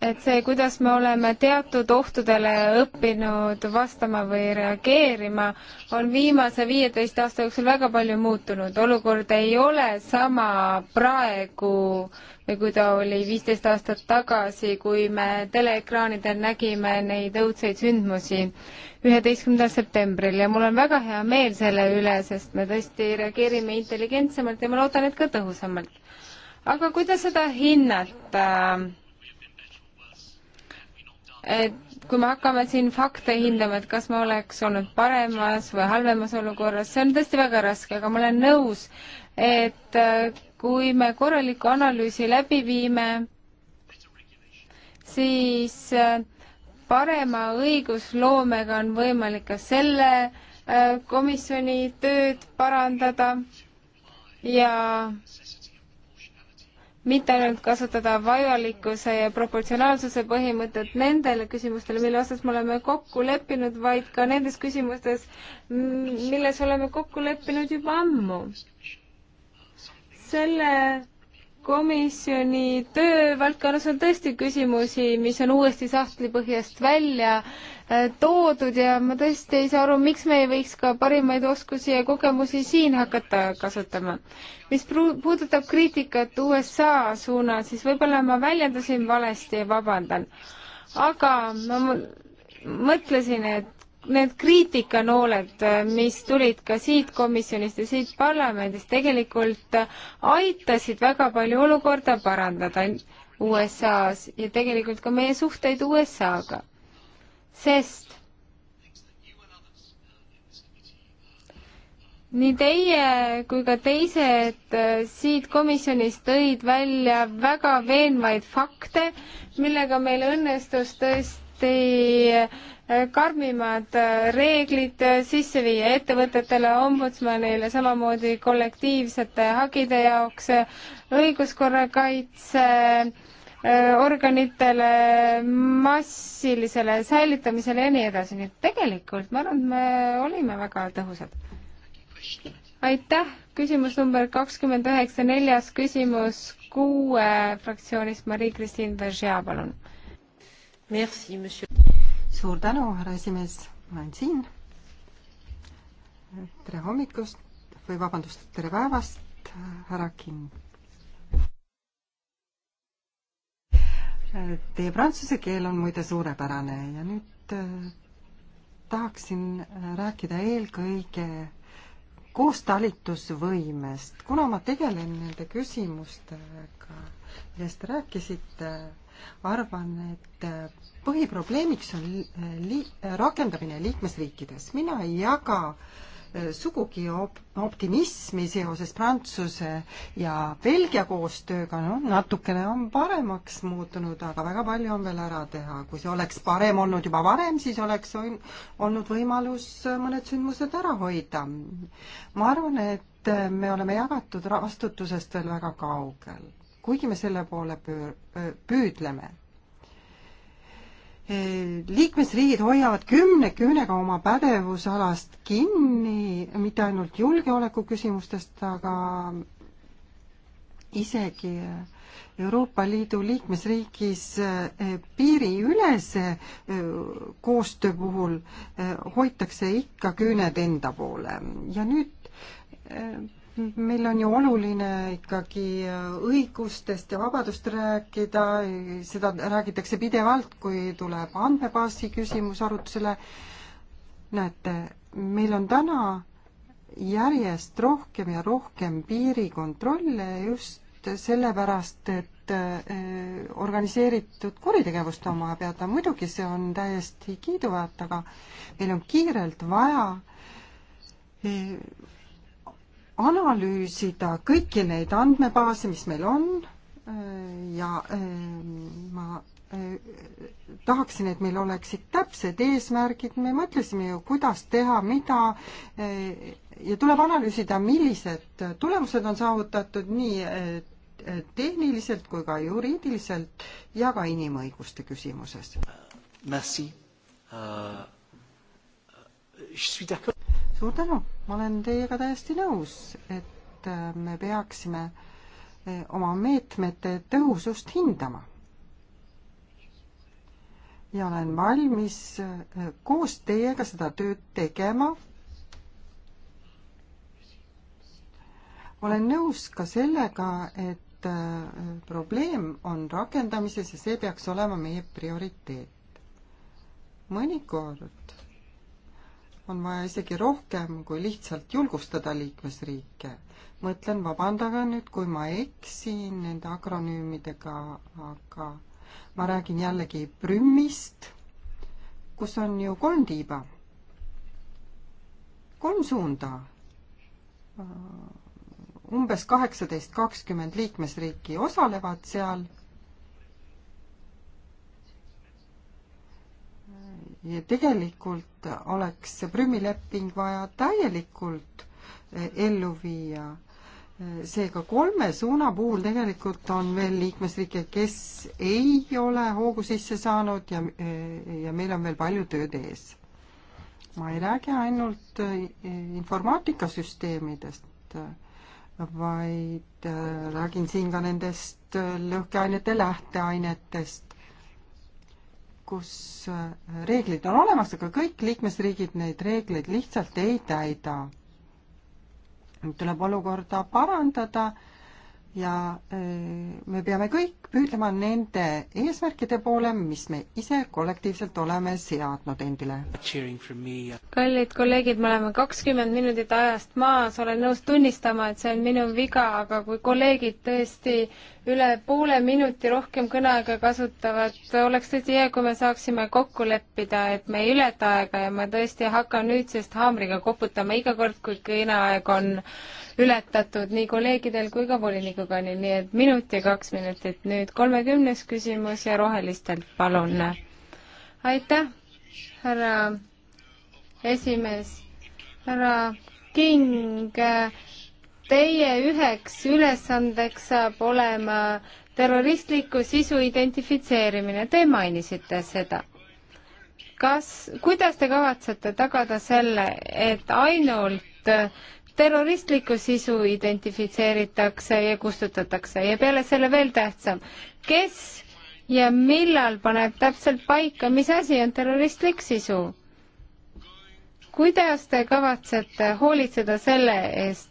et see, kuidas me oleme teatud ohtudele õppinud vastama või reageerima, on viimase viieteist aasta jooksul väga palju muutunud. olukord ei ole sama praegu kui ta oli viisteist aastat tagasi, kui me teleekraanidel nägime neid õudseid sündmusi üheteistkümnendal septembril ja mul on väga hea meel selle üle, sest me tõesti reageerime intelligentsemalt ja ma loodan, et ka tõhusamalt. aga kuidas seda hinnata? Äh, et kui me hakkame siin fakte hindama, et kas ma oleks olnud paremas või halvemas olukorras, see on tõesti väga raske, aga ma olen nõus, et äh, kui me korraliku analüüsi läbi viime, siis äh, parema õigusloomega on võimalik ka selle äh, komisjoni tööd parandada ja mitte ainult kasutada vajalikkuse ja proportsionaalsuse põhimõtet nendele küsimustele, mille osas me oleme kokku leppinud, vaid ka nendes küsimustes, milles oleme kokku leppinud juba ammu selle komisjoni töövaldkonnas on tõesti küsimusi, mis on uuesti sahtlipõhjast välja äh, toodud ja ma tõesti ei saa aru, miks me ei võiks ka parimaid oskusi ja kogemusi siin hakata kasutama. mis puudutab kriitikat USA suunal, siis võib-olla ma väljendasin valesti ja vabandan. aga ma mõtlesin, et need kriitikanooled, äh, mis tulid ka siit komisjonist ja siit parlamendist, tegelikult aitasid väga palju olukorda parandada USA-s ja tegelikult ka meie suhteid USA-ga. sest nii teie kui ka teised äh, siit komisjonist tõid välja väga veenvaid fakte, millega meil õnnestus tõesti samuti eh, karmimad eh, reeglid eh, sisse viia ettevõtetele, ombudsmanile, samamoodi kollektiivsete hagide jaoks, õiguskorra kaitse organitele, massilisele säilitamisele ja nii edasi, nii et tegelikult ma arvan, et me olime väga tõhusad. aitäh, küsimus number kakskümmend üheksa, neljas küsimus kuue fraktsioonist, Marie-Christine Berger, palun suur tänu, härra esimees, ma olen siin. tere hommikust või vabandust, tere päevast, härra King. Teie prantsuse keel on muide suurepärane ja nüüd äh, tahaksin äh, rääkida eelkõige koostalitusvõimest. kuna ma tegelen nende küsimustega, millest te rääkisite, arvan, et äh, põhiprobleemiks on li-, äh, rakendamine liikmesriikides. mina ei jaga äh, sugugi op-, optimismi seoses Prantsuse ja Belgia koostööga, noh, natukene on paremaks muutunud, aga väga palju on veel ära teha. kui see oleks parem olnud juba varem, siis oleks on, olnud võimalus mõned sündmused ära hoida. ma arvan, et me oleme jagatud vastutusest veel väga kaugel kuigi me selle poole pöör-, püüdleme. Eh, liikmesriigid hoiavad kümne küünega oma pädevusalast kinni, mitte ainult julgeoleku küsimustest, aga isegi Euroopa Liidu liikmesriigis eh, piiriülese eh, koostöö puhul hoitakse ikka küüned enda poole ja nüüd meil on ju oluline ikkagi äh, õigustest ja vabadust rääkida, seda räägitakse pidevalt, kui tuleb andmebaasi küsimus arutusele. näete, meil on täna järjest rohkem ja rohkem piirikontrolle just sellepärast, et äh, organiseeritud kuritegevust on vaja peata, muidugi see on täiesti kiiduväärt, aga meil on kiirelt vaja äh, analüüsida kõiki neid andmebaase, mis meil on äh, ja äh, ma äh, tahaksin, et meil oleksid täpsed eesmärgid, me mõtlesime ju, kuidas teha, mida ja tuleb analüüsida, millised tulemused on saavutatud nii tehniliselt kui ka juriidiliselt ja ka inimõiguste küsimuses. Merci uh, suur tänu, ma olen teiega täiesti nõus, et äh, me peaksime äh, oma meetmete tõhusust hindama. ja olen valmis äh, koos teiega seda tööd tegema. olen nõus ka sellega, et probleem on rakendamises ja see peaks olema meie prioriteet. mõnikord on vaja isegi rohkem kui lihtsalt julgustada liikmesriike. mõtlen, vabandage nüüd, kui ma eksin nende akronüümidega, aga ma räägin jällegi Prümmist, kus on ju kolm tiiba, kolm suunda, umbes kaheksateist, kakskümmend liikmesriiki osalevad seal ja tegelikult oleks see Prümi leping vaja täielikult eh, ellu viia. Eh, seega kolme suuna puhul tegelikult on veel liikmesriike, kes ei ole hoogu sisse saanud ja, eh, ja meil on veel palju tööd ees. ma ei räägi ainult informaatikasüsteemidest, vaid räägin siin ka nendest lõhkeainete lähteainetest, kus äh, reeglid on olemas, aga kõik liikmesriigid neid reegleid lihtsalt ei täida. tuleb olukorda parandada ja äh, me peame kõik püüdlema nende eesmärkide poole, mis me ise kollektiivselt oleme seadnud endile. kallid kolleegid, me oleme kakskümmend minutit ajast maas, olen nõus tunnistama, et see on minu viga, aga kui kolleegid tõesti üle poole minuti rohkem kõneaega kasutavad, oleks tõesti hea, kui me saaksime kokku leppida, et me ei ületa aega ja ma tõesti hakkan nüüdsest haamriga koputama iga kord, kui kõneaeg on ületatud nii kolleegidel kui ka volinikuga, nii et minut ja kaks minutit. nüüd kolmekümnes küsimus ja rohelistelt, palun. aitäh, härra esimees, härra King teie üheks ülesandeks saab olema terroristliku sisu identifitseerimine, te mainisite seda. kas, kuidas te kavatsete tagada selle, et ainult terroristlikku sisu identifitseeritakse ja kustutatakse ja peale selle veel tähtsam, kes ja millal paneb täpselt paika, mis asi on terroristlik sisu? kuidas te kavatsete hoolitseda selle eest,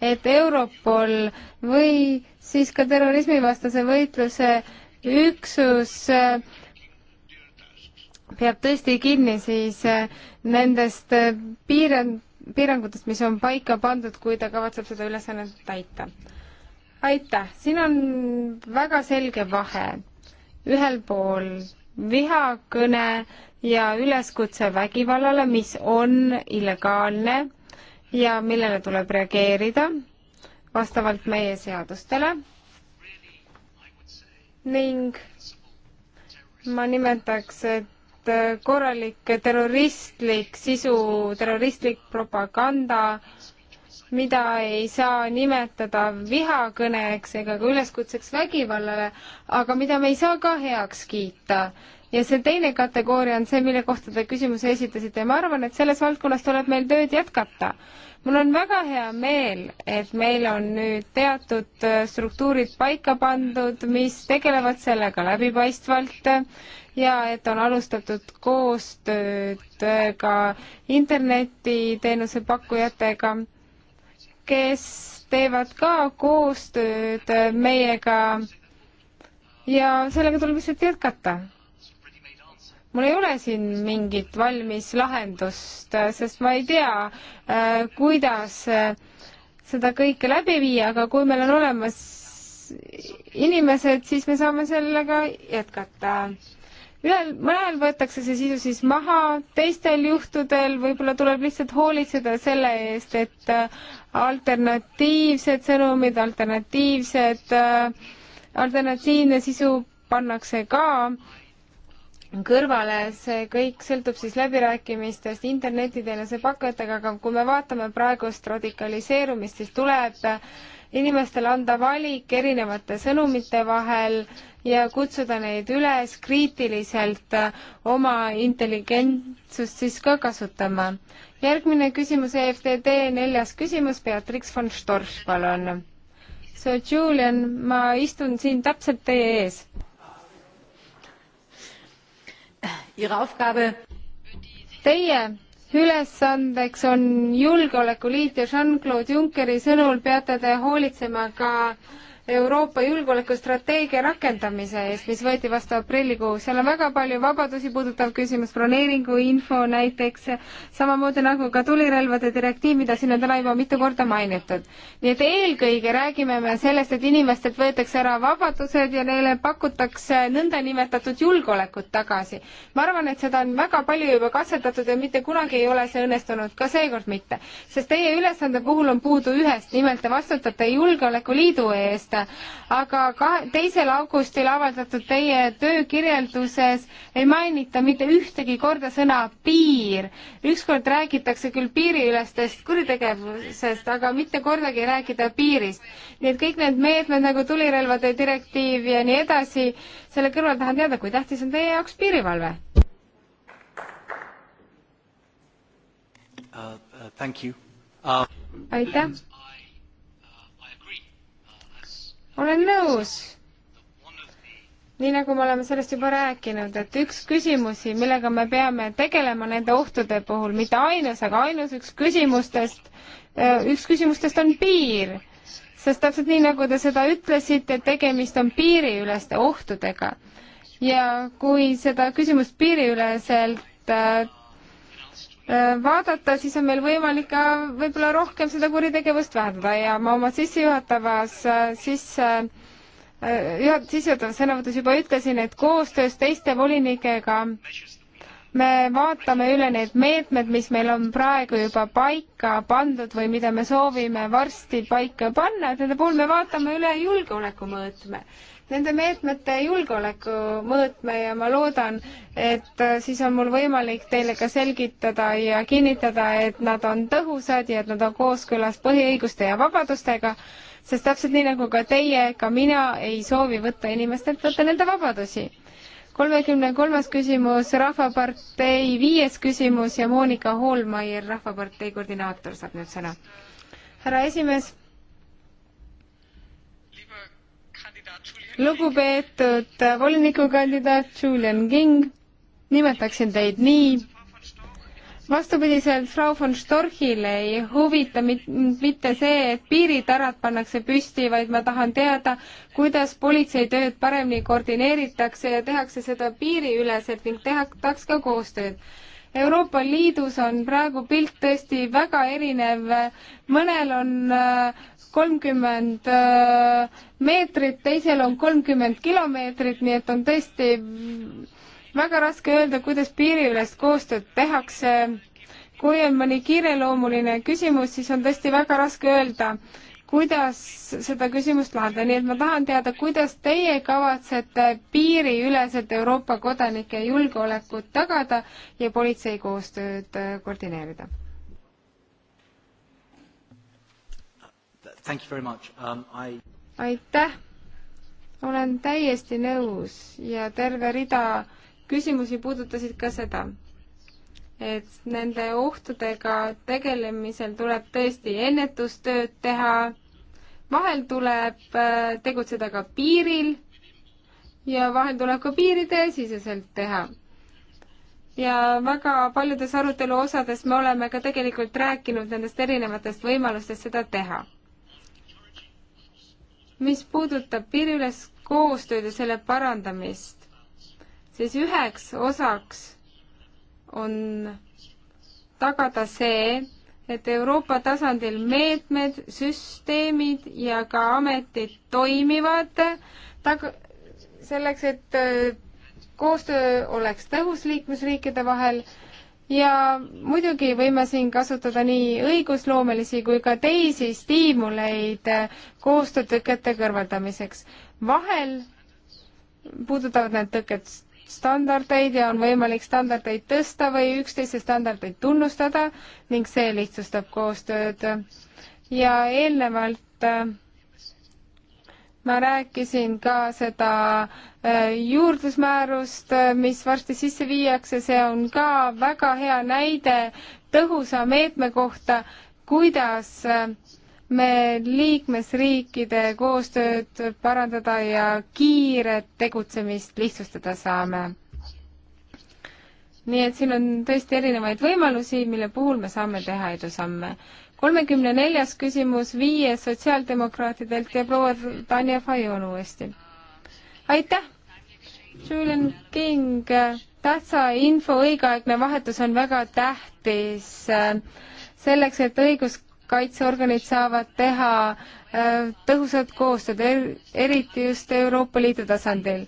et Europol või siis ka terrorismivastase võitluse üksus äh, peab tõesti kinni siis äh, nendest äh, piirang, piirangutest, mis on paika pandud, kui ta kavatseb seda ülesannet täita. aitäh, siin on väga selge vahe. ühel pool vihakõne ja üleskutse vägivallale, mis on illegaalne ja millele tuleb reageerida vastavalt meie seadustele ning ma nimetaks, et korralik terroristlik sisu, terroristlik propaganda, mida ei saa nimetada vihakõneks ega ka üleskutseks vägivallale, aga mida me ei saa ka heaks kiita ja see teine kategooria on see, mille kohta te küsimuse esitasite ja ma arvan, et selles valdkonnas tuleb meil tööd jätkata. mul on väga hea meel, et meil on nüüd teatud äh, struktuurid paika pandud, mis tegelevad sellega läbipaistvalt ja et on alustatud koostööd äh, ka internetiteenuse pakkujatega, kes teevad ka koostööd äh, meiega ja sellega tuleb lihtsalt jätkata mul ei ole siin mingit valmis lahendust, äh, sest ma ei tea, äh, kuidas äh, seda kõike läbi viia, aga kui meil on olemas inimesed, siis me saame sellega jätkata. ühel, mõnel võetakse see sisu siis maha, teistel juhtudel võib-olla tuleb lihtsalt hoolitseda selle eest, et alternatiivsed sõnumid, alternatiivsed, alternatiivne sisu pannakse ka äh, kõrvale, see kõik sõltub siis läbirääkimistest internetiteenuse pakkujatega, aga kui me vaatame praegust radikaliseerumist, siis tuleb inimestele anda valik erinevate sõnumite vahel ja kutsuda neid üles kriitiliselt oma intelligentsust siis ka kasutama. järgmine küsimus, EFTD neljas küsimus, Beatrix von Storch, palun. So Julian, ma istun siin täpselt teie ees Teie ülesandeks on julgeolekuliit ja Jean-Claude Junckeri sõnul peate te hoolitsema ka äh, Euroopa julgeolekustrateegia rakendamise eest, mis võeti vastu aprillikuus. seal on väga palju vabadusi puudutav küsimus, broneeringuinfo näiteks, samamoodi nagu ka tulirelvade direktiiv, mida siin on täna juba mitu korda mainitud. nii et eelkõige räägime me sellest, et inimestelt võetakse ära vabadused ja neile pakutakse nõndanimetatud julgeolekut tagasi. ma arvan, et seda on väga palju juba katsetatud ja mitte kunagi ei ole see õnnestunud, ka seekord mitte. sest teie ülesande puhul on puudu ühest, nimelt te vastutate Julgeolekuliidu eest aga kahe, teisel augustil avaldatud teie töökirjelduses ei mainita mitte ühtegi korda sõna piir. ükskord räägitakse küll piiriülestest kuritegevusest, aga mitte kordagi ei räägita piirist. nii et kõik need meetmed nagu tulirelvade direktiiv ja nii edasi, selle kõrval tahan teada, kui tähtis on teie jaoks piirivalve? Uh, uh, thank you. Uh... aitäh olen nõus. nii nagu me oleme sellest juba rääkinud, et üks küsimusi, millega me peame tegelema nende ohtude puhul, mitte ainus, aga ainus üks küsimustest, äh, üks küsimustest on piir. sest täpselt nii, nagu te seda ütlesite, tegemist on piiriüleste ohtudega. ja kui seda küsimust piiriüleselt äh, Äh, vaadata, siis on meil võimalik ka äh, võib-olla rohkem seda kuritegevust vähendada ja ma oma sissejuhatavas äh, sisse juhat-, sissejuhatavas sõnavõtus juba ütlesin, et koostöös teiste volinikega me vaatame üle need meetmed, mis meil on praegu juba paika pandud või mida me soovime varsti paika panna, et nende puhul me vaatame üle julgeolekumõõtme nende meetmete julgeoleku mõõtme ja ma loodan, et äh, siis on mul võimalik teile ka selgitada ja kinnitada, et nad on tõhusad ja et nad on kooskõlas põhiõiguste ja vabadustega, sest täpselt nii, nagu ka teie, ka mina ei soovi võtta inimestelt võtta nende vabadusi. kolmekümne kolmas küsimus, Rahvapartei viies küsimus ja Monika Hoolmeier, Rahvapartei koordinaator, saab nüüd sõna. härra esimees lugupeetud volinikukandidaat Julian King, nimetaksin teid nii. vastupidiselt Frau von Storchile ei huvita mit, mitte see, et piiritärad pannakse püsti, vaid ma tahan teada, kuidas politseitööd paremini koordineeritakse ja tehakse seda piiriüleselt ning teha-, tahaks ka koostööd Euroopa Liidus on praegu pilt tõesti väga erinev, mõnel on äh, kolmkümmend äh, meetrit, teisel on kolmkümmend kilomeetrit, nii et on tõesti väga raske öelda, kuidas piiriülest koostööd tehakse. kui on mõni kiireloomuline küsimus, siis on tõesti väga raske öelda kuidas seda küsimust lahendada, nii et ma tahan teada, kuidas teie kavatsete piiriüleselt Euroopa kodanike julgeolekut tagada ja politsei koostööd äh, koordineerida? Um, I... aitäh, olen täiesti nõus ja terve rida küsimusi puudutasid ka seda et nende ohtudega tegelemisel tuleb tõesti ennetustööd teha, vahel tuleb äh, tegutseda ka piiril ja vahel tuleb ka piiridesiseselt teha. ja väga paljudes arutelu osades me oleme ka tegelikult rääkinud nendest erinevatest võimalustest seda teha. mis puudutab piiriülest koostööd ja selle parandamist, siis üheks osaks on tagada see, et Euroopa tasandil meetmed, süsteemid ja ka ametid toimivad tag-, selleks, et äh, koostöö oleks tõhus liikmesriikide vahel ja muidugi võime siin kasutada nii õigusloomelisi kui ka teisi stiimuleid äh, koostöötõkete kõrvaldamiseks. vahel puudutavad need tõked standardeid ja on võimalik standardeid tõsta või üksteise standardeid tunnustada ning see lihtsustab koostööd. ja eelnevalt äh, ma rääkisin ka seda äh, juurdlusmäärust, äh, mis varsti sisse viiakse, see on ka väga hea näide tõhusa meetme kohta, kuidas me liikmesriikide koostööd parandada ja kiiret tegutsemist lihtsustada saame. nii et siin on tõesti erinevaid võimalusi, mille puhul me saame teha edusamme. kolmekümne neljas küsimus, viies sotsiaaldemokraatidelt ja proua Tanja Fajon uuesti. aitäh! Julian King, tähtsa info õigeaegne vahetus on väga tähtis selleks, et õigus kaitseorganid saavad teha äh, tõhusat koostööd, er-, eriti just Euroopa Liidu tasandil.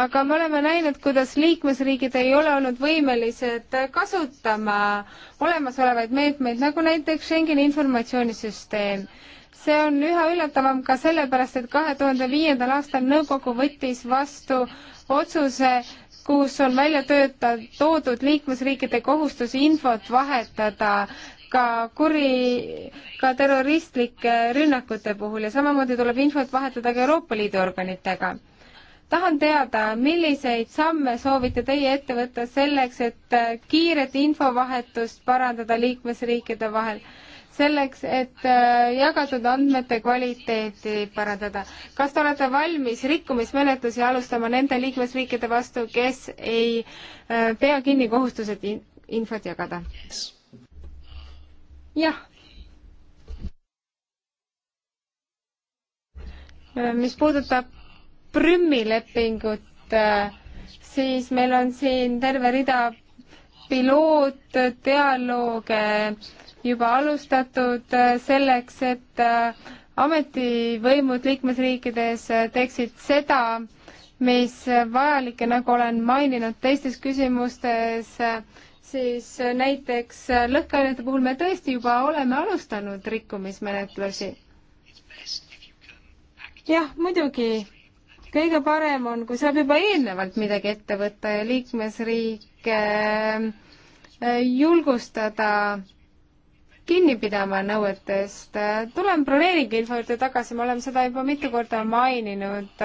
aga me oleme näinud, kuidas liikmesriigid ei ole olnud võimelised kasutama olemasolevaid meetmeid, nagu näiteks Schengeni informatsioonisüsteem. see on üha üllatavam ka sellepärast, et kahe tuhande viiendal aastal nõukogu võttis vastu otsuse, kus on välja tööta-, toodud liikmesriikide kohustus infot vahetada ka kuri, ka terroristlike rünnakute puhul ja samamoodi tuleb infot vahetada ka Euroopa Liidu organitega. tahan teada, milliseid samme soovite teie ette võtta selleks, et äh, kiiret infovahetust parandada liikmesriikide vahel selleks, et äh, jagatud andmete kvaliteeti parandada. kas te olete valmis rikkumismenetlusi alustama nende liikmesriikide vastu, kes ei äh, pea kinni kohustused infot jagada yes.? jah. Äh, mis puudutab Prümmi lepingut, äh, siis meil on siin terve rida pilootdialooge juba alustatud äh, selleks, et ametivõimud liikmesriikides teeksid seda, mis vajalik ja nagu olen maininud teistes küsimustes, siis äh, näiteks äh, lõhkeainete puhul me tõesti juba oleme alustanud rikkumismenetlusi. jah, muidugi, kõige parem on, kui saab juba eelnevalt midagi ette võtta ja liikmesriike äh, julgustada kinni pidama nõuetest. tulen broneeringu info juurde tagasi, me oleme seda juba mitu korda maininud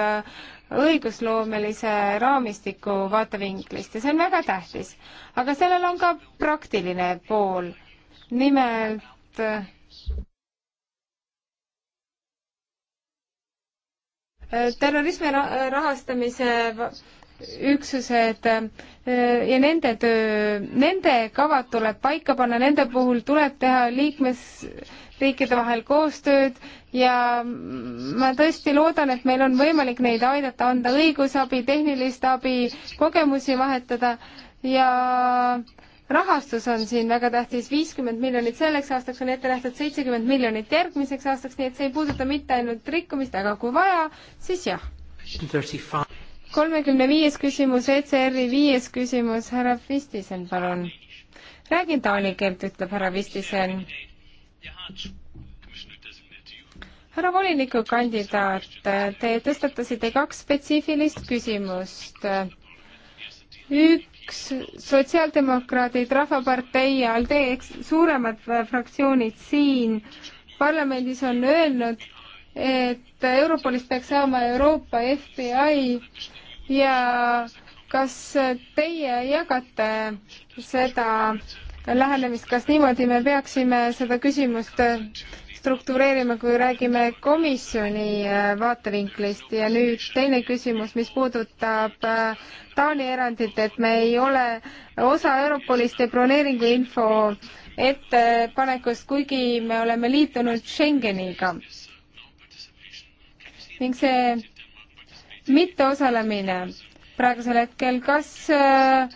õigusloomelise raamistiku vaatevinklist ja see on väga tähtis. aga sellel on ka praktiline pool, nimelt äh, terrorismi rahastamise üksused äh, ja nende töö, nende kavad tuleb paika panna, nende puhul tuleb teha liikmes, riikide vahel koostööd ja ma tõesti loodan, et meil on võimalik neid aidata, anda õigusabi, tehnilist abi, kogemusi vahetada ja rahastus on siin väga tähtis, viiskümmend miljonit selleks aastaks on ette nähtud, seitsekümmend miljonit järgmiseks aastaks, nii et see ei puuduta mitte ainult rikkumist, aga kui vaja, siis jah kolmekümne viies küsimus, ECR-i viies küsimus, härra Vistisen, palun. räägin taani keelt, ütleb härra Vistisen härra volinikukandidaat, te tõstatasite kaks spetsiifilist küsimust. üks, Sotsiaaldemokraadid, Rahvapartei ja ALDE, eks suuremad fraktsioonid siin parlamendis on öelnud, et Europolist peaks saama Euroopa FBI ja kas teie jagate seda lähenemist, kas niimoodi me peaksime seda küsimust struktureerima, kui räägime komisjoni äh, vaatevinklist ja nüüd teine küsimus, mis puudutab äh, Taani erandit, et me ei ole osa Europolist ja broneeringu info ettepanekust, kuigi me oleme liitunud Schengeniga. ning see mitteosalemine praegusel hetkel, kas äh,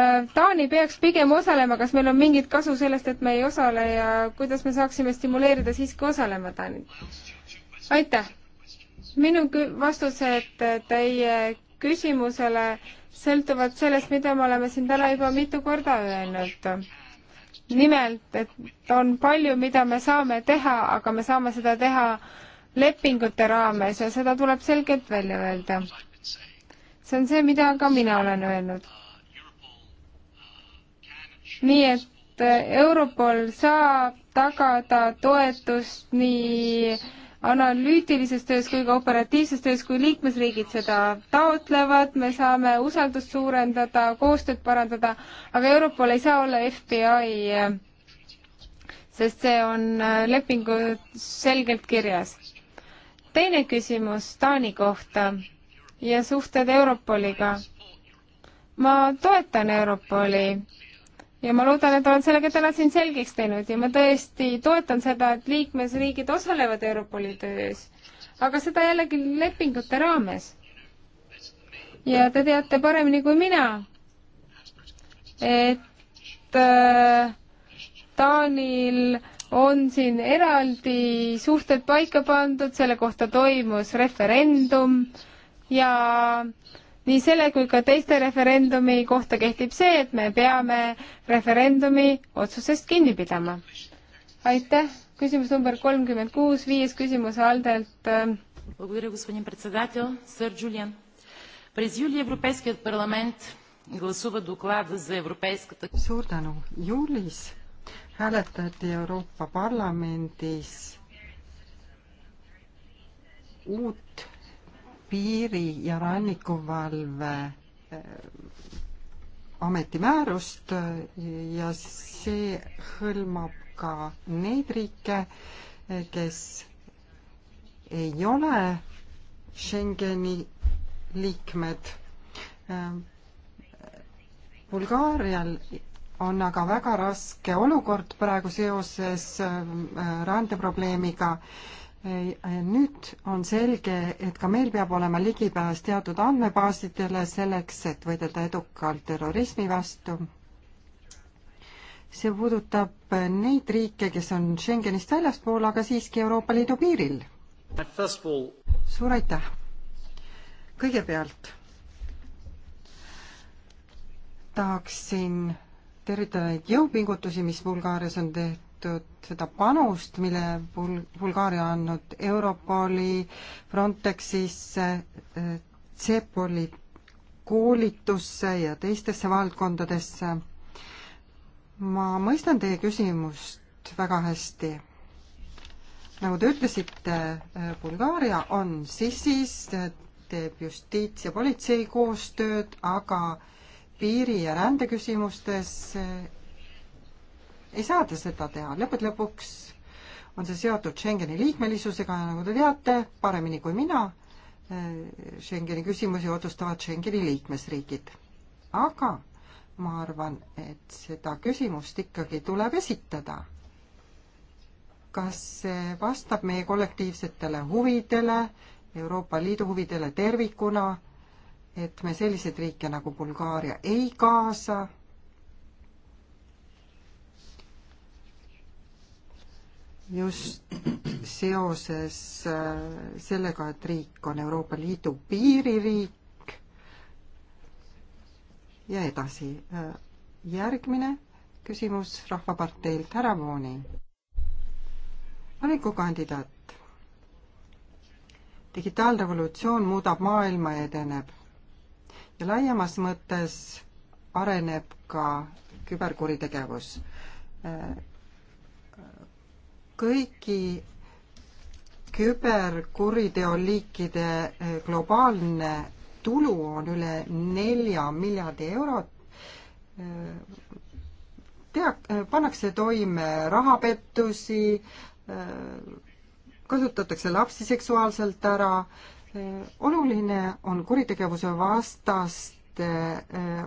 Äh, Taani peaks pigem osalema, kas meil on mingit kasu sellest, et me ei osale ja kuidas me saaksime stimuleerida siiski osalema Taanit? aitäh! minu vastused teie küsimusele sõltuvad sellest, mida me oleme siin täna juba mitu korda öelnud. nimelt, et on palju, mida me saame teha, aga me saame seda teha lepingute raames ja seda tuleb selgelt välja öelda. see on see, mida ka mina olen öelnud nii et äh, Europol saab tagada toetust nii analüütilises töös kui ka operatiivses töös, kui liikmesriigid seda taotlevad, me saame usaldust suurendada, koostööd parandada, aga Europol ei saa olla FBI, sest see on äh, lepingus selgelt kirjas. teine küsimus Taani kohta ja suhted Europoliga. ma toetan Europoli ja ma loodan, et olen sellega täna siin selgeks teinud ja ma tõesti toetan seda, et liikmesriigid osalevad Europoli töös, aga seda jällegi lepingute raames. ja te teate paremini kui mina, et äh, Taanil on siin eraldi suhted paika pandud, selle kohta toimus referendum ja äh, nii selle kui ka teiste referendumi kohta kehtib see, et me peame referendumi otsusest kinni pidama. aitäh, küsimus number kolmkümmend kuus, viies küsimus Aldelt. suur tänu, juulis hääletati Euroopa Parlamendis uut piiri- ja rannikuvalve äh, ametimäärust äh, ja see hõlmab ka neid riike, äh, kes ei ole Schengeni liikmed. Ähm, Bulgaarial on aga väga raske olukord praegu seoses rändeprobleemiga äh, Eh, nüüd on selge, et ka meil peab olema ligipääs teatud andmebaasidele selleks, et võidelda edukalt terrorismi vastu. see puudutab eh, neid riike, kes on Schengenist väljaspool, aga siiski Euroopa Liidu piiril. suur aitäh! kõigepealt tahaksin tervitada neid jõupingutusi, mis Bulgaarias on tehtud hinnatud seda panust, mille Bul-, Bulgaaria on andnud Europoli, Frontexisse, CEPOL-i koolitusse ja teistesse valdkondadesse. ma mõistan teie küsimust väga hästi. nagu te ütlesite, Bulgaaria on SIS-is, teeb justiits- ja politsei koostööd, aga piiri- ja rändeküsimustes ei saa te seda teha, lõppude lõpuks on see seotud Schengeni liikmelisusega, nagu te teate, paremini kui mina, eh, Schengeni küsimusi otsustavad Schengeni liikmesriigid. aga ma arvan, et seda küsimust ikkagi tuleb esitada. kas see vastab meie kollektiivsetele huvidele, Euroopa Liidu huvidele tervikuna, et me selliseid riike nagu Bulgaaria ei kaasa just seoses äh, sellega, et riik on Euroopa Liidu piiririik ja edasi. Äh, järgmine küsimus Rahvaparteilt, härra Vooni. valikukandidaat. digitaalrevolutsioon muudab maailma ja edeneb ja laiemas mõttes areneb ka küberkuritegevus äh, kõigi küberkuriteoliikide eh, globaalne tulu on üle nelja miljardi eurot. Eh, tea, eh, pannakse toime rahapettusi, kasutatakse lapsi seksuaalselt ära. oluline on kuritegevuse vastast,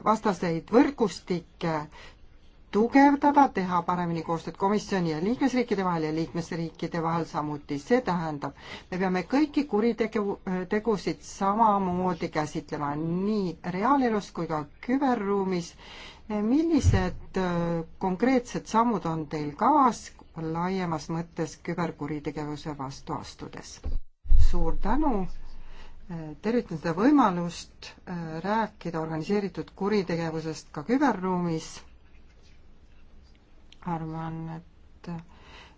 vastaseid võrgustikke tugevdada, teha paremini koostööd komisjoni ja liikmesriikide vahel ja liikmesriikide vahel samuti. see tähendab, me peame kõiki kuritegusid samamoodi käsitlema nii reaalelus kui ka küberruumis. millised äh, konkreetsed sammud on teil kavas laiemas mõttes küberkuritegevuse vastu astudes? suur tänu äh, tervitan seda võimalust äh, rääkida organiseeritud kuritegevusest ka küberruumis aruannet.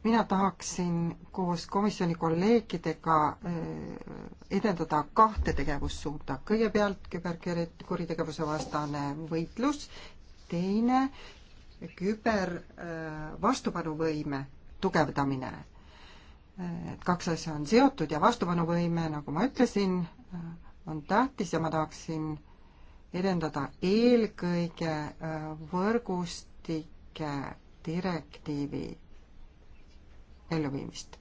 mina tahaksin koos komisjoni kolleegidega eh, edendada kahte tegevussuunda. kõigepealt küberkuritegevuse vastane võitlus, teine küber eh, vastupanuvõime tugevdamine. Eh, et kaks asja on seotud ja vastupanuvõime, nagu ma ütlesin, on tähtis ja ma tahaksin edendada eelkõige võrgustike direktiivi elluviimist.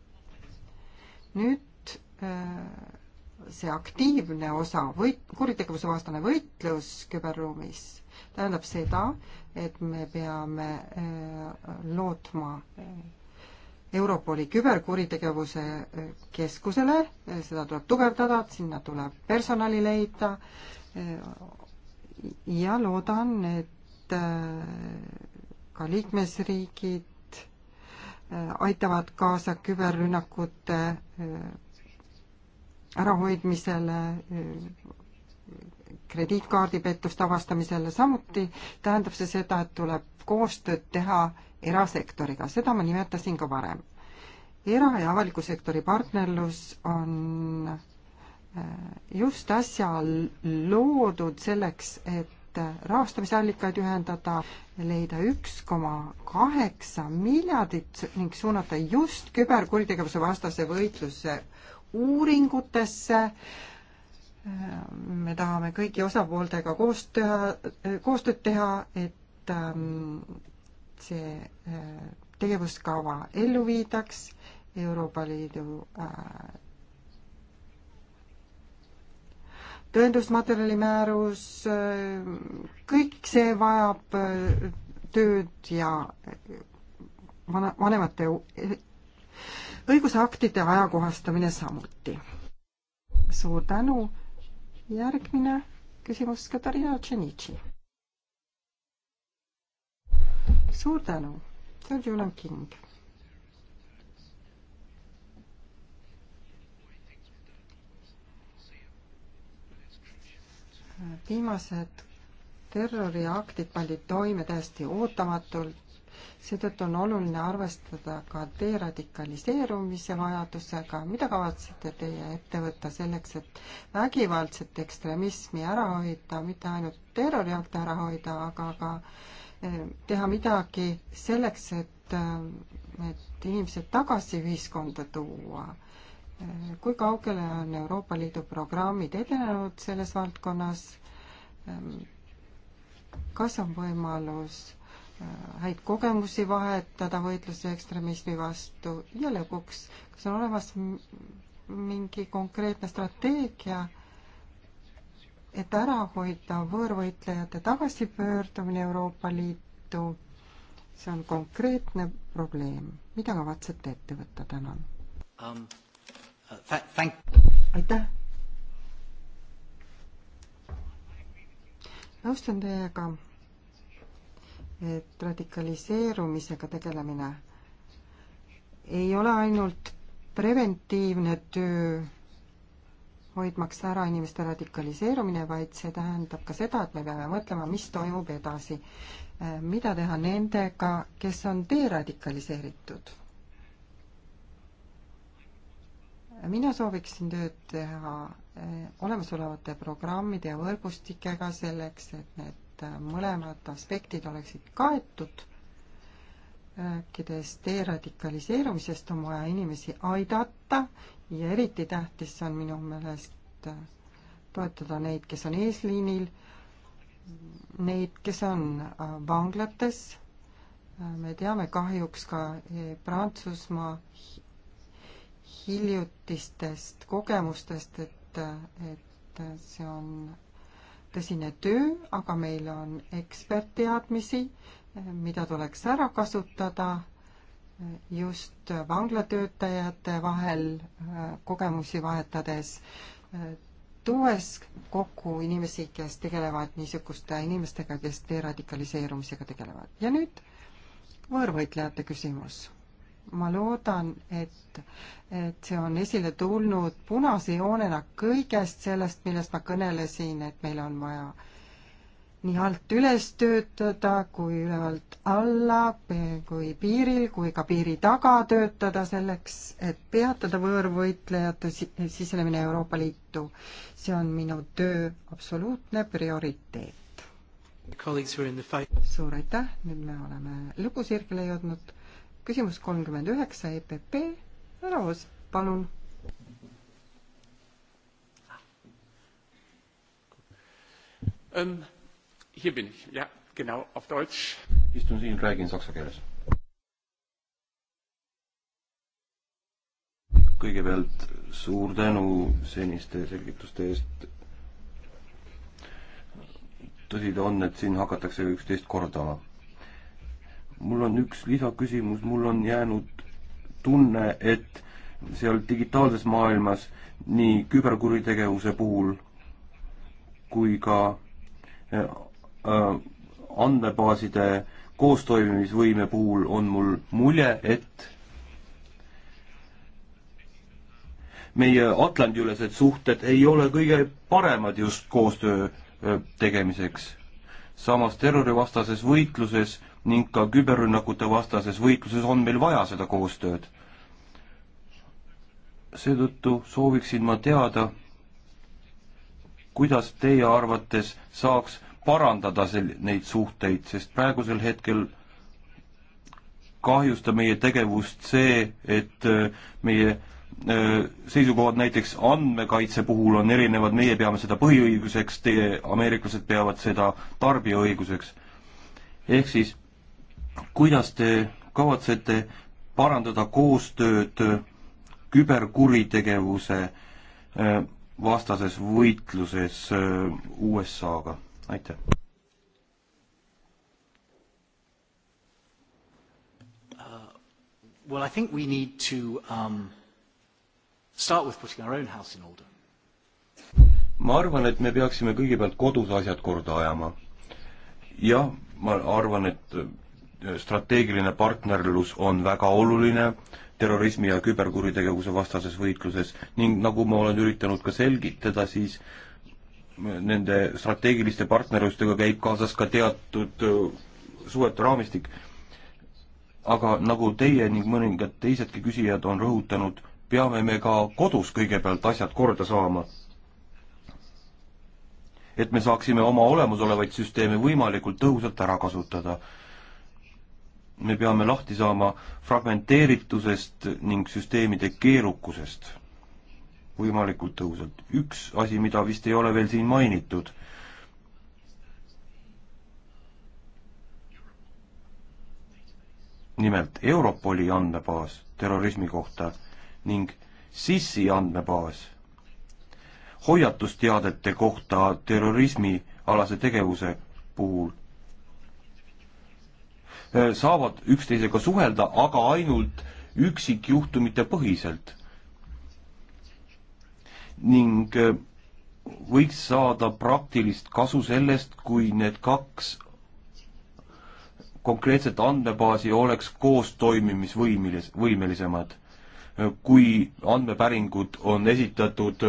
nüüd äh, see aktiivne osa, võit, kuritegevuse vastane võitlus küberruumis tähendab seda, et me peame äh, lootma äh, Europoli küberkuritegevuse keskusele, seda tuleb tugevdada, sinna tuleb personali leida ja loodan, et ka liikmesriigid äh, aitavad kaasa küberrünnakute äh, ärahoidmisele, äh, krediitkaardipettuste avastamisele, samuti tähendab see seda, et tuleb koostööd teha erasektoriga, seda ma nimetasin ka varem. era- ja avaliku sektori partnerlus on just äsja loodud selleks, et et rahastamisallikaid ühendada, leida üks koma kaheksa miljardit ning suunata just küberkuritegevuse vastase võitluse uuringutesse. me tahame kõigi osapooltega koostöö, koostööd teha, et ähm, see äh, tegevuskava ellu viidaks Euroopa Liidu äh, tõendusmaterjali määrus, kõik see vajab äh, tööd ja äh, vana, vanemate õigusaktide ajakohastamine samuti. suur tänu, järgmine küsimus Katariina Tšenitši. suur tänu, see on Julian King viimased terroriaktid pandi toime täiesti ootamatult, seetõttu on oluline arvestada ka deradikaliseerumise vajadusega. mida kavatsete teie ette võtta selleks, et vägivaldset ekstremismi ära hoida, mitte ainult terroriakte ära hoida, aga ka eh, teha midagi selleks, et, et eh, inimesed tagasi ühiskonda tuua kui kaugele on Euroopa Liidu programmid edenenud selles valdkonnas? Ehm, kas on võimalus äh, häid kogemusi vahetada võitluse ekstremismi vastu ja lõpuks, kas on olemas mingi konkreetne strateegia, et ära hoida võõrvõitlejate tagasipöördumine Euroopa Liitu? see on konkreetne probleem, mida kavatsete ette võtta, tänan um.? aitäh! nõustun teiega, et radikaliseerumisega tegelemine ei ole ainult preventiivne töö, hoidmaks ära inimeste radikaliseerumine, vaid see tähendab ka seda, et me peame mõtlema, mis toimub edasi. mida teha nendega, kes on deradikaliseeritud mina sooviksin tööd teha eh, olemasolevate programmide ja võrgustikega selleks, et need eh, mõlemad aspektid oleksid kaetud. rääkides deradikaliseerumisest, on vaja inimesi aidata ja eriti tähtis on minu meelest eh, toetada neid, kes on eesliinil, neid, kes on vanglates me teame kahjuks ka Prantsusmaa, hiljutistest kogemustest, et, et see on tõsine töö, aga meil on ekspertteadmisi, mida tuleks ära kasutada just vanglatöötajate vahel äh, kogemusi vahetades, äh, tuues kokku inimesi, kes tegelevad niisuguste inimestega, kes deradikaliseerumisega tegelevad. ja nüüd võõrvõitlejate küsimus ma loodan, et, et see on esile tulnud punase joonena kõigest sellest, millest ma kõnelesin, et meil on vaja nii alt üles töötada kui ülevalt alla, kui piiril kui ka piiri taga töötada selleks, et peatada võõrvõitlejate sisenemine Euroopa Liitu. see on minu töö absoluutne prioriteet. suur aitäh, nüüd me oleme lõpusirgele jõudnud küsimus kolmkümmend üheksa, EPP, härra Oos, palun. Ähm, hier bin ich, ja, genau, auf Deutsch. istun siin, räägin saksa keeles. kõigepealt suur tänu seniste selgituste eest. tõsi ta on, et siin hakatakse üksteist kordama mul on üks lisaküsimus, mul on jäänud tunne, et seal digitaalses maailmas nii küberkuritegevuse puhul kui ka äh, äh, andmebaaside koostoimimisvõime puhul on mul mulje, et meie Atlandi-ülesed suhted ei ole kõige paremad just koostöö äh, tegemiseks. samas terrorivastases võitluses ning ka küberrünnakute vastases võitluses on meil vaja seda koostööd. seetõttu sooviksin ma teada, kuidas teie arvates saaks parandada sel-, neid suhteid, sest praegusel hetkel kahjusta meie tegevust see, et äh, meie äh, seisukohad näiteks andmekaitse puhul on erinevad, meie peame seda põhiõiguseks, teie, ameeriklased peavad seda tarbijaõiguseks. ehk siis kuidas te kavatsete parandada koostööd küberkuritegevuse äh, vastases võitluses äh, USA-ga, aitäh! Uh, well, I think we need to um, start with putting our own house in order. ma arvan, et me peaksime kõigepealt kodus asjad korda ajama. jah, ma arvan, et strateegiline partnerlus on väga oluline terrorismi ja küberkuritegevuse vastases võitluses ning nagu ma olen üritanud ka selgitada, siis nende strateegiliste partnerlustega käib kaasas ka teatud äh, suhete raamistik. aga nagu teie ning mõningad teisedki küsijad on rõhutanud, peame me ka kodus kõigepealt asjad korda saama. et me saaksime oma olemasolevaid süsteeme võimalikult tõhusalt ära kasutada me peame lahti saama fragmenteeritusest ning süsteemide keerukusest võimalikult tõhusalt. üks asi, mida vist ei ole veel siin mainitud, nimelt Europoli andmebaas terrorismi kohta ning SIS-i andmebaas hoiatusteadete kohta terrorismialase tegevuse puhul Äh, saavad üksteisega suhelda, aga ainult üksikjuhtumite põhiselt. ning äh, võiks saada praktilist kasu sellest, kui need kaks konkreetset andmebaasi oleks koostoimimisvõimelis-, võimelisemad, äh, kui andmepäringud on esitatud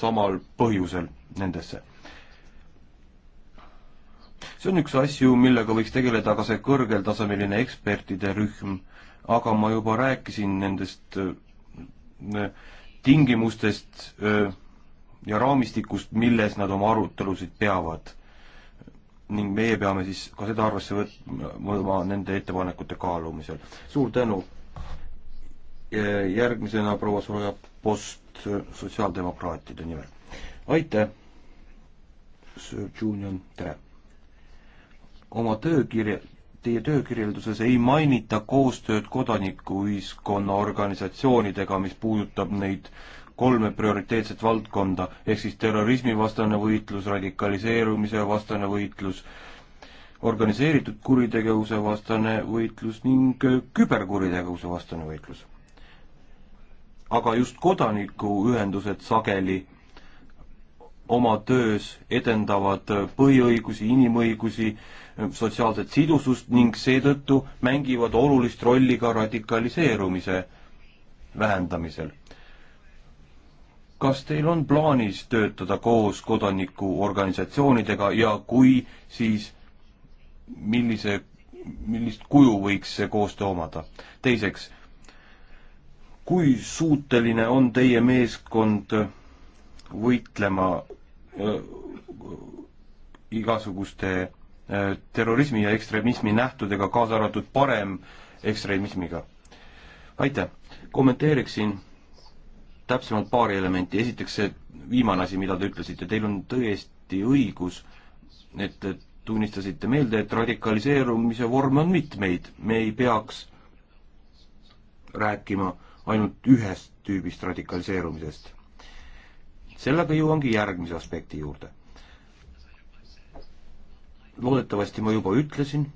samal põhjusel nendesse see on üks asju, millega võiks tegeleda ka see kõrgeltasemeline ekspertide rühm, aga ma juba rääkisin nendest äh, tingimustest äh, ja raamistikust, milles nad oma arutelusid peavad. ning meie peame siis ka seda arvesse võtma nende ettepanekute kaalumisel. suur tänu! järgmisena proua Sooja Post äh, sotsiaaldemokraatide nimel. aitäh, Sir Julian, tere! oma töökirja, teie töökirjelduses ei mainita koostööd kodanikuühiskonna organisatsioonidega, mis puudutab neid kolme prioriteetset valdkonda, ehk siis terrorismivastane võitlus, radikaliseerumise vastane võitlus, organiseeritud kuritegevuse vastane võitlus ning küberkuritegevuse vastane võitlus. aga just kodanikuühendused sageli oma töös edendavad põhiõigusi, inimõigusi, sotsiaalset sidusust ning seetõttu mängivad olulist rolli ka radikaliseerumise vähendamisel. kas teil on plaanis töötada koos kodanikuorganisatsioonidega ja kui, siis millise, millist kuju võiks see koostöö omada? teiseks, kui suuteline on teie meeskond võitlema äh, igasuguste Äh, terrorismi ja ekstremismi nähtudega, kaasa arvatud parem ekstremismiga. aitäh, kommenteeriksin täpsemalt paari elementi, esiteks see viimane asi, mida te ütlesite, teil on tõesti õigus, et te tunnistasite meelde, et radikaliseerumise vorme on mitmeid, me ei peaks rääkima ainult ühest tüübist radikaliseerumisest. sellega jõuangi järgmise aspekti juurde loodetavasti ma juba ütlesin,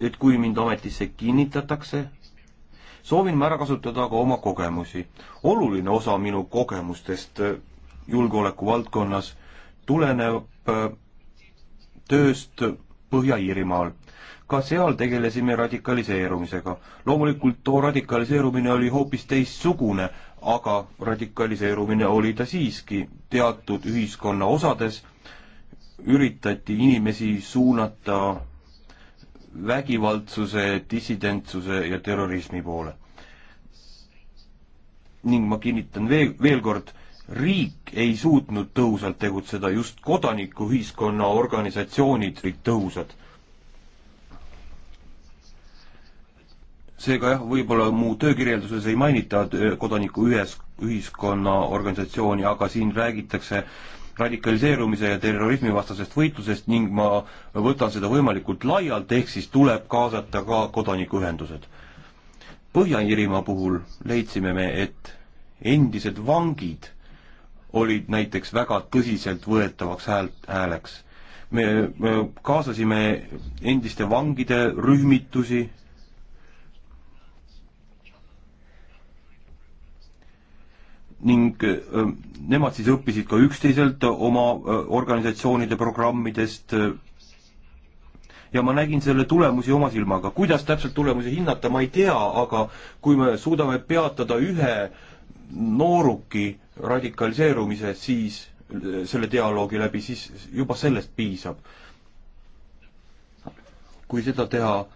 et kui mind ametisse kinnitatakse, soovin ma ära kasutada ka oma kogemusi. oluline osa minu kogemustest äh, julgeoleku valdkonnas tuleneb äh, tööst Põhja-Iirimaal. ka seal tegelesime radikaliseerumisega. loomulikult too radikaliseerumine oli hoopis teistsugune, aga radikaliseerumine oli ta siiski teatud ühiskonna osades üritati inimesi suunata vägivaldsuse, dissidentsuse ja terrorismi poole. ning ma kinnitan veel, veel kord, riik ei suutnud tõhusalt tegutseda, just kodanikuühiskonna organisatsioonid olid tõhusad. seega jah, võib-olla mu töökirjelduses ei mainita eh, kodanikuühes-, ühiskonna organisatsiooni, aga siin räägitakse äh, radikaliseerumise ja terrorismi vastasest võitlusest ning ma võtan seda võimalikult laialt, ehk siis tuleb kaasata ka kodanikuühendused. Põhja-Iirimaa puhul leidsime me, et endised vangid olid näiteks väga tõsiseltvõetavaks häält, hääleks. me kaasasime endiste vangide rühmitusi, ning nemad siis õppisid ka üksteiselt oma organisatsioonide programmidest ja ma nägin selle tulemusi oma silmaga. kuidas täpselt tulemusi hinnata, ma ei tea, aga kui me suudame peatada ühe nooruki radikaliseerumise, siis selle dialoogi läbi, siis juba sellest piisab. kui seda teha,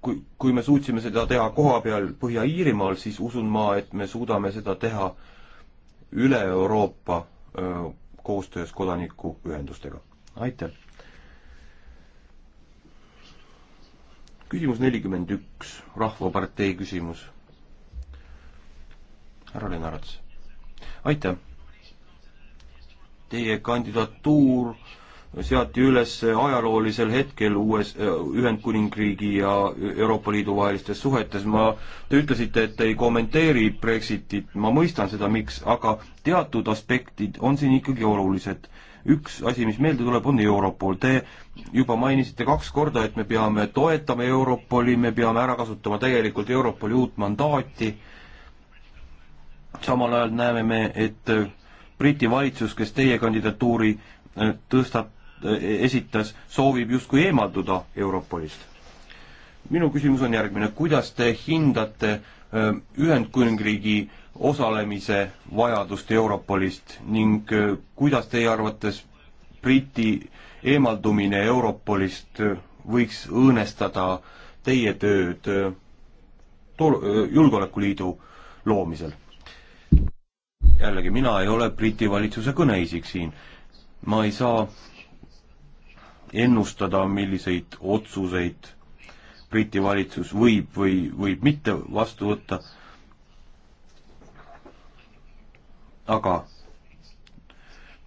kui, kui me suutsime seda teha kohapeal Põhja-Iirimaal, siis usun ma, et me suudame seda teha äh, üle Euroopa koostöös kodanikuühendustega. aitäh! küsimus nelikümmend üks, Rahvapartei küsimus. härra Lennarts, aitäh! Teie kandidatuur seati üles ajaloolisel hetkel uues äh, Ühendkuningriigi ja Euroopa Liidu vahelistes suhetes. ma, te ütlesite, et te ei kommenteeri Brexitit, ma mõistan seda, miks, aga teatud aspektid on siin ikkagi olulised. üks asi, mis meelde tuleb, on Europol. Te juba mainisite kaks korda, et me peame toetama Europoli, me peame ära kasutama täielikult Europoli uut mandaati. samal ajal näeme me, et Briti valitsus, kes teie kandidatuuri äh, tõstab, E, esitas, soovib justkui eemalduda Europolist. minu küsimus on järgmine, kuidas te hindate Ühendkuningriigi osalemise vajadust Europolist ning kuidas teie arvates Briti eemaldumine Europolist võiks õõnestada teie tööd julgeolekuliidu loomisel? jällegi, mina ei ole Briti valitsuse kõneisik siin. ma ei saa ennustada, milliseid otsuseid Briti valitsus võib või võib mitte vastu võtta. aga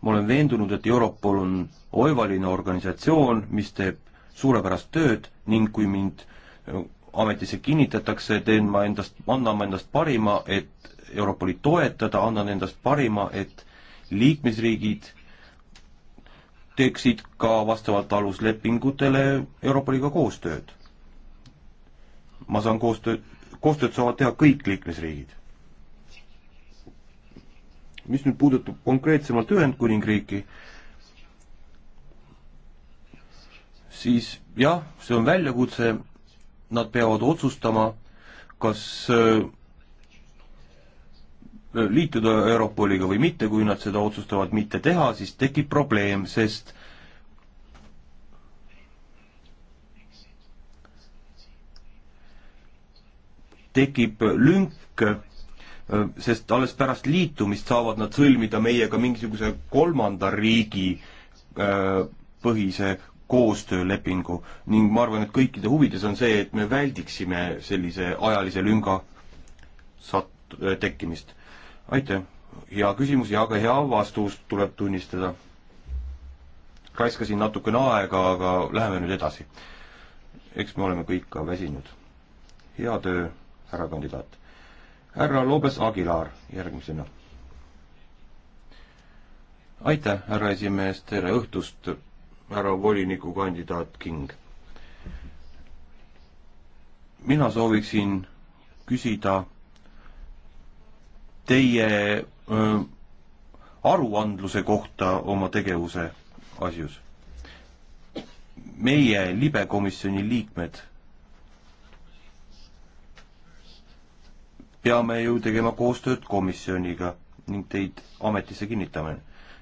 ma olen veendunud, et Europol on oivaline organisatsioon, mis teeb suurepärast tööd ning kui mind ametisse kinnitatakse, teen ma endast, annan ma endast parima, et Europoli toetada, annan endast parima, et liikmesriigid teeksid ka vastavalt aluslepingutele Euroopa Liiduga koostööd. ma saan koostööd, koostööd saavad teha kõik liikmesriigid. mis nüüd puudutab konkreetsemalt Ühendkuningriiki, siis jah, see on väljakutse, nad peavad otsustama, kas äh, liituda Europoliga või mitte, kui nad seda otsustavad mitte teha, siis tekib probleem, sest tekib lünk, sest alles pärast liitumist saavad nad sõlmida meiega mingisuguse kolmanda riigi põhise koostöölepingu ning ma arvan, et kõikide huvides on see, et me väldiksime sellise ajalise lünga sat-, tekkimist aitäh, hea küsimus ja ka hea vastus, tuleb tunnistada. raiskasin natukene aega, aga läheme nüüd edasi. eks me oleme kõik ka väsinud. hea töö, härra kandidaat. härra Lobes Aguilar järgmisena. aitäh, härra esimees, tere õhtust, härra volinikukandidaat King. mina sooviksin küsida teie öö, aruandluse kohta oma tegevuse asjus. meie libekomisjoni liikmed peame ju tegema koostööd komisjoniga ning teid ametisse kinnitame,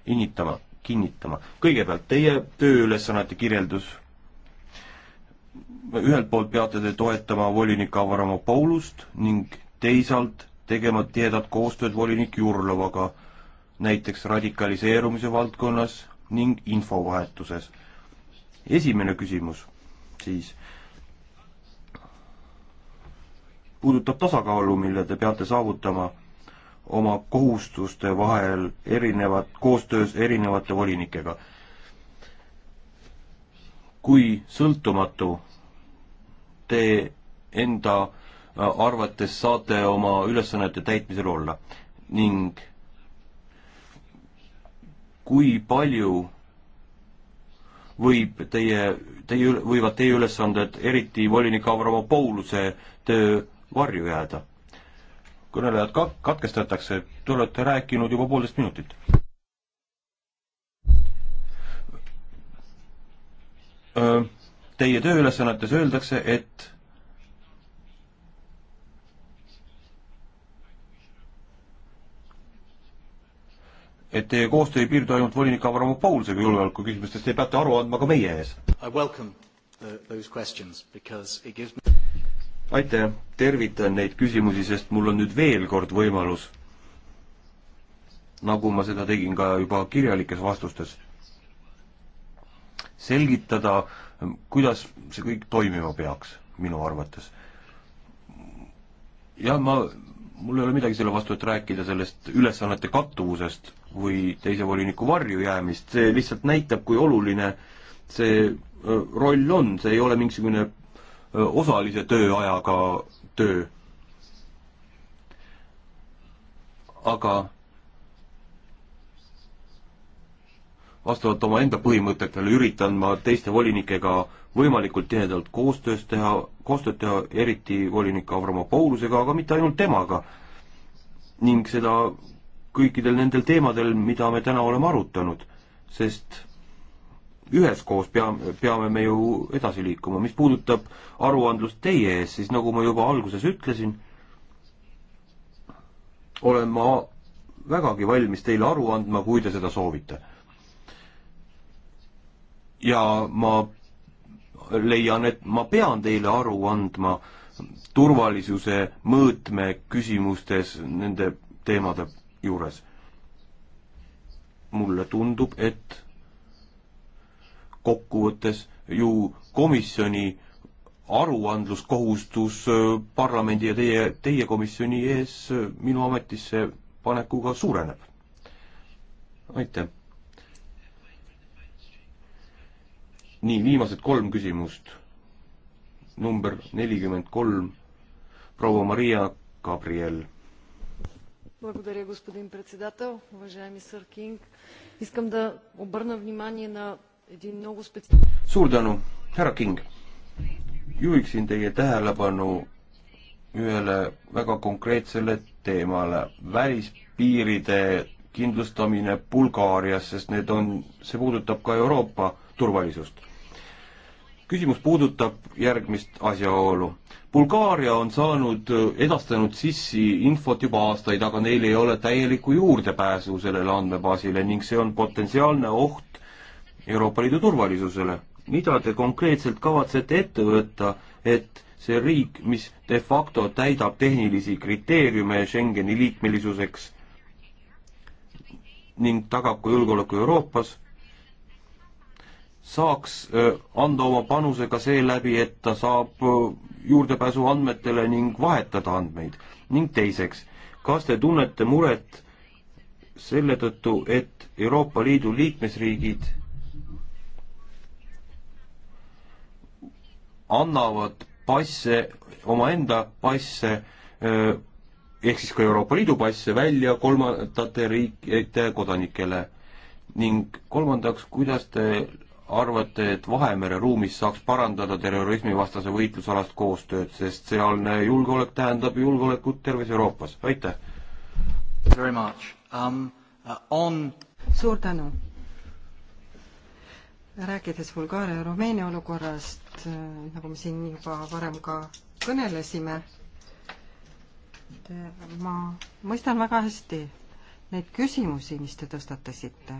kinnitama, kinnitama. kõigepealt teie tööülesannete kirjeldus. ühelt poolt peate te toetama volinik Avramopoulost ning teisalt tegema tihedat koostööd volinik Jurlovaga, näiteks radikaliseerumise valdkonnas ning infovahetuses. esimene küsimus siis puudutab tasakaalu, mille te peate saavutama oma kohustuste vahel erinevat, koostöös erinevate volinikega. kui sõltumatu te enda arvates saate oma ülesannete täitmisel olla ning kui palju võib teie, teie, võivad teie ülesanded, eriti volinik Avramopouluse töö varju jääda? kõnelejad ka-, katkestatakse, te olete rääkinud juba poolteist minutit. Teie tööülesannetes öeldakse, et et teie koostöö ei piirdu ainult volinik Avramopoulsega julgeolekuküsimustest, te peate aru andma ka meie ees. aitäh, tervitan neid küsimusi, sest mul on nüüd veel kord võimalus, nagu ma seda tegin ka juba kirjalikes vastustes, selgitada, kuidas see kõik toimima peaks, minu arvates. jah, ma mul ei ole midagi selle vastu, et rääkida sellest ülesannete kattuvusest või teise voliniku varju jäämist, see lihtsalt näitab, kui oluline see roll on, see ei ole mingisugune osalise tööajaga töö. aga vastavalt omaenda põhimõtetele üritan ma teiste volinikega võimalikult tihedalt koostöös teha, koostööd teha, eriti volinik Avramopoulusega, aga mitte ainult temaga. ning seda kõikidel nendel teemadel, mida me täna oleme arutanud, sest üheskoos peame, peame me ju edasi liikuma, mis puudutab aruandlust teie ees, siis nagu ma juba alguses ütlesin, olen ma vägagi valmis teile aru andma, kui te seda soovite. ja ma leian, et ma pean teile aru andma turvalisuse mõõtme küsimustes nende teemade juures. mulle tundub, et kokkuvõttes ju komisjoni aruandluskohustus äh, parlamendi ja teie, teie komisjoni ees äh, minu ametisse panekuga suureneb. aitäh. nii, viimased kolm küsimust. number nelikümmend kolm, proua Maria Gabriel Благодаря, господин председател. Уважаеми сър Кинг, искам да обърна внимание на един много специален... Suur tänu, härra King. Juhiksin teie tähelepanu ühele väga konkreetsele teemale, välispiiride kindlustamine Bulgaarias, sest need on, see puudutab ka Euroopa turvalisust küsimus puudutab järgmist asjaolu. Bulgaaria on saanud, edastanud sissi infot juba aastaid, aga neil ei ole täielikku juurdepääsu sellele andmebaasile ning see on potentsiaalne oht Euroopa Liidu turvalisusele. mida te konkreetselt kavatsete ette võtta, et see riik, mis de facto täidab tehnilisi kriteeriume Schengeni liikmelisuseks ning tagab ka julgeoleku Euroopas, saaks anda oma panuse ka seeläbi, et ta saab juurdepääsu andmetele ning vahetada andmeid. ning teiseks, kas te tunnete muret selle tõttu, et Euroopa Liidu liikmesriigid annavad passe, omaenda passe ehk siis ka Euroopa Liidu passe välja kolmandate riikide kodanikele ning kolmandaks, kuidas te arvate, et Vahemere ruumis saaks parandada terrorismivastase võitlusalast koostööd, sest sealne julgeolek tähendab julgeolekut terves Euroopas, aitäh! Um, uh, on... suur tänu! rääkides Bulgaaria ja Rumeenia olukorrast, äh, nagu me siin juba varem ka kõnelesime, ma mõistan väga hästi neid küsimusi, mis te tõstatasite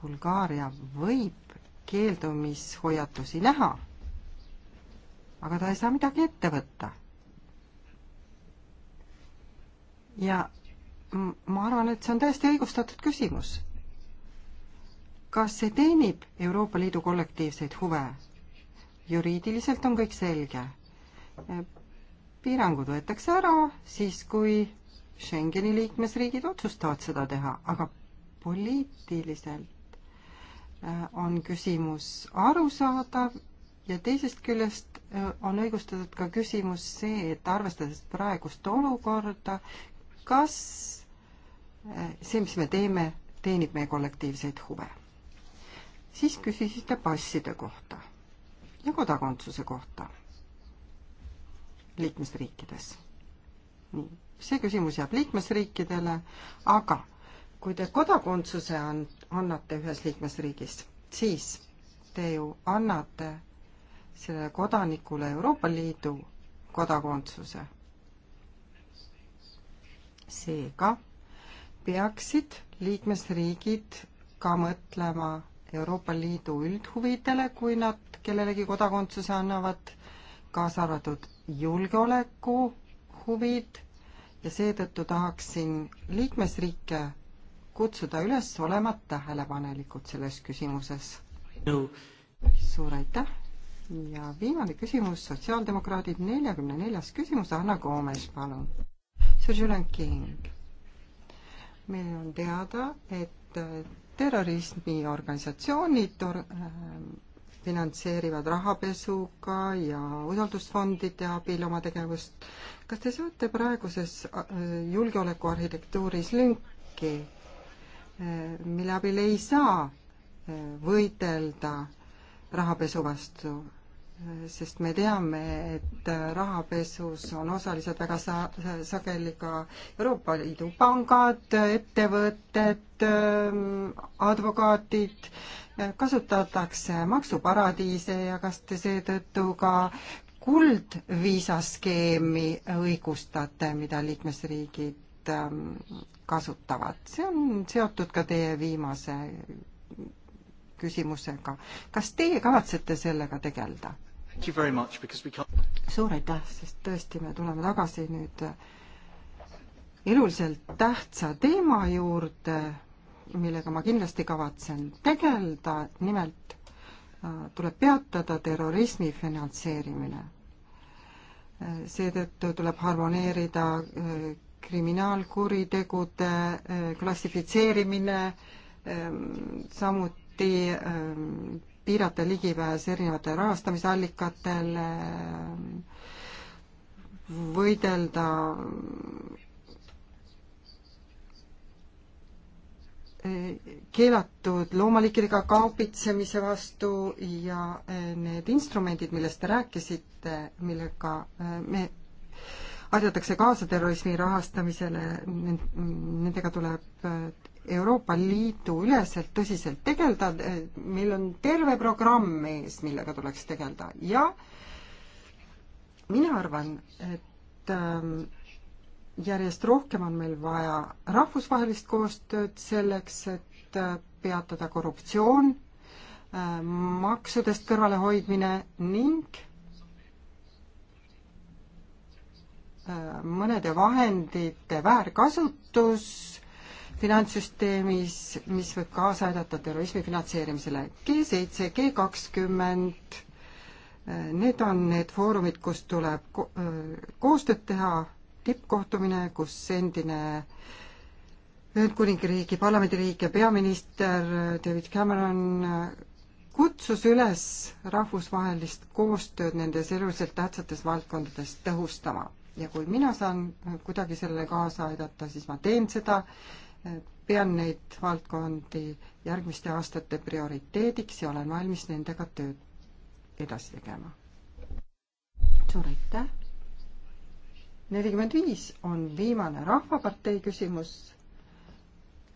Bulgaaria võib keeldumishoiatusi näha, aga ta ei saa midagi ette võtta. ja ma arvan, et see on täiesti õigustatud küsimus. kas see teenib Euroopa Liidu kollektiivseid huve? juriidiliselt on kõik selge. E, piirangud võetakse ära siis, kui Schengeni liikmesriigid otsustavad seda teha, aga poliitiliselt äh, on küsimus arusaadav ja teisest küljest äh, on õigustatud ka küsimus see, et arvestades praegust olukorda, kas äh, see, mis me teeme, teenib meie kollektiivseid huve. siis küsisite passide kohta ja kodakondsuse kohta liikmesriikides. nii, see küsimus jääb liikmesriikidele, aga kui te kodakondsuse an-, annate ühes liikmesriigis, siis te ju annate sellele kodanikule Euroopa Liidu kodakondsuse. seega peaksid liikmesriigid ka mõtlema Euroopa Liidu üldhuvidele, kui nad kellelegi kodakondsuse annavad, kaasa arvatud julgeolekuhuvid ja seetõttu tahaksin liikmesriike kutsuda üles olema tähelepanelikud selles küsimuses no.. suur aitäh ja viimane küsimus, sotsiaaldemokraadid, neljakümne neljas küsimus, Anna Koomes, palun. Sergeant King, meil on teada, et äh, terrorismiorganisatsioonid or, äh, finantseerivad rahapesuga ja usaldusfondide abil oma tegevust. kas te saate praeguses äh, julgeolekuarhitektuuris lünki mille abil ei saa eh, võidelda rahapesu vastu, eh, sest me teame, et eh, rahapesus on osalised väga sa-, sageli ka Euroopa Liidu pangad, ettevõtted, advokaadid, kasutatakse maksuparadiise ja kas te seetõttu ka kuldviisaskeemi õigustate, mida liikmesriigid kasutavad. see on seotud ka teie viimase küsimusega. kas teie kavatsete sellega tegeleda? suur aitäh, sest tõesti, me tuleme tagasi nüüd eluliselt tähtsa teema juurde, millega ma kindlasti kavatsen tegeleda, nimelt äh, tuleb peatada terrorismi finantseerimine. Äh, seetõttu tuleb harmoneerida äh, kriminaalkuritegude eh, klassifitseerimine, ehm, samuti ehm, piirata ligipääs erinevatele rahastamisallikatele, võidelda eh, keelatud loomaliikidega kaubitsemise vastu ja eh, need instrumendid, millest te rääkisite, millega me aidatakse kaasa terrorismi rahastamisele, nendega tuleb äh, Euroopa Liidu üleselt tõsiselt tegeleda, äh, meil on terve programm ees, millega tuleks tegeleda ja mina arvan, et ähm, järjest rohkem on meil vaja rahvusvahelist koostööd selleks, et äh, peatada korruptsioon, maksudest kõrvalehoidmine ning mõnede vahendite väärkasutus finantssüsteemis, mis võib kaasa aidata terrorismi finantseerimisele. G7, G20, need on need foorumid, kus tuleb ko koostööd teha, tippkohtumine, kus endine Ühendkuningriigi parlamendiliige peaminister David Cameron kutsus üles rahvusvahelist koostööd nendes eluliselt tähtsates valdkondades tõhustama ja kui mina saan kuidagi sellele kaasa aidata, siis ma teen seda, pean neid valdkondi järgmiste aastate prioriteediks ja olen valmis nendega tööd edasi tegema. suur aitäh! nelikümmend viis on viimane Rahvapartei küsimus.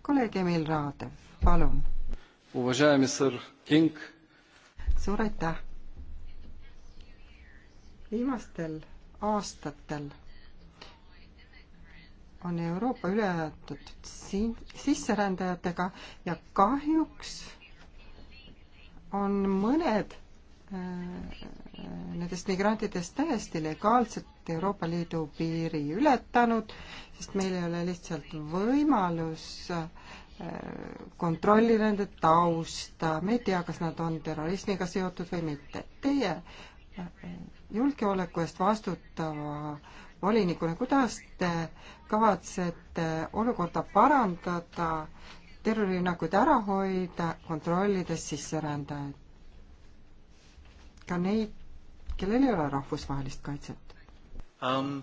kolleeg Emil Raadev, palun! suur aitäh! viimastel aastatel on Euroopa üle jäetud siin sisserändajatega ja kahjuks on mõned äh, nendest migrantidest täiesti legaalselt Euroopa Liidu piiri ületanud, sest meil ei ole lihtsalt võimalus äh, kontrollida nende tausta, me ei tea, kas nad on terrorismiga seotud või mitte. Teie äh, julgeoleku eest vastutava volinikuna, kuidas te kavatsete olukorda parandada, terrorirünnakuid ära hoida, kontrollides sisserändajaid? ka neid, kellel ei ole rahvusvahelist kaitset um.?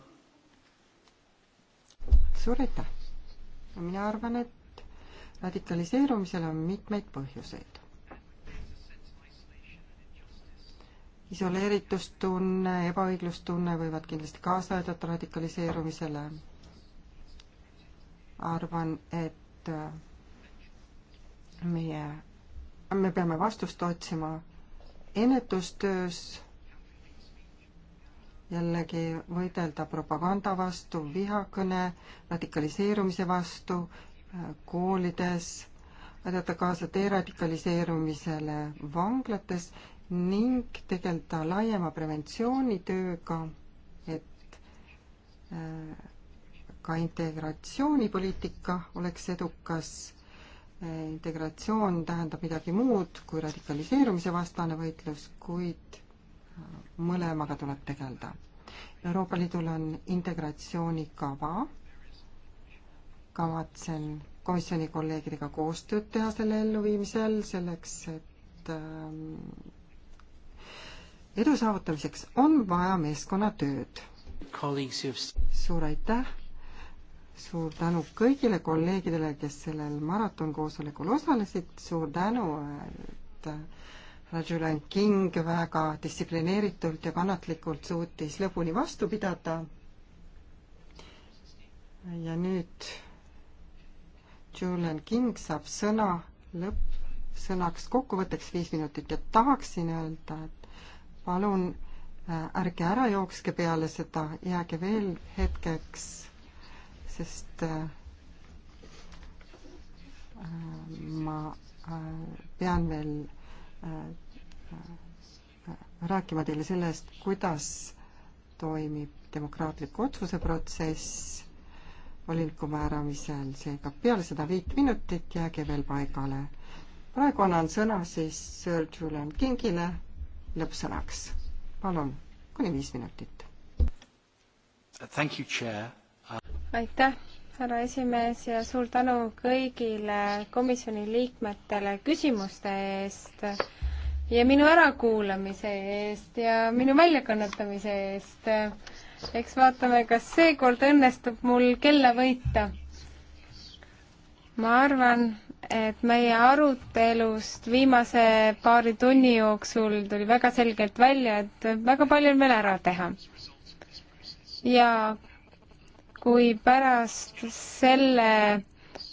suur aitäh! mina arvan, et radikaliseerumisel on mitmeid põhjuseid. isoleeritustunne, ebaõiglustunne võivad kindlasti kaasa aidata radikaliseerumisele. arvan, et äh, meie, me peame vastust otsima ennetustöös, jällegi võidelda propaganda vastu, vihakõne, radikaliseerumise vastu äh, koolides, aidata kaasa deradikaliseerumisele vanglates ning tegeleda laiema preventsioonitööga, et äh, ka integratsioonipoliitika oleks edukas. Äh, integratsioon tähendab midagi muud kui radikaliseerumise vastane võitlus, kuid äh, mõlemaga tuleb tegeleda. Euroopa Liidul on integratsioonikava, kavatsen komisjoni kolleegidega koostööd teha selle elluviimisel, selleks et ähm, edu saavutamiseks on vaja meeskonnatööd. suur aitäh, suur tänu kõigile kolleegidele, kes sellel maratonkoosolekul osalesid, suur tänu, et äh, Rajulan King väga distsiplineeritult ja kannatlikult suutis lõpuni vastu pidada. ja nüüd Julian King saab sõna lõppsõnaks kokkuvõtteks viis minutit ja tahaksin öelda, et palun äh, ärge ära jookske peale seda, jääge veel hetkeks, sest äh, äh, ma pean veel rääkima teile sellest, kuidas toimib demokraatliku otsuse protsess voliniku määramisel, seega peale seda viit minutit jääge veel paigale. praegu annan sõna siis Sir Julian Kingile lõppsõnaks. palun, kuni viis minutit. aitäh, härra esimees ja suur tänu kõigile komisjoni liikmetele küsimuste eest ja minu ärakuulamise eest ja minu väljakannatamise eest. eks vaatame, kas seekord õnnestub mul kella võita. ma arvan, et meie arutelust viimase paari tunni jooksul tuli väga selgelt välja, et väga palju on veel ära teha. ja kui pärast selle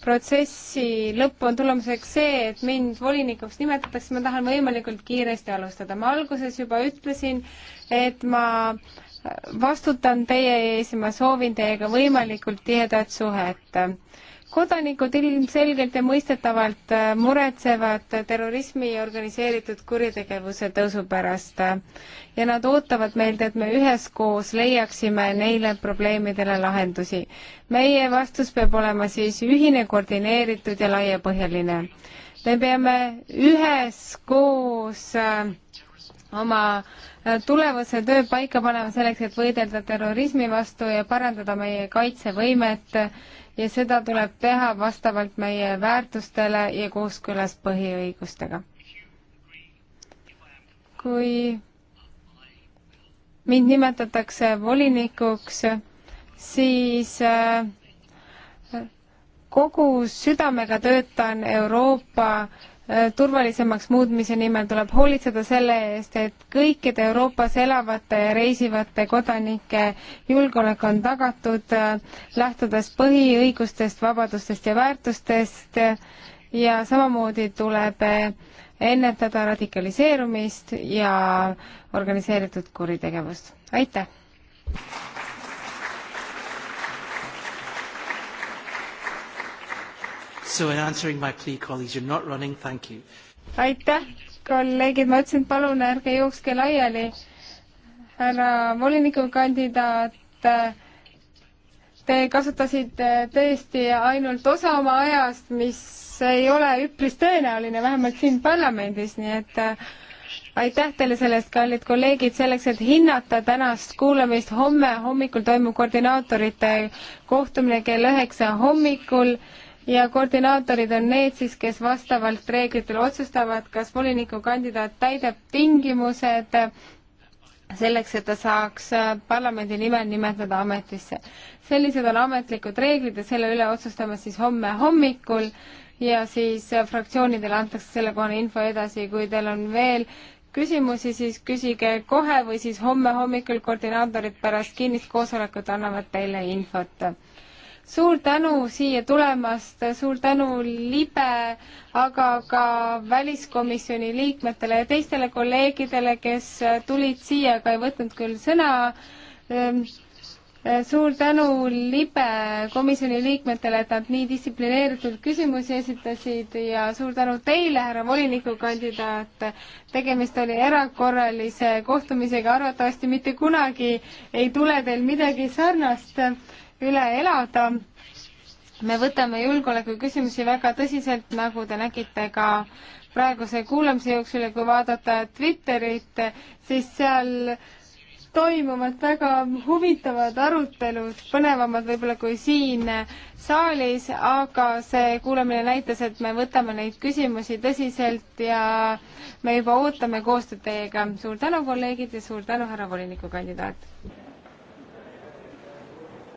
protsessi lõpp on tulemuseks see, et mind volinikuks nimetatakse, ma tahan võimalikult kiiresti alustada. ma alguses juba ütlesin, et ma vastutan teie ees ja ma soovin teiega võimalikult tihedat suhet kodanikud ilmselgelt ja mõistetavalt äh, muretsevad terrorismi ja organiseeritud kuritegevuse tõusu pärast ja nad ootavad meilt, et me üheskoos leiaksime neile probleemidele lahendusi. meie vastus peab olema siis ühine, koordineeritud ja laiapõhjaline. me peame üheskoos äh, oma äh, tulevase töö paika panema selleks, et võidelda terrorismi vastu ja parandada meie kaitsevõimet ja seda tuleb teha vastavalt meie väärtustele ja kooskõlas põhiõigustega. kui mind nimetatakse volinikuks, siis äh, kogu südamega töötan Euroopa Äh, turvalisemaks muutmise nimel tuleb hoolitseda selle eest, et kõikide Euroopas elavate ja reisivate kodanike julgeolek on tagatud, äh, lähtudes põhiõigustest, vabadustest ja väärtustest ja samamoodi tuleb äh, ennetada radikaliseerumist ja organiseeritud kuritegevust. aitäh! So in answering my plea, colleagues, you are not running, thank you. aitäh, kolleegid, ma ütlesin, palun ärge jookske laiali. härra volinikukandidaat, te kasutasite tõesti ainult osa oma ajast, mis ei ole üpris tõenäoline, vähemalt siin parlamendis, nii et äh, aitäh teile selle eest, kallid kolleegid, selleks, et hinnata tänast kuulamist, homme hommikul toimub koordinaatorite kohtumine kell üheksa hommikul ja koordinaatorid on need siis, kes vastavalt reeglitele otsustavad, kas volinikukandidaat täidab tingimused selleks, et ta saaks äh, parlamendi nimel nimetada ametisse. sellised on ametlikud reeglid ja selle üle otsustame siis homme hommikul ja siis äh, fraktsioonidele antakse sellekohane info edasi, kui teil on veel küsimusi, siis küsige kohe või siis homme hommikul koordinaatorid pärast kinnist koosolekut annavad teile infot suur tänu siia tulemast, suur tänu libe, aga ka väliskomisjoni liikmetele ja teistele kolleegidele, kes tulid siia, aga ei võtnud küll sõna. Ehm, suur tänu libe komisjoni liikmetele, et nad nii distsiplineeritult küsimusi esitasid ja suur tänu teile, härra volinikukandidaat. tegemist oli erakorralise kohtumisega, arvatavasti mitte kunagi ei tule teil midagi sarnast üle elada. me võtame julgeolekuküsimusi väga tõsiselt, nagu te nägite ka praeguse kuulamise jooksul ja kui vaadata Twitterit, siis seal toimuvad väga huvitavad arutelud, põnevamad võib-olla kui siin saalis, aga see kuulamine näitas, et me võtame neid küsimusi tõsiselt ja me juba ootame koostööd teiega. suur tänu, kolleegid, ja suur tänu, härra volinikukandidaat!